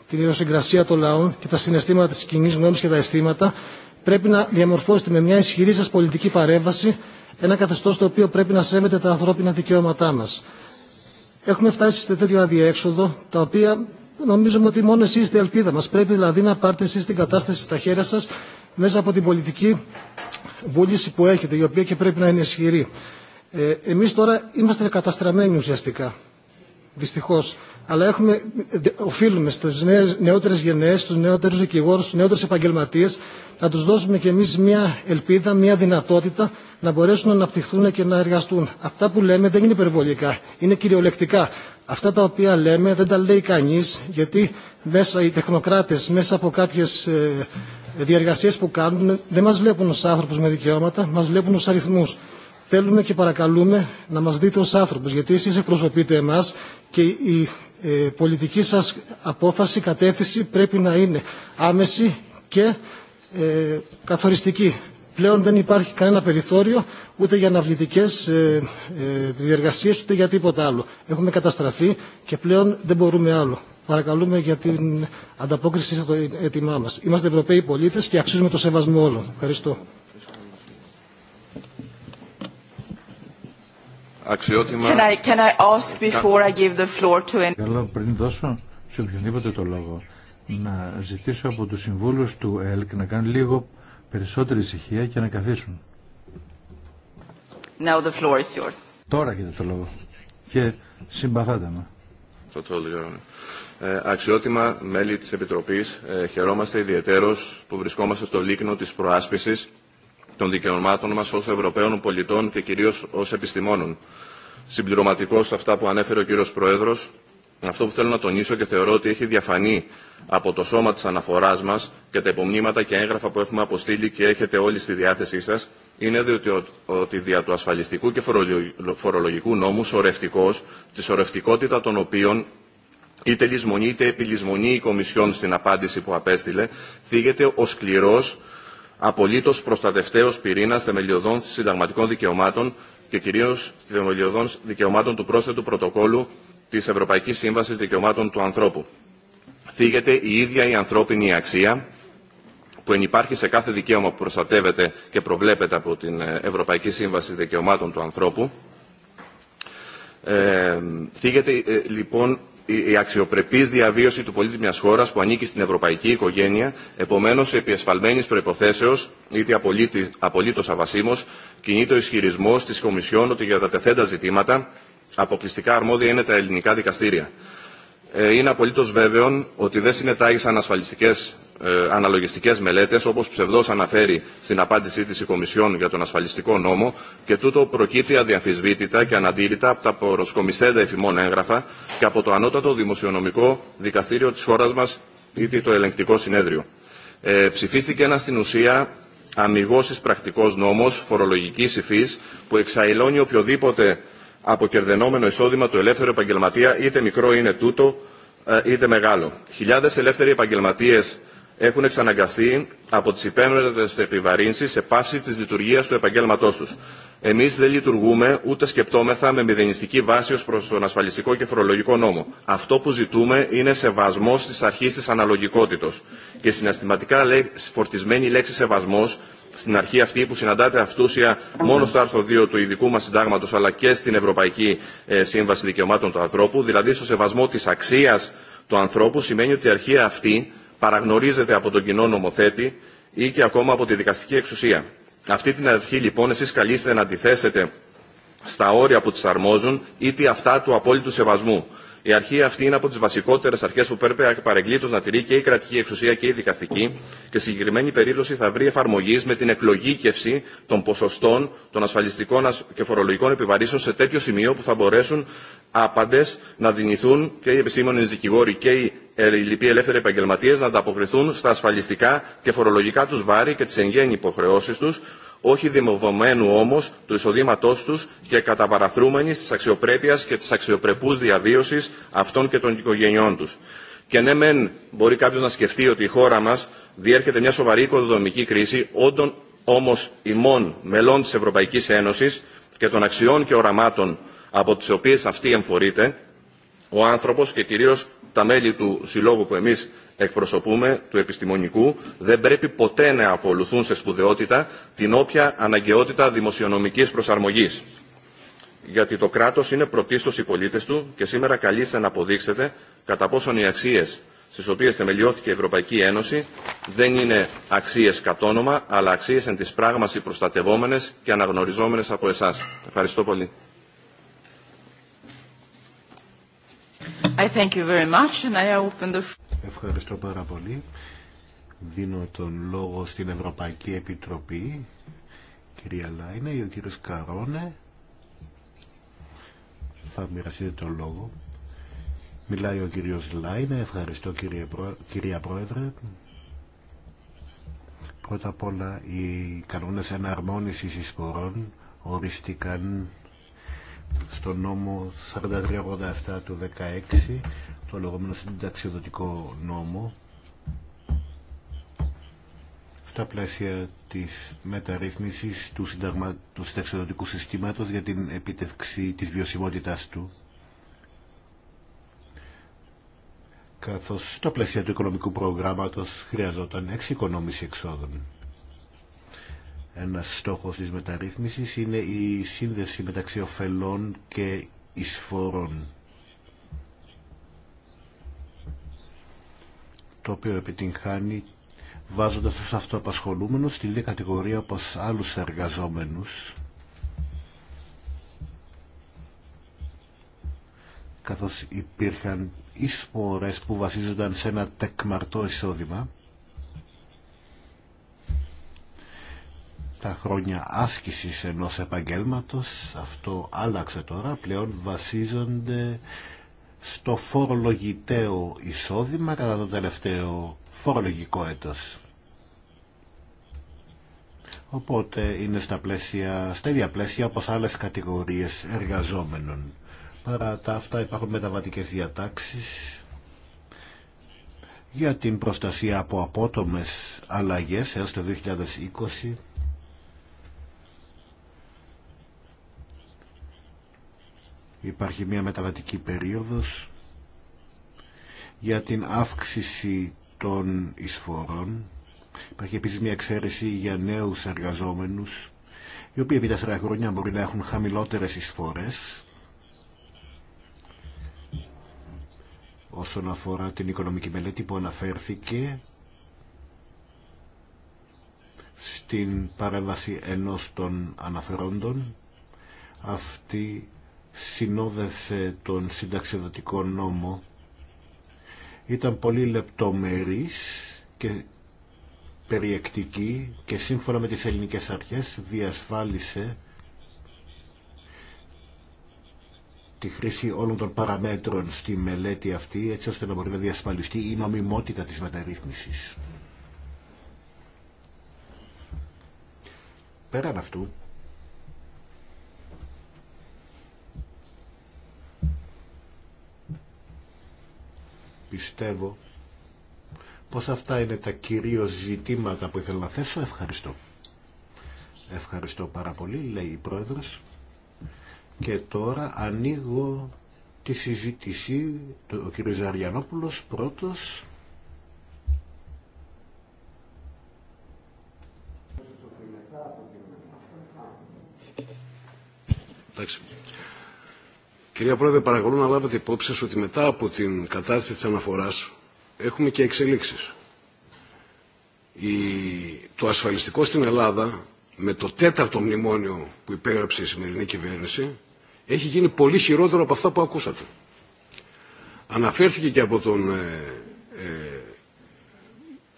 την ιδιοσυγκρασία των λαών και τα συναισθήματα της κοινή γνώμη και τα αισθήματα, πρέπει να διαμορφώσετε με μια ισχυρή σας πολιτική παρέμβαση ένα καθεστώς το οποίο πρέπει να σέβεται τα ανθρώπινα δικαιώματά μας. Έχουμε φτάσει σε τέτοιο αδιέξοδο, τα οποία νομίζουμε ότι μόνο εσείς είστε η ελπίδα μας. Πρέπει δηλαδή να πάρετε εσείς την κατάσταση στα χέρια σα μέσα από την πολιτική βούληση που έχετε, η οποία και πρέπει να είναι ισχυρή. Ε, εμείς τώρα είμαστε καταστραμμένοι ουσιαστικά, δυστυχώς. Αλλά έχουμε, οφείλουμε στις νεότερε νεότερες γενναίες, στους νεότερους δικηγόρους, στους νεότερους επαγγελματίες, να τους δώσουμε κι εμείς μια ελπίδα, μια δυνατότητα να μπορέσουν να αναπτυχθούν και να εργαστούν. Αυτά που λέμε δεν είναι υπερβολικά, είναι κυριολεκτικά. Αυτά τα οποία λέμε δεν τα λέει κανείς, γιατί μέσα οι τεχνοκράτες, μέσα από κάποιες ε, διεργασίες που κάνουν, δεν μας βλέπουν ως άνθρωπους με δικαιώματα, μας βλέπουν ως αριθμούς. Θέλουμε και παρακαλούμε να μας δείτε ως άνθρωπους, γιατί εσείς εκπροσωπείτε εμάς και η ε, πολιτική σας απόφαση, κατεύθυνση πρέπει να είναι άμεση και ε, καθοριστική. Πλέον δεν υπάρχει κανένα περιθώριο ούτε για αναβλητικές ε, ε, διεργασίες ούτε για τίποτα άλλο. Έχουμε καταστραφεί και πλέον δεν μπορούμε άλλο. Παρακαλούμε για την ανταπόκριση στο έτοιμά μας. Είμαστε Ευρωπαίοι πολίτες και αξίζουμε το σεβασμό όλων. Ευχαριστώ. Αξιότιμα... Can I, πριν δώσω σε οποιονδήποτε το λόγο, να ζητήσω από τους συμβούλους του ΕΛΚ να κάνουν λίγο περισσότερη ησυχία και να καθίσουν. Now the floor is yours. Τώρα έχετε το λόγο. Και συμπαθάτε με. Ε, αξιότιμα μέλη της Επιτροπής, ε, χαιρόμαστε ιδιαίτερως που βρισκόμαστε στο λίκνο της προάσπισης των δικαιωμάτων μας ως Ευρωπαίων πολιτών και κυρίως ως επιστημόνων. Συμπληρωματικό σε αυτά που ανέφερε ο κύριος Πρόεδρος, αυτό που θέλω να τονίσω και θεωρώ ότι έχει διαφανεί από το σώμα της αναφοράς μας και τα υπομνήματα και έγγραφα που έχουμε αποστείλει και έχετε όλοι στη διάθεσή σας, είναι διότι ότι δια του ασφαλιστικού και φορολογικού νόμου σορευτικός, τη σορευτικότητα των οποίων είτε λησμονεί είτε επιλησμονεί η Κομισιόν στην απάντηση που απέστειλε, θίγεται ο σκληρός απολύτως προστατευτέως πυρήνα θεμελιωδών συνταγματικών δικαιωμάτων και κυρίω θεμελιωδών δικαιωμάτων του πρόσθετου πρωτοκόλου της Ευρωπαϊκής Σύμβασης Δικαιωμάτων του Ανθρώπου. Θίγεται η ίδια η ανθρώπινη αξία που ενυπάρχει σε κάθε δικαίωμα που προστατεύεται και προβλέπεται από την Ευρωπαϊκή Σύμβαση Δικαιωμάτων του Ανθρώπου. Ε, θίγεται ε, λοιπόν η αξιοπρεπής διαβίωση του πολίτη μιας χώρας που ανήκει στην ευρωπαϊκή οικογένεια, επομένως επί εσφαλμένης προϋποθέσεως, είτε απολύτως αβασίμως, κινείται ο ισχυρισμό της Κομισιόν ότι για τα τεθέντα ζητήματα αποκλειστικά αρμόδια είναι τα ελληνικά δικαστήρια. Ε, είναι απολύτως βέβαιο ότι δεν συνετάγησαν ασφαλιστικές ε, αναλογιστικές μελέτες, όπως ψευδώς αναφέρει στην απάντησή της η Κομισιόν για τον ασφαλιστικό νόμο, και τούτο προκύπτει αδιαφυσβήτητα και αναντήρητα από τα προσκομιστέντα εφημών έγγραφα και από το ανώτατο δημοσιονομικό δικαστήριο της χώρας μας, ή το ελεγκτικό συνέδριο. Ε, ψηφίστηκε ένα στην ουσία αμυγός πρακτικός νόμος φορολογικής υφής που εξαϊλώνει οποιοδήποτε από κερδενόμενο εισόδημα του ελεύθερου επαγγελματία, είτε μικρό είναι τούτο, ε, είτε μεγάλο. Χιλιάδε ελεύθεροι επαγγελματίε έχουν εξαναγκαστεί από τι υπέμενε επιβαρύνσει σε πάυση τη λειτουργία του επαγγέλματό του. Εμεί δεν λειτουργούμε ούτε σκεπτόμεθα με μηδενιστική βάση ω προ τον ασφαλιστικό και φορολογικό νόμο. Αυτό που ζητούμε είναι σεβασμό τη αρχή τη αναλογικότητα. Και συναστηματικά φορτισμένη λέξη σεβασμό στην αρχή αυτή που συναντάται αυτούσια μόνο στο άρθρο 2 του ειδικού μα συντάγματο αλλά και στην Ευρωπαϊκή ε, Σύμβαση Δικαιωμάτων του Ανθρώπου, δηλαδή στο σεβασμό τη αξία του ανθρώπου, σημαίνει ότι η αρχή αυτή παραγνωρίζεται από τον κοινό νομοθέτη ή και ακόμα από τη δικαστική εξουσία. Αυτή την αρχή λοιπόν εσεί καλείστε να αντιθέσετε στα όρια που τη αρμόζουν, τη αυτά του απόλυτου σεβασμού, η αρχή αυτή είναι από τι βασικότερε αρχέ που πρέπει παρεγκλήτω να τηρεί και η κρατική εξουσία και η δικαστική και σε συγκεκριμένη περίπτωση θα βρει εφαρμογή με την εκλογήκευση των ποσοστών των ασφαλιστικών και φορολογικών επιβαρύσεων σε τέτοιο σημείο που θα μπορέσουν άπαντε να δυνηθούν και οι επιστήμονε δικηγόροι και οι ε, λοιποί ελεύθεροι επαγγελματίε να ανταποκριθούν στα ασφαλιστικά και φορολογικά του βάρη και τι εν γέννη υποχρεώσει του όχι δημοβωμένου όμω του εισοδήματό του και καταπαραθρούμενη τη αξιοπρέπεια και τη αξιοπρεπού διαβίωση αυτών και των οικογενειών του. Και ναι, μεν μπορεί κάποιο να σκεφτεί ότι η χώρα μα διέρχεται μια σοβαρή οικοδομική κρίση, όντων όμω ημών μελών τη Ευρωπαϊκή Ένωση και των αξιών και οραμάτων από τι οποίε αυτή εμφορείται, ο άνθρωπο και κυρίω τα μέλη του συλλόγου που εμεί εκπροσωπούμε του επιστημονικού δεν πρέπει ποτέ να ακολουθούν σε σπουδαιότητα την όποια αναγκαιότητα δημοσιονομικής προσαρμογής. Γιατί το κράτος είναι πρωτίστως οι πολίτες του και σήμερα καλείστε να αποδείξετε κατά πόσον οι αξίες στις οποίες θεμελιώθηκε η Ευρωπαϊκή Ένωση δεν είναι αξίες κατ' όνομα, αλλά αξίες εν της πράγμαση προστατευόμενες και αναγνωριζόμενες από εσάς. Ευχαριστώ πολύ. Ευχαριστώ πάρα πολύ. Δίνω τον λόγο στην Ευρωπαϊκή Επιτροπή, κυρία Λάινε, ο κύριος Καρόνε. Θα μοιραστείτε τον λόγο. Μιλάει ο κύριος Λάινε. Ευχαριστώ κυρία Πρόεδρε. Πρώτα απ' όλα οι κανόνες εναρμόνισης εισπορών οριστήκαν στο νόμο 4387 του 16 το λεγόμενο συνταξιοδοτικό νόμο στα πλαίσια της μεταρρύθμισης του, συνταγμα... του συνταξιοδοτικού συστήματος για την επίτευξη της βιωσιμότητάς του καθώς στα πλαίσια του οικονομικού προγράμματος χρειαζόταν εξοικονόμηση εξόδων. Ένας στόχος της μεταρρύθμισης είναι η σύνδεση μεταξύ ωφελών και εισφορών. το οποίο επιτυγχάνει βάζοντας τους αυτοαπασχολούμενους στην ίδια κατηγορία όπως άλλους εργαζόμενους καθώς υπήρχαν εισπορές που βασίζονταν σε ένα τεκμαρτό εισόδημα τα χρόνια άσκησης ενός επαγγέλματος αυτό άλλαξε τώρα πλέον βασίζονται στο φορολογητέο εισόδημα κατά το τελευταίο φορολογικό έτος. Οπότε είναι στα, πλαίσια, στα ίδια πλαίσια όπως άλλες κατηγορίες εργαζόμενων. Παρά τα αυτά υπάρχουν μεταβατικές διατάξεις για την προστασία από απότομες αλλαγές έως το 2020 Υπάρχει μια μεταβατική περίοδος για την αύξηση των εισφορών. Υπάρχει επίσης μια εξαίρεση για νέους εργαζόμενους, οι οποίοι επί τέσσερα χρόνια μπορεί να έχουν χαμηλότερες εισφορές όσον αφορά την οικονομική μελέτη που αναφέρθηκε στην παρέμβαση ενός των αναφερόντων αυτή συνόδευσε τον συνταξιδοτικό νόμο ήταν πολύ λεπτομερής και περιεκτική και σύμφωνα με τις ελληνικές αρχές διασφάλισε τη χρήση όλων των παραμέτρων στη μελέτη αυτή έτσι ώστε να μπορεί να διασφαλιστεί η νομιμότητα της μεταρρύθμισης. Πέραν αυτού, Πιστεύω πως αυτά είναι τα κυρίως ζητήματα που ήθελα να θέσω. Ευχαριστώ. Ευχαριστώ πάρα πολύ, λέει η Πρόεδρος. Και τώρα ανοίγω τη συζήτηση του κ. Ζαριανόπουλος πρώτος. Κυρία Πρόεδρε, παρακαλώ να λάβετε υπόψη σας ότι μετά από την κατάσταση της αναφοράς έχουμε και εξελίξεις. Η... Το ασφαλιστικό στην Ελλάδα με το τέταρτο μνημόνιο που υπέγραψε η σημερινή κυβέρνηση έχει γίνει πολύ χειρότερο από αυτά που ακούσατε. Αναφέρθηκε και από τον ε, ε,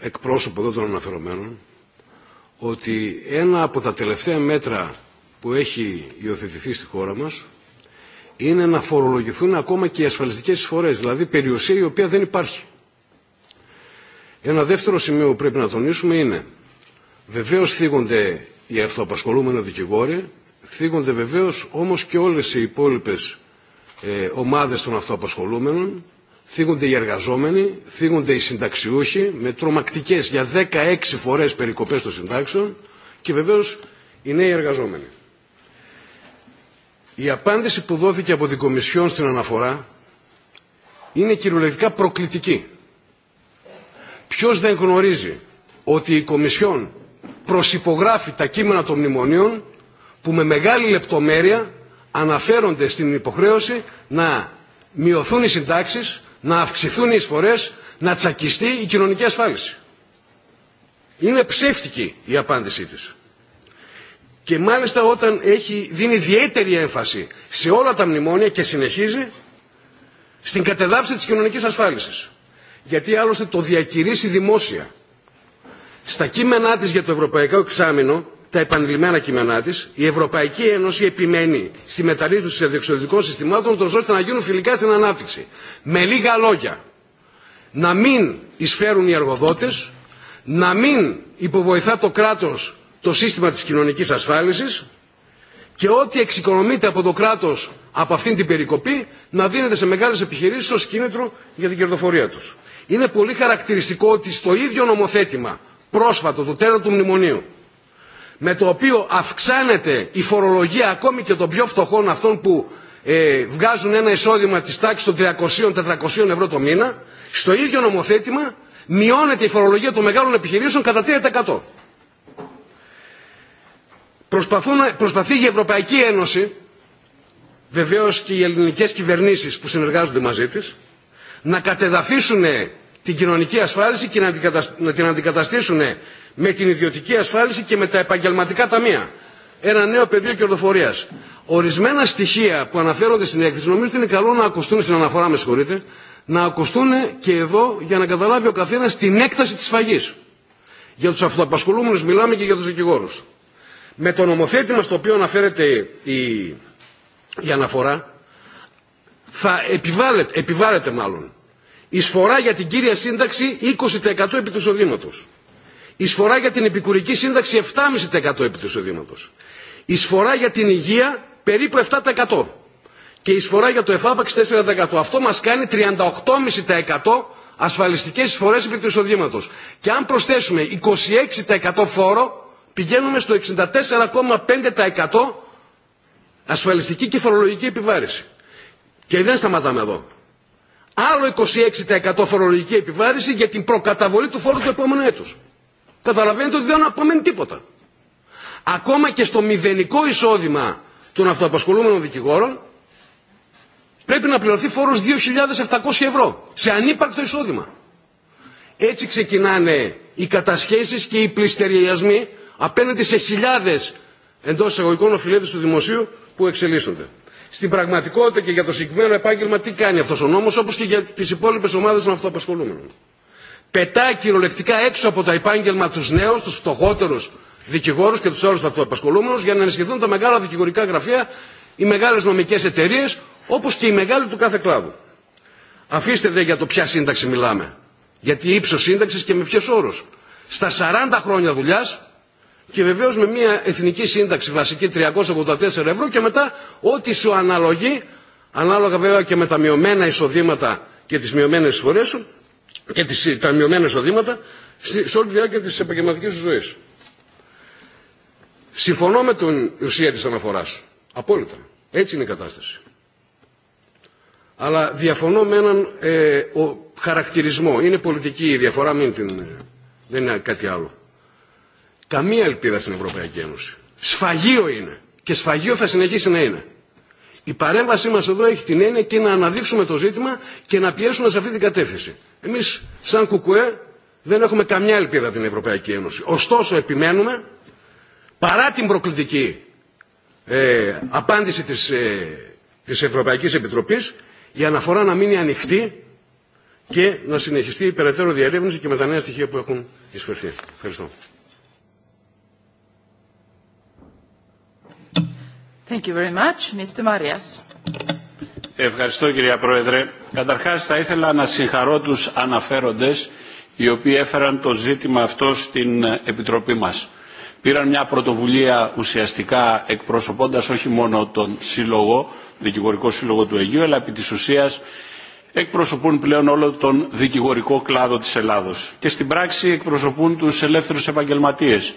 εκπρόσωπο εδώ των αναφερομένων ότι ένα από τα τελευταία μέτρα που έχει υιοθετηθεί στη χώρα μας είναι να φορολογηθούν ακόμα και οι ασφαλιστικές εισφορές, δηλαδή περιουσία η οποία δεν υπάρχει. Ένα δεύτερο σημείο που πρέπει να τονίσουμε είναι βεβαίως θίγονται οι αυτοαπασχολούμενοι δικηγόροι, θίγονται βεβαίως όμως και όλες οι υπόλοιπες ε, ομάδες των αυτοαπασχολούμενων, θίγονται οι εργαζόμενοι, θίγονται οι συνταξιούχοι με τρομακτικές για 16 φορές περικοπές των συντάξεων και βεβαίως οι νέοι εργαζόμενοι. Η απάντηση που δόθηκε από την Κομισιόν στην αναφορά είναι κυριολεκτικά προκλητική. Ποιος δεν γνωρίζει ότι η Κομισιόν προσυπογράφει τα κείμενα των μνημονίων που με μεγάλη λεπτομέρεια αναφέρονται στην υποχρέωση να μειωθούν οι συντάξεις, να αυξηθούν οι εισφορές, να τσακιστεί η κοινωνική ασφάλιση. Είναι ψεύτικη η απάντησή της και μάλιστα όταν έχει, δίνει ιδιαίτερη έμφαση σε όλα τα μνημόνια και συνεχίζει στην κατεδάφιση της κοινωνικής ασφάλισης. Γιατί άλλωστε το διακηρύσει δημόσια. Στα κείμενά της για το Ευρωπαϊκό Εξάμεινο, τα επανειλημμένα κείμενά της, η Ευρωπαϊκή Ένωση επιμένει στη μεταρρύθμιση των διεξοδικών συστημάτων, ώστε να γίνουν φιλικά στην ανάπτυξη. Με λίγα λόγια, να μην εισφέρουν οι εργοδότες, να μην υποβοηθά το κράτο το σύστημα της κοινωνικής ασφάλισης και ό,τι εξοικονομείται από το κράτος από αυτήν την περικοπή να δίνεται σε μεγάλες επιχειρήσεις ως κίνητρο για την κερδοφορία τους. Είναι πολύ χαρακτηριστικό ότι στο ίδιο νομοθέτημα πρόσφατο, το τέλο του μνημονίου, με το οποίο αυξάνεται η φορολογία ακόμη και των πιο φτωχών αυτών που ε, βγάζουν ένα εισόδημα της τάξης των 300-400 ευρώ το μήνα, στο ίδιο νομοθέτημα μειώνεται η φορολογία των μεγάλων επιχειρήσεων κατά 3% προσπαθεί η Ευρωπαϊκή Ένωση, βεβαίως και οι ελληνικές κυβερνήσεις που συνεργάζονται μαζί της, να κατεδαφίσουν την κοινωνική ασφάλιση και να την αντικαταστήσουν με την ιδιωτική ασφάλιση και με τα επαγγελματικά ταμεία. Ένα νέο πεδίο κερδοφορία. Ορισμένα στοιχεία που αναφέρονται στην έκθεση νομίζω ότι είναι καλό να ακουστούν στην αναφορά, με συγχωρείτε, να ακουστούν και εδώ για να καταλάβει ο καθένα την έκταση τη φαγή. Για του αυτοαπασχολούμενου μιλάμε και για του δικηγόρου. Με το νομοθέτημα στο οποίο αναφέρεται η, η αναφορά θα επιβάλλεται, επιβάλλεται μάλλον εισφορά για την κύρια σύνταξη 20% επί του εισοδήματος. Εισφορά για την επικουρική σύνταξη 7,5% επί του εισοδήματος. Εισφορά για την υγεία περίπου 7% και εισφορά για το εφάπαξ 4%. Αυτό μας κάνει 38,5% ασφαλιστικές εισφορές επί του εισοδήματος. Και αν προσθέσουμε 26% φόρο πηγαίνουμε στο 64,5% ασφαλιστική και φορολογική επιβάρηση. Και δεν σταματάμε εδώ. Άλλο 26% φορολογική επιβάρηση για την προκαταβολή του φόρου του επόμενου έτους. Καταλαβαίνετε ότι δεν απομένει τίποτα. Ακόμα και στο μηδενικό εισόδημα των αυτοαπασχολούμενων δικηγόρων πρέπει να πληρωθεί φόρος 2.700 ευρώ σε ανύπαρκτο εισόδημα. Έτσι ξεκινάνε οι κατασχέσεις και οι πληστεριασμοί απέναντι σε χιλιάδε εντό εισαγωγικών οφειλέτες του δημοσίου που εξελίσσονται. Στην πραγματικότητα και για το συγκεκριμένο επάγγελμα τι κάνει αυτό ο νόμο, όπω και για τι υπόλοιπε ομάδε των αυτοαπασχολούμενων. Πετάει κυριολεκτικά έξω από το επάγγελμα του νέου, του φτωχότερου δικηγόρου και του άλλου αυτοαπασχολούμενου για να ενισχυθούν τα μεγάλα δικηγορικά γραφεία, οι μεγάλε νομικέ εταιρείε, όπω και οι μεγάλοι του κάθε κλάδου. Αφήστε δε για το ποια σύνταξη μιλάμε. Γιατί ύψο σύνταξη και με ποιε όρου. Στα 40 χρόνια δουλειά και βεβαίω με μια εθνική σύνταξη βασική 384 ευρώ και μετά ό,τι σου αναλογεί, ανάλογα βέβαια και με τα μειωμένα εισοδήματα και τις μειωμένες φορές σου και τις, τα μειωμένα εισοδήματα σε όλη τη διάρκεια τη επαγγελματική σου ζωή. Συμφωνώ με την ουσία της αναφοράς. Απόλυτα. Έτσι είναι η κατάσταση. Αλλά διαφωνώ με έναν ε, χαρακτηρισμό. Είναι πολιτική η διαφορά, μην την, ε, δεν είναι κάτι άλλο καμία ελπίδα στην Ευρωπαϊκή Ένωση. Σφαγείο είναι και σφαγείο θα συνεχίσει να είναι. Η παρέμβασή μα εδώ έχει την έννοια και να αναδείξουμε το ζήτημα και να πιέσουμε σε αυτή την κατεύθυνση. Εμεί, σαν κουκουέ δεν έχουμε καμιά ελπίδα την Ευρωπαϊκή Ένωση. Ωστόσο επιμένουμε παρά την προκλητική ε, απάντηση τη ε, της Ευρωπαϊκής Επιτροπής η αναφορά να μείνει ανοιχτή και να συνεχιστεί η περαιτέρω διαρρεύνηση και με τα νέα στοιχεία που έχουν εισφερθεί. Ευχαριστώ. Ευχαριστώ κυρία Πρόεδρε. Καταρχάς θα ήθελα να συγχαρώ τους αναφέροντες οι οποίοι έφεραν το ζήτημα αυτό στην ε, Επιτροπή μας. Πήραν μια πρωτοβουλία ουσιαστικά εκπροσωπώντας όχι μόνο τον Σύλλογο, Δικηγορικό Σύλλογο του Αιγείου, αλλά επί της ουσίας εκπροσωπούν πλέον όλο τον δικηγορικό κλάδο της Ελλάδος. Και στην πράξη εκπροσωπούν τους ελεύθερους επαγγελματίες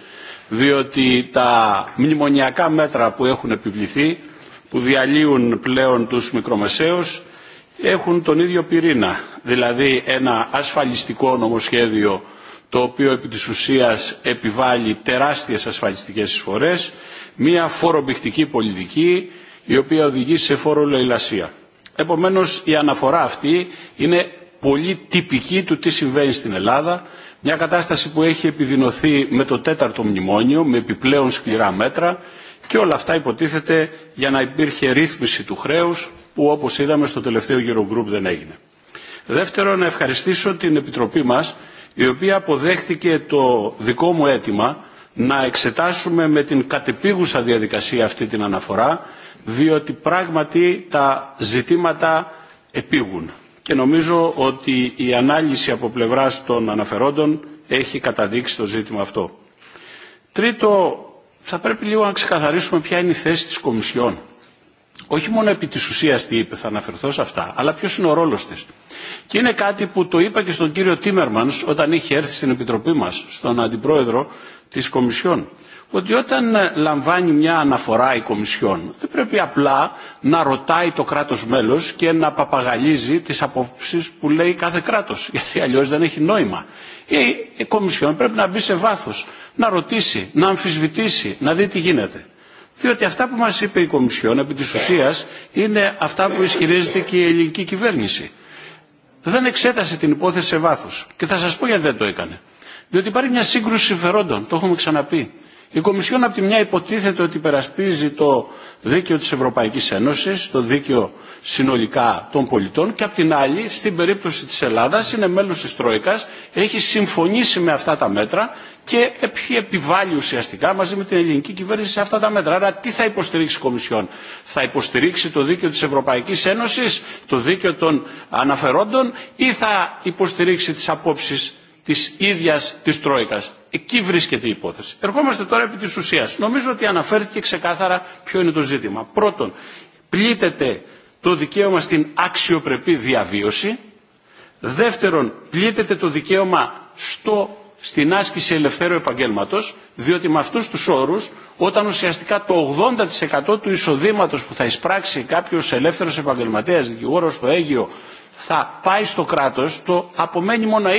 διότι τα μνημονιακά μέτρα που έχουν επιβληθεί, που διαλύουν πλέον τους μικρομεσαίους, έχουν τον ίδιο πυρήνα. Δηλαδή ένα ασφαλιστικό νομοσχέδιο το οποίο επί της ουσίας επιβάλλει τεράστιες ασφαλιστικές εισφορές, μία φορομπηχτική πολιτική η οποία οδηγεί σε φορολοηλασία. Επομένως η αναφορά αυτή είναι πολύ τυπική του τι συμβαίνει στην Ελλάδα μια κατάσταση που έχει επιδεινωθεί με το τέταρτο μνημόνιο, με επιπλέον σκληρά μέτρα και όλα αυτά υποτίθεται για να υπήρχε ρύθμιση του χρέους που όπως είδαμε στο τελευταίο Eurogroup δεν έγινε. Δεύτερο, να ευχαριστήσω την Επιτροπή μας η οποία αποδέχτηκε το δικό μου αίτημα να εξετάσουμε με την κατεπίγουσα διαδικασία αυτή την αναφορά διότι πράγματι τα ζητήματα επίγουν και νομίζω ότι η ανάλυση από πλευράς των αναφερόντων έχει καταδείξει το ζήτημα αυτό. Τρίτο, θα πρέπει λίγο να ξεκαθαρίσουμε ποια είναι η θέση της Κομισιόν όχι μόνο επί της ουσίας τι είπε, θα αναφερθώ σε αυτά, αλλά ποιος είναι ο ρόλος της. Και είναι κάτι που το είπα και στον κύριο Τίμερμανς όταν είχε έρθει στην Επιτροπή μας, στον Αντιπρόεδρο της Κομισιόν, ότι όταν ε, λαμβάνει μια αναφορά η Κομισιόν, δεν πρέπει απλά να ρωτάει το κράτος μέλος και να παπαγαλίζει τις απόψεις που λέει κάθε κράτος, γιατί αλλιώς δεν έχει νόημα. Η Κομισιόν πρέπει να μπει σε βάθος, να ρωτήσει, να αμφισβητήσει, να δει τι γίνεται. Διότι αυτά που μας είπε η Κομισιόν επί τη ουσία, είναι αυτά που ισχυρίζεται και η ελληνική κυβέρνηση. Δεν εξέτασε την υπόθεση σε βάθος. Και θα σας πω γιατί δεν το έκανε. Διότι υπάρχει μια σύγκρουση συμφερόντων, το έχουμε ξαναπεί. Η Κομισιόν από τη μια υποτίθεται ότι υπερασπίζει το δίκαιο της Ευρωπαϊκής Ένωσης, το δίκαιο συνολικά των πολιτών και από την άλλη στην περίπτωση της Ελλάδας είναι μέλος της Τρόικας, έχει συμφωνήσει με αυτά τα μέτρα και έχει επιβάλει ουσιαστικά μαζί με την ελληνική κυβέρνηση αυτά τα μέτρα. Άρα τι θα υποστηρίξει η Κομισιόν. Θα υποστηρίξει το δίκαιο της Ευρωπαϊκής Ένωσης, το δίκαιο των αναφερόντων ή θα υποστηρίξει τις απόψεις της ίδιας της Τρόικας. Εκεί βρίσκεται η υπόθεση. Ερχόμαστε τώρα επί της ουσίας. Νομίζω ότι αναφέρθηκε ξεκάθαρα ποιο είναι το ζήτημα. Πρώτον, πλήττεται το δικαίωμα στην αξιοπρεπή διαβίωση. Δεύτερον, πλήττεται το δικαίωμα στο, στην άσκηση ελευθέρου επαγγέλματος, διότι με αυτούς τους όρους, όταν ουσιαστικά το 80% του εισοδήματος που θα εισπράξει κάποιος ελεύθερος επαγγελματίας, δικηγόρος στο Αίγυο, θα πάει στο κράτος, το απομένει μόνο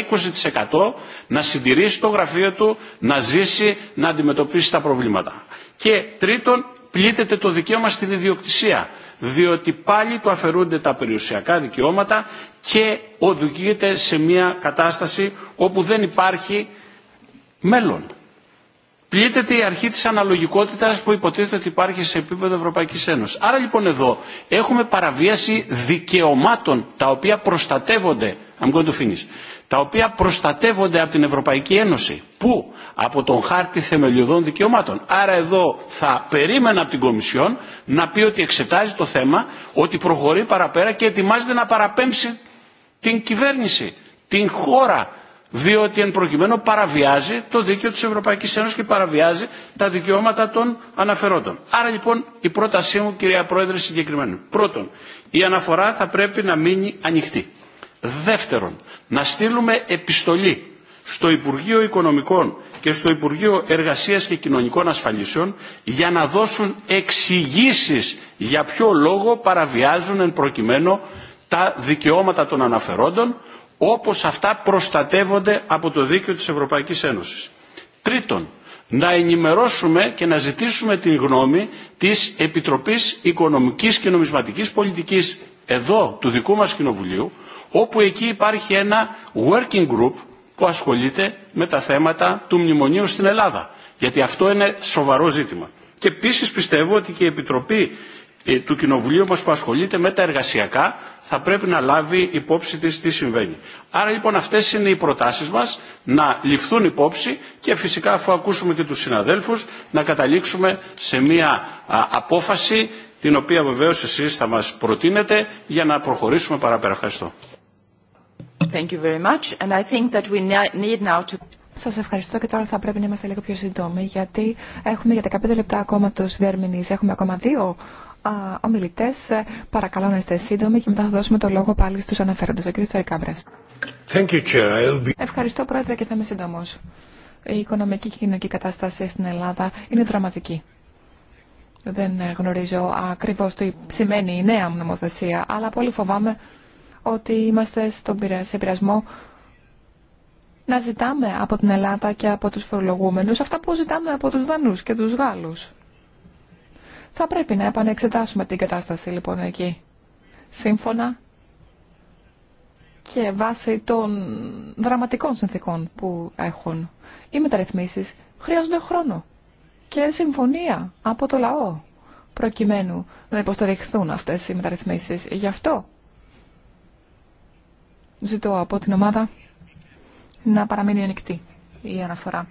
20% να συντηρήσει το γραφείο του, να ζήσει, να αντιμετωπίσει τα προβλήματα. Και τρίτον, πλήττεται το δικαίωμα στην ιδιοκτησία, διότι πάλι του αφαιρούνται τα περιουσιακά δικαιώματα και οδηγείται σε μια κατάσταση όπου δεν υπάρχει μέλλον πλήττεται η αρχή της αναλογικότητας που υποτίθεται ότι υπάρχει σε επίπεδο Ευρωπαϊκής Ένωσης. Άρα λοιπόν εδώ έχουμε παραβίαση δικαιωμάτων τα οποία προστατεύονται, I'm going to finish, τα οποία προστατεύονται από την Ευρωπαϊκή Ένωση. Πού? Από τον χάρτη θεμελιωδών δικαιωμάτων. Άρα εδώ θα περίμενα από την Κομισιόν να πει ότι εξετάζει το θέμα, ότι προχωρεί παραπέρα και ετοιμάζεται να παραπέμψει την κυβέρνηση, την χώρα, διότι εν προκειμένου παραβιάζει το δίκαιο της Ευρωπαϊκής Ένωσης και παραβιάζει τα δικαιώματα των αναφερόντων. Άρα λοιπόν η πρότασή μου κυρία Πρόεδρε συγκεκριμένη. Πρώτον, η αναφορά θα πρέπει να μείνει ανοιχτή. Δεύτερον, να στείλουμε επιστολή στο Υπουργείο Οικονομικών και στο Υπουργείο Εργασίας και Κοινωνικών Ασφαλίσεων για να δώσουν εξηγήσει για ποιο λόγο παραβιάζουν εν προκειμένου τα δικαιώματα των αναφερόντων όπως αυτά προστατεύονται από το δίκαιο της Ευρωπαϊκής Ένωσης. Τρίτον, να ενημερώσουμε και να ζητήσουμε την γνώμη της Επιτροπής Οικονομικής και Νομισματικής Πολιτικής εδώ του δικού μας Κοινοβουλίου, όπου εκεί υπάρχει ένα working group που ασχολείται με τα θέματα του μνημονίου στην Ελλάδα. Γιατί αυτό είναι σοβαρό ζήτημα. Και επίση πιστεύω ότι και η Επιτροπή ε, του Κοινοβουλίου μας που ασχολείται με τα εργασιακά θα πρέπει να λάβει υπόψη της τι συμβαίνει. Άρα λοιπόν αυτές είναι οι προτάσεις μας να ληφθούν υπόψη και φυσικά αφού ακούσουμε και τους συναδέλφους να καταλήξουμε σε μια απόφαση την οποία βεβαίως εσείς θα μας προτείνετε για να προχωρήσουμε παραπέρα. Ευχαριστώ. Σα ευχαριστώ και τώρα θα πρέπει να είμαστε λίγο πιο σύντομοι γιατί έχουμε για 15 λεπτά ακόμα τους διερμηνεί. Έχουμε ακόμα δύο ομιλητέ. Παρακαλώ να είστε σύντομοι και μετά θα δώσουμε το λόγο πάλι στους αναφέροντες. Ο κ. Ευχαριστώ πρόεδρε και θα είμαι σύντομο. Η οικονομική και κοινωνική κατάσταση στην Ελλάδα είναι δραματική. Δεν γνωρίζω ακριβώ τι σημαίνει η νέα νομοθεσία, αλλά πολύ φοβάμαι ότι είμαστε σε πειρασμό να ζητάμε από την Ελλάδα και από τους φορολογούμενους αυτά που ζητάμε από τους Δανούς και τους Γάλλους. Θα πρέπει να επανεξετάσουμε την κατάσταση λοιπόν εκεί. Σύμφωνα και βάσει των δραματικών συνθήκων που έχουν. Οι μεταρρυθμίσεις χρειάζονται χρόνο και συμφωνία από το λαό προκειμένου να υποστηριχθούν αυτές οι μεταρρυθμίσεις. Γι' αυτό ζητώ από την ομάδα να παραμείνει ανοιχτή η αναφορά.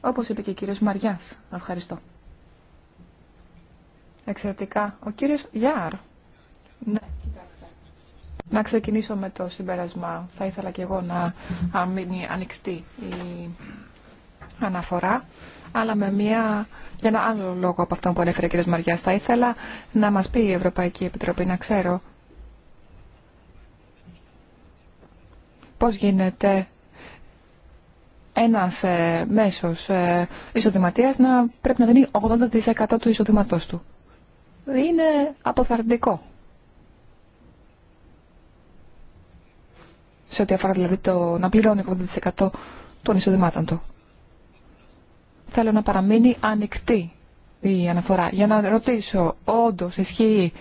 Όπως είπε και ο κύριος Μαριάς. Ευχαριστώ. Εξαιρετικά. Ο κύριος Γιάρ. Ναι, Να ξεκινήσω με το συμπέρασμα. Θα ήθελα και εγώ να μείνει ανοιχτή η αναφορά, αλλά με μια, για ένα άλλο λόγο από αυτό που ανέφερε ο Κύριος Μαριάς. Θα ήθελα να μας πει η Ευρωπαϊκή Επιτροπή, να ξέρω πώς γίνεται ένας ε, μέσος ε, εισοδηματίας να πρέπει να δίνει 80% του εισοδηματός του. Είναι αποθαρρυντικό. Σε ό,τι αφορά δηλαδή το να πληρώνει 80% των εισοδημάτων του. Θέλω να παραμείνει ανοιχτή η αναφορά. Για να ρωτήσω, όντως ισχύει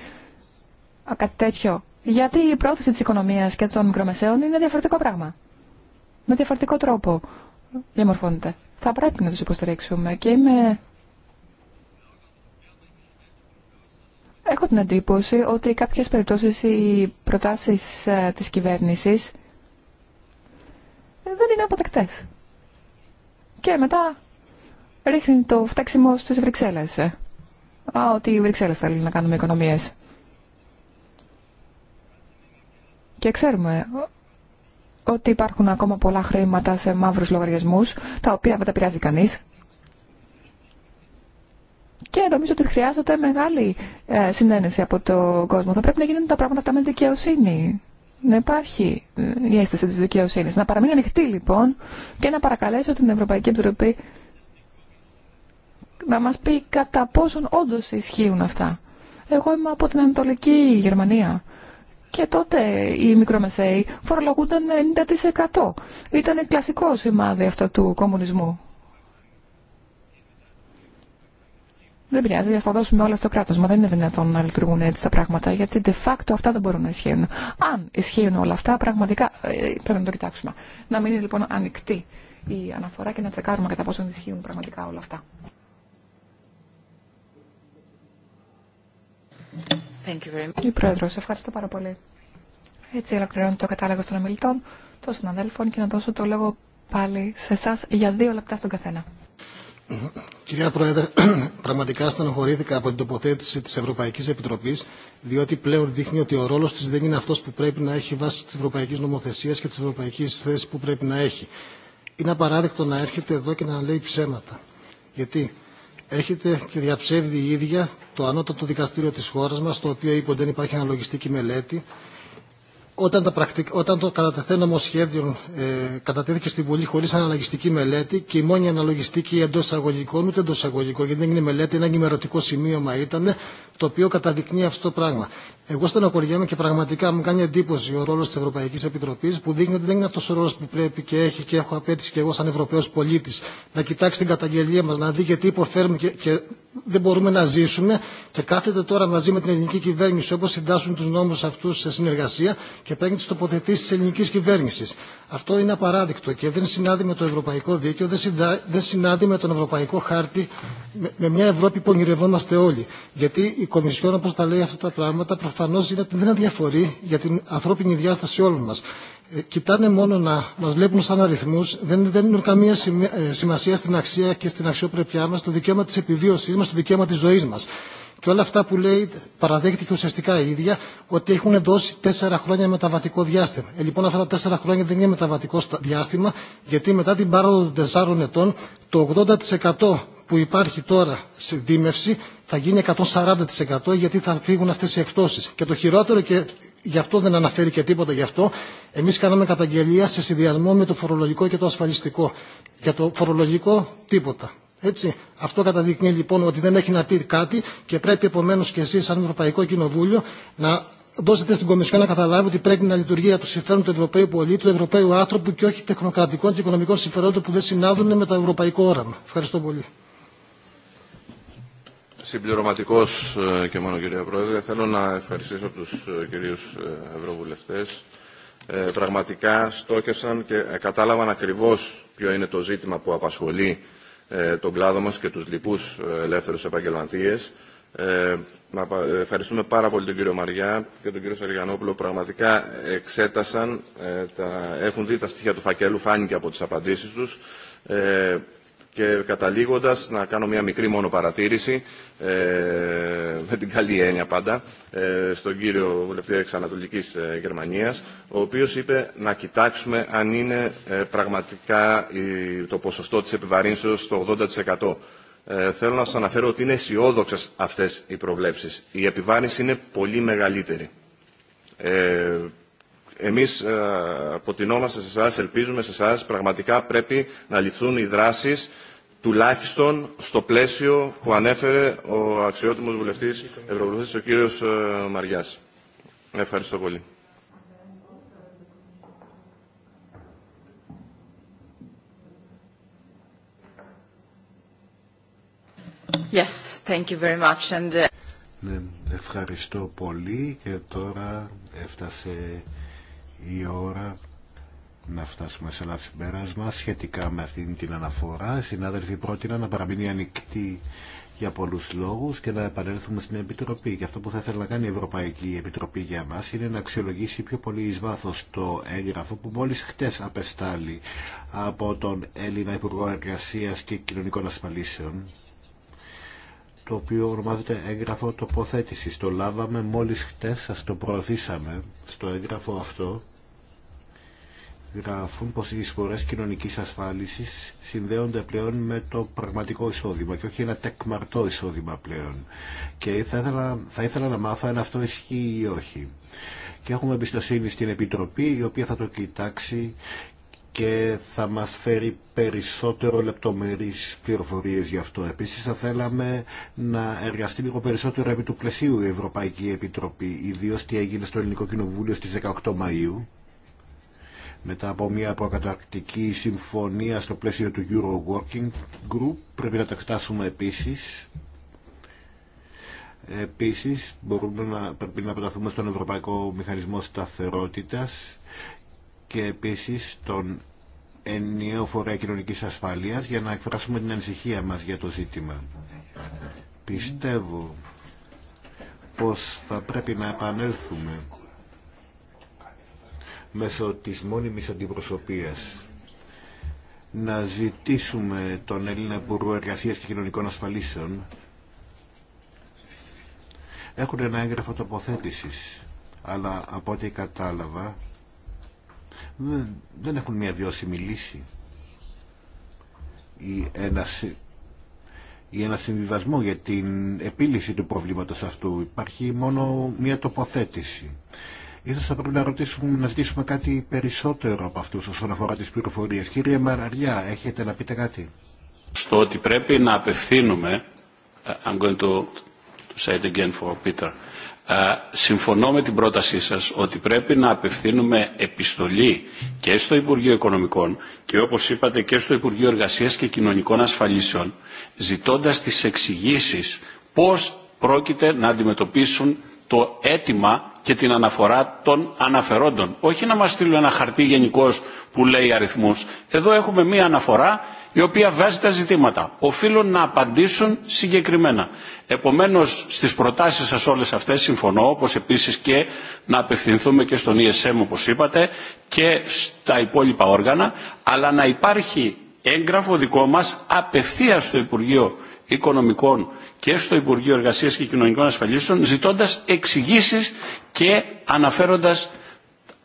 κάτι τέτοιο γιατί η πρόθεση της οικονομίας και των μικρομεσαίων είναι διαφορετικό πράγμα. Με διαφορετικό τρόπο διαμορφώνεται. Θα πρέπει να τους υποστηρίξουμε και είμαι... Έχω την εντύπωση ότι κάποιες περιπτώσεις οι προτάσεις ε, της κυβέρνησης δεν είναι αποτεκτές. Και μετά ρίχνει το φταίξιμο στις Βρυξέλλες. Ε. Α, ότι οι Βρυξέλλες θέλουν να κάνουμε οικονομίες. Και ξέρουμε ότι υπάρχουν ακόμα πολλά χρήματα σε μαύρους λογαριασμούς, τα οποία δεν τα πειράζει κανείς. Και νομίζω ότι χρειάζεται μεγάλη ε, συνένεση από τον κόσμο. Θα πρέπει να γίνουν τα πράγματα αυτά με δικαιοσύνη. Να υπάρχει ε, η αίσθηση της δικαιοσύνης. Να παραμείνει ανοιχτή λοιπόν και να παρακαλέσω την Ευρωπαϊκή Επιτροπή να μας πει κατά πόσον όντως ισχύουν αυτά. Εγώ είμαι από την Ανατολική Γερμανία και τότε οι μικρομεσαίοι φορολογούνταν 90%. Ήταν κλασικό σημάδι αυτό του κομμουνισμού. Δεν πειράζει, θα δώσουμε όλα στο κράτος. Μα δεν είναι δυνατόν να λειτουργούν έτσι τα πράγματα, γιατί de facto αυτά δεν μπορούν να ισχύουν. Αν ισχύουν όλα αυτά, πραγματικά ε, πρέπει να το κοιτάξουμε. Να μην είναι λοιπόν ανοιχτή η αναφορά και να τσεκάρουμε κατά πόσο ισχύουν πραγματικά όλα αυτά. Κύριε Πρόεδρο, σε ευχαριστώ πάρα πολύ. Έτσι ολοκληρώνω το κατάλογο των ομιλητών, των συναδέλφων και να δώσω το λόγο πάλι σε εσά για δύο λεπτά στον καθένα. Κυρία Πρόεδρε, πραγματικά στενοχωρήθηκα από την τοποθέτηση τη Ευρωπαϊκή Επιτροπή, διότι πλέον δείχνει ότι ο ρόλο τη δεν είναι αυτό που πρέπει να έχει βάσει τη Ευρωπαϊκή Νομοθεσία και τη Ευρωπαϊκή θέση που πρέπει να έχει. Είναι απαράδεκτο να έρχεται εδώ και να λέει ψέματα. Γιατί έχετε και διαψεύδει η ίδια το ανώτατο δικαστήριο της χώρας μας, το οποίο είπε ότι δεν υπάρχει αναλογιστική μελέτη. Όταν, τα Όταν το κατατεθένομο σχέδιο ε, κατατέθηκε στη Βουλή χωρί αναλογιστική μελέτη και η μόνη αναλογιστική εντό εισαγωγικών, ούτε εντό εισαγωγικών, γιατί δεν είναι μελέτη, ένα ενημερωτικό σημείωμα ήταν, το οποίο καταδεικνύει αυτό το πράγμα. Εγώ στεναχωριέμαι και πραγματικά μου κάνει εντύπωση ο ρόλο τη Ευρωπαϊκή Επιτροπή που δείχνει ότι δεν είναι αυτό ο ρόλο που πρέπει και έχει και έχω απέτηση και εγώ σαν Ευρωπαίο πολίτη να κοιτάξει την καταγγελία μα, να δει γιατί υποφέρουμε και, και δεν μπορούμε να ζήσουμε και κάθεται τώρα μαζί με την ελληνική κυβέρνηση όπω συντάσσουν του νόμου αυτού σε συνεργασία και παίρνει τι τοποθετήσει τη ελληνική κυβέρνηση. Αυτό είναι απαράδεικτο και δεν συνάδει με το ευρωπαϊκό δίκαιο, δεν, συνάδει με τον ευρωπαϊκό χάρτη, με, μια Ευρώπη που ονειρευόμαστε όλοι. Γιατί η Κομισιόν, όπω τα λέει αυτά τα πράγματα, προφανώ δεν αδιαφορεί για την ανθρώπινη διάσταση όλων μα. Ε, κοιτάνε μόνο να μα βλέπουν σαν αριθμού, δεν δίνουν καμία ε, σημασία στην αξία και στην αξιοπρεπιά μα, στο δικαίωμα τη επιβίωσή μα, στο δικαίωμα τη ζωή μα. Και όλα αυτά που λέει και ουσιαστικά η ίδια ότι έχουν δώσει τέσσερα χρόνια μεταβατικό διάστημα. Ε, λοιπόν, αυτά τα τέσσερα χρόνια δεν είναι μεταβατικό διάστημα, γιατί μετά την πάροδο των τεσσάρων ετών, το 80% που υπάρχει τώρα σε δίμευση θα γίνει 140% γιατί θα φύγουν αυτέ οι εκτόσει. Και το χειρότερο και γι' αυτό δεν αναφέρει και τίποτα γι' αυτό, εμεί κάναμε καταγγελία σε συνδυασμό με το φορολογικό και το ασφαλιστικό. Για το φορολογικό τίποτα. Έτσι. Αυτό καταδεικνύει λοιπόν ότι δεν έχει να πει κάτι και πρέπει επομένω και εσεί, σαν Ευρωπαϊκό Κοινοβούλιο, να δώσετε στην Κομισιόν να καταλάβει ότι πρέπει να λειτουργεί για το συμφέρον του Ευρωπαίου πολίτη, του Ευρωπαίου άνθρωπου και όχι τεχνοκρατικών και οικονομικών συμφερόντων που δεν συνάδουν με το ευρωπαϊκό όραμα. Ευχαριστώ πολύ. Συμπληρωματικό, ε, και μόνο κύριε Πρόεδρε, θέλω να ευχαριστήσω τους ε, κυρίους ε, Ευρωβουλευτές. πραγματικά στόκευσαν και κατάλαβαν ακριβώς ποιο είναι το ζήτημα που απασχολεί τον κλάδο μα και τους λοιπού ελεύθερου επαγγελματίες. ευχαριστούμε πάρα πολύ τον κύριο Μαριά και τον κύριο Σαριανόπουλο. Πραγματικά εξέτασαν, τα, έχουν δει τα στοιχεία του φακέλου, φάνηκε από τις απαντήσεις τους. Και καταλήγοντας να κάνω μια μικρή μόνο παρατήρηση, ε, με την καλή έννοια πάντα, ε, στον κύριο βουλευτή εξ Ανατολικής ε, Γερμανίας, ο οποίος είπε να κοιτάξουμε αν είναι ε, πραγματικά το ποσοστό της επιβαρύνσεως στο 80%. Ε, θέλω να σας αναφέρω ότι είναι αισιόδοξε αυτές οι προβλέψεις. Η επιβάρυνση είναι πολύ μεγαλύτερη εμείς ε, αποτινόμαστε σε εσάς, ελπίζουμε σε εσάς. πραγματικά πρέπει να ληφθούν οι δράσεις τουλάχιστον στο πλαίσιο που ανέφερε ο αξιότιμος βουλευτής Ευρωβουλευτής, ο κύριος ε, Μαριάς. Ευχαριστώ πολύ. Yes, thank you very much. And... Uh, ναι, ευχαριστώ πολύ και τώρα έφτασε η ώρα να φτάσουμε σε ένα συμπέρασμα σχετικά με αυτήν την αναφορά. συνάδελφοι πρότειναν να παραμείνει ανοιχτή για πολλούς λόγους και να επανέλθουμε στην Επιτροπή. Και αυτό που θα ήθελα να κάνει η Ευρωπαϊκή Επιτροπή για μας είναι να αξιολογήσει πιο πολύ εις βάθος το έγγραφο που μόλις χτες απεστάλλει από τον Έλληνα Υπουργό Εργασία και Κοινωνικών Ασφαλίσεων το οποίο ονομάζεται έγγραφο τοποθέτησης. Το λάβαμε μόλις χτες, σας το προωθήσαμε στο έγγραφο αυτό γράφουν πως οι εισφορές κοινωνικής ασφάλισης συνδέονται πλέον με το πραγματικό εισόδημα και όχι ένα τεκμαρτό εισόδημα πλέον. Και θα ήθελα, θα ήθελα να μάθω αν αυτό ισχύει ή όχι. Και έχουμε εμπιστοσύνη στην Επιτροπή η οποία θα το κοιτάξει και θα μας φέρει περισσότερο λεπτομερείς πληροφορίες γι' αυτό. Επίσης θα θέλαμε να εργαστεί λίγο περισσότερο επί του πλαισίου η Ευρωπαϊκή Επιτροπή, ιδίως τι έγινε στο Ελληνικό Κοινοβούλιο στις 18 Μαΐου μετά από μια αποκαταρκτική συμφωνία στο πλαίσιο του Euro Working Group. Πρέπει να τα εξτάσουμε επίσης. Επίσης, μπορούμε να, πρέπει να πεταθούμε στον Ευρωπαϊκό Μηχανισμό Σταθερότητας και επίσης τον ενιαίο φορέα κοινωνικής ασφαλείας για να εκφράσουμε την ανησυχία μας για το ζήτημα. Πιστεύω πως θα πρέπει να επανέλθουμε μέσω της μόνιμης αντιπροσωπείας να ζητήσουμε τον Έλληνα Υπουργό Εργασίας και Κοινωνικών Ασφαλίσεων έχουν ένα έγγραφο τοποθέτηση, αλλά από ό,τι κατάλαβα δεν έχουν μια βιώσιμη λύση ή ένα, ή ένα συμβιβασμό για την επίλυση του προβλήματος αυτού. Υπάρχει μόνο μια τοποθέτηση. Ίσως θα πρέπει να, ρωτήσουμε, να ζητήσουμε κάτι περισσότερο από αυτούς όσον αφορά τις πληροφορίες. Κύριε Μαραριά, έχετε να πείτε κάτι. Στο ότι πρέπει να απευθύνουμε, ε, I'm going to, to say it again for Peter, ε, συμφωνώ με την πρότασή σας ότι πρέπει να απευθύνουμε επιστολή και στο Υπουργείο Οικονομικών και όπως είπατε και στο Υπουργείο Εργασίας και Κοινωνικών Ασφαλίσεων ζητώντας τις εξηγήσει πώς πρόκειται να αντιμετωπίσουν το αίτημα και την αναφορά των αναφερόντων. Όχι να μας στείλουν ένα χαρτί γενικώ που λέει αριθμούς. Εδώ έχουμε μία αναφορά η οποία βάζει τα ζητήματα. Οφείλουν να απαντήσουν συγκεκριμένα. Επομένως στις προτάσεις σας όλες αυτές συμφωνώ όπως επίσης και να απευθυνθούμε και στον ESM όπως είπατε και στα υπόλοιπα όργανα αλλά να υπάρχει έγγραφο δικό μας απευθείας στο Υπουργείο Οικονομικών και στο Υπουργείο Εργασίας και Κοινωνικών Ασφαλίσεων ζητώντας εξηγήσει και αναφέροντας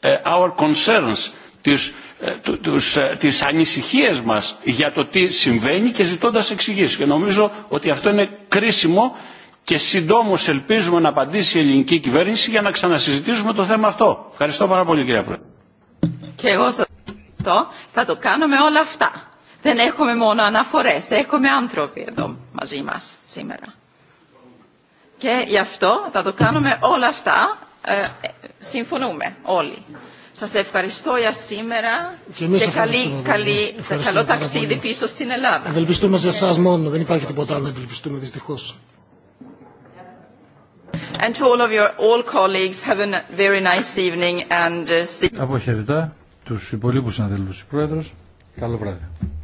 ε, our concerns, τις, ε, τους, ε, τις ανησυχίες μας για το τι συμβαίνει και ζητώντας εξηγήσει. Και νομίζω ότι αυτό είναι κρίσιμο και συντόμως ελπίζουμε να απαντήσει η ελληνική κυβέρνηση για να ξανασυζητήσουμε το θέμα αυτό. Ευχαριστώ πάρα πολύ κυρία Πρόεδρε. Και εγώ σας ευχαριστώ. Θα το κάνω με όλα αυτά δεν έχουμε μόνο αναφορές, έχουμε άνθρωποι εδώ μαζί μας σήμερα. Και γι' αυτό θα το κάνουμε όλα αυτά, ε, συμφωνούμε όλοι. Σας ευχαριστώ για σήμερα και, και καλή, καλή, καλό ταξίδι πολύ. πίσω στην Ελλάδα. Ευελπιστούμε σε εσάς μόνο, δεν υπάρχει τίποτα άλλο να ευελπιστούμε δυστυχώς. And to all of your all colleagues, have a very nice evening and uh, see. Αποχαιρετά τους υπολείπους συναδέλφους Πρόεδρος. Καλό βράδυ.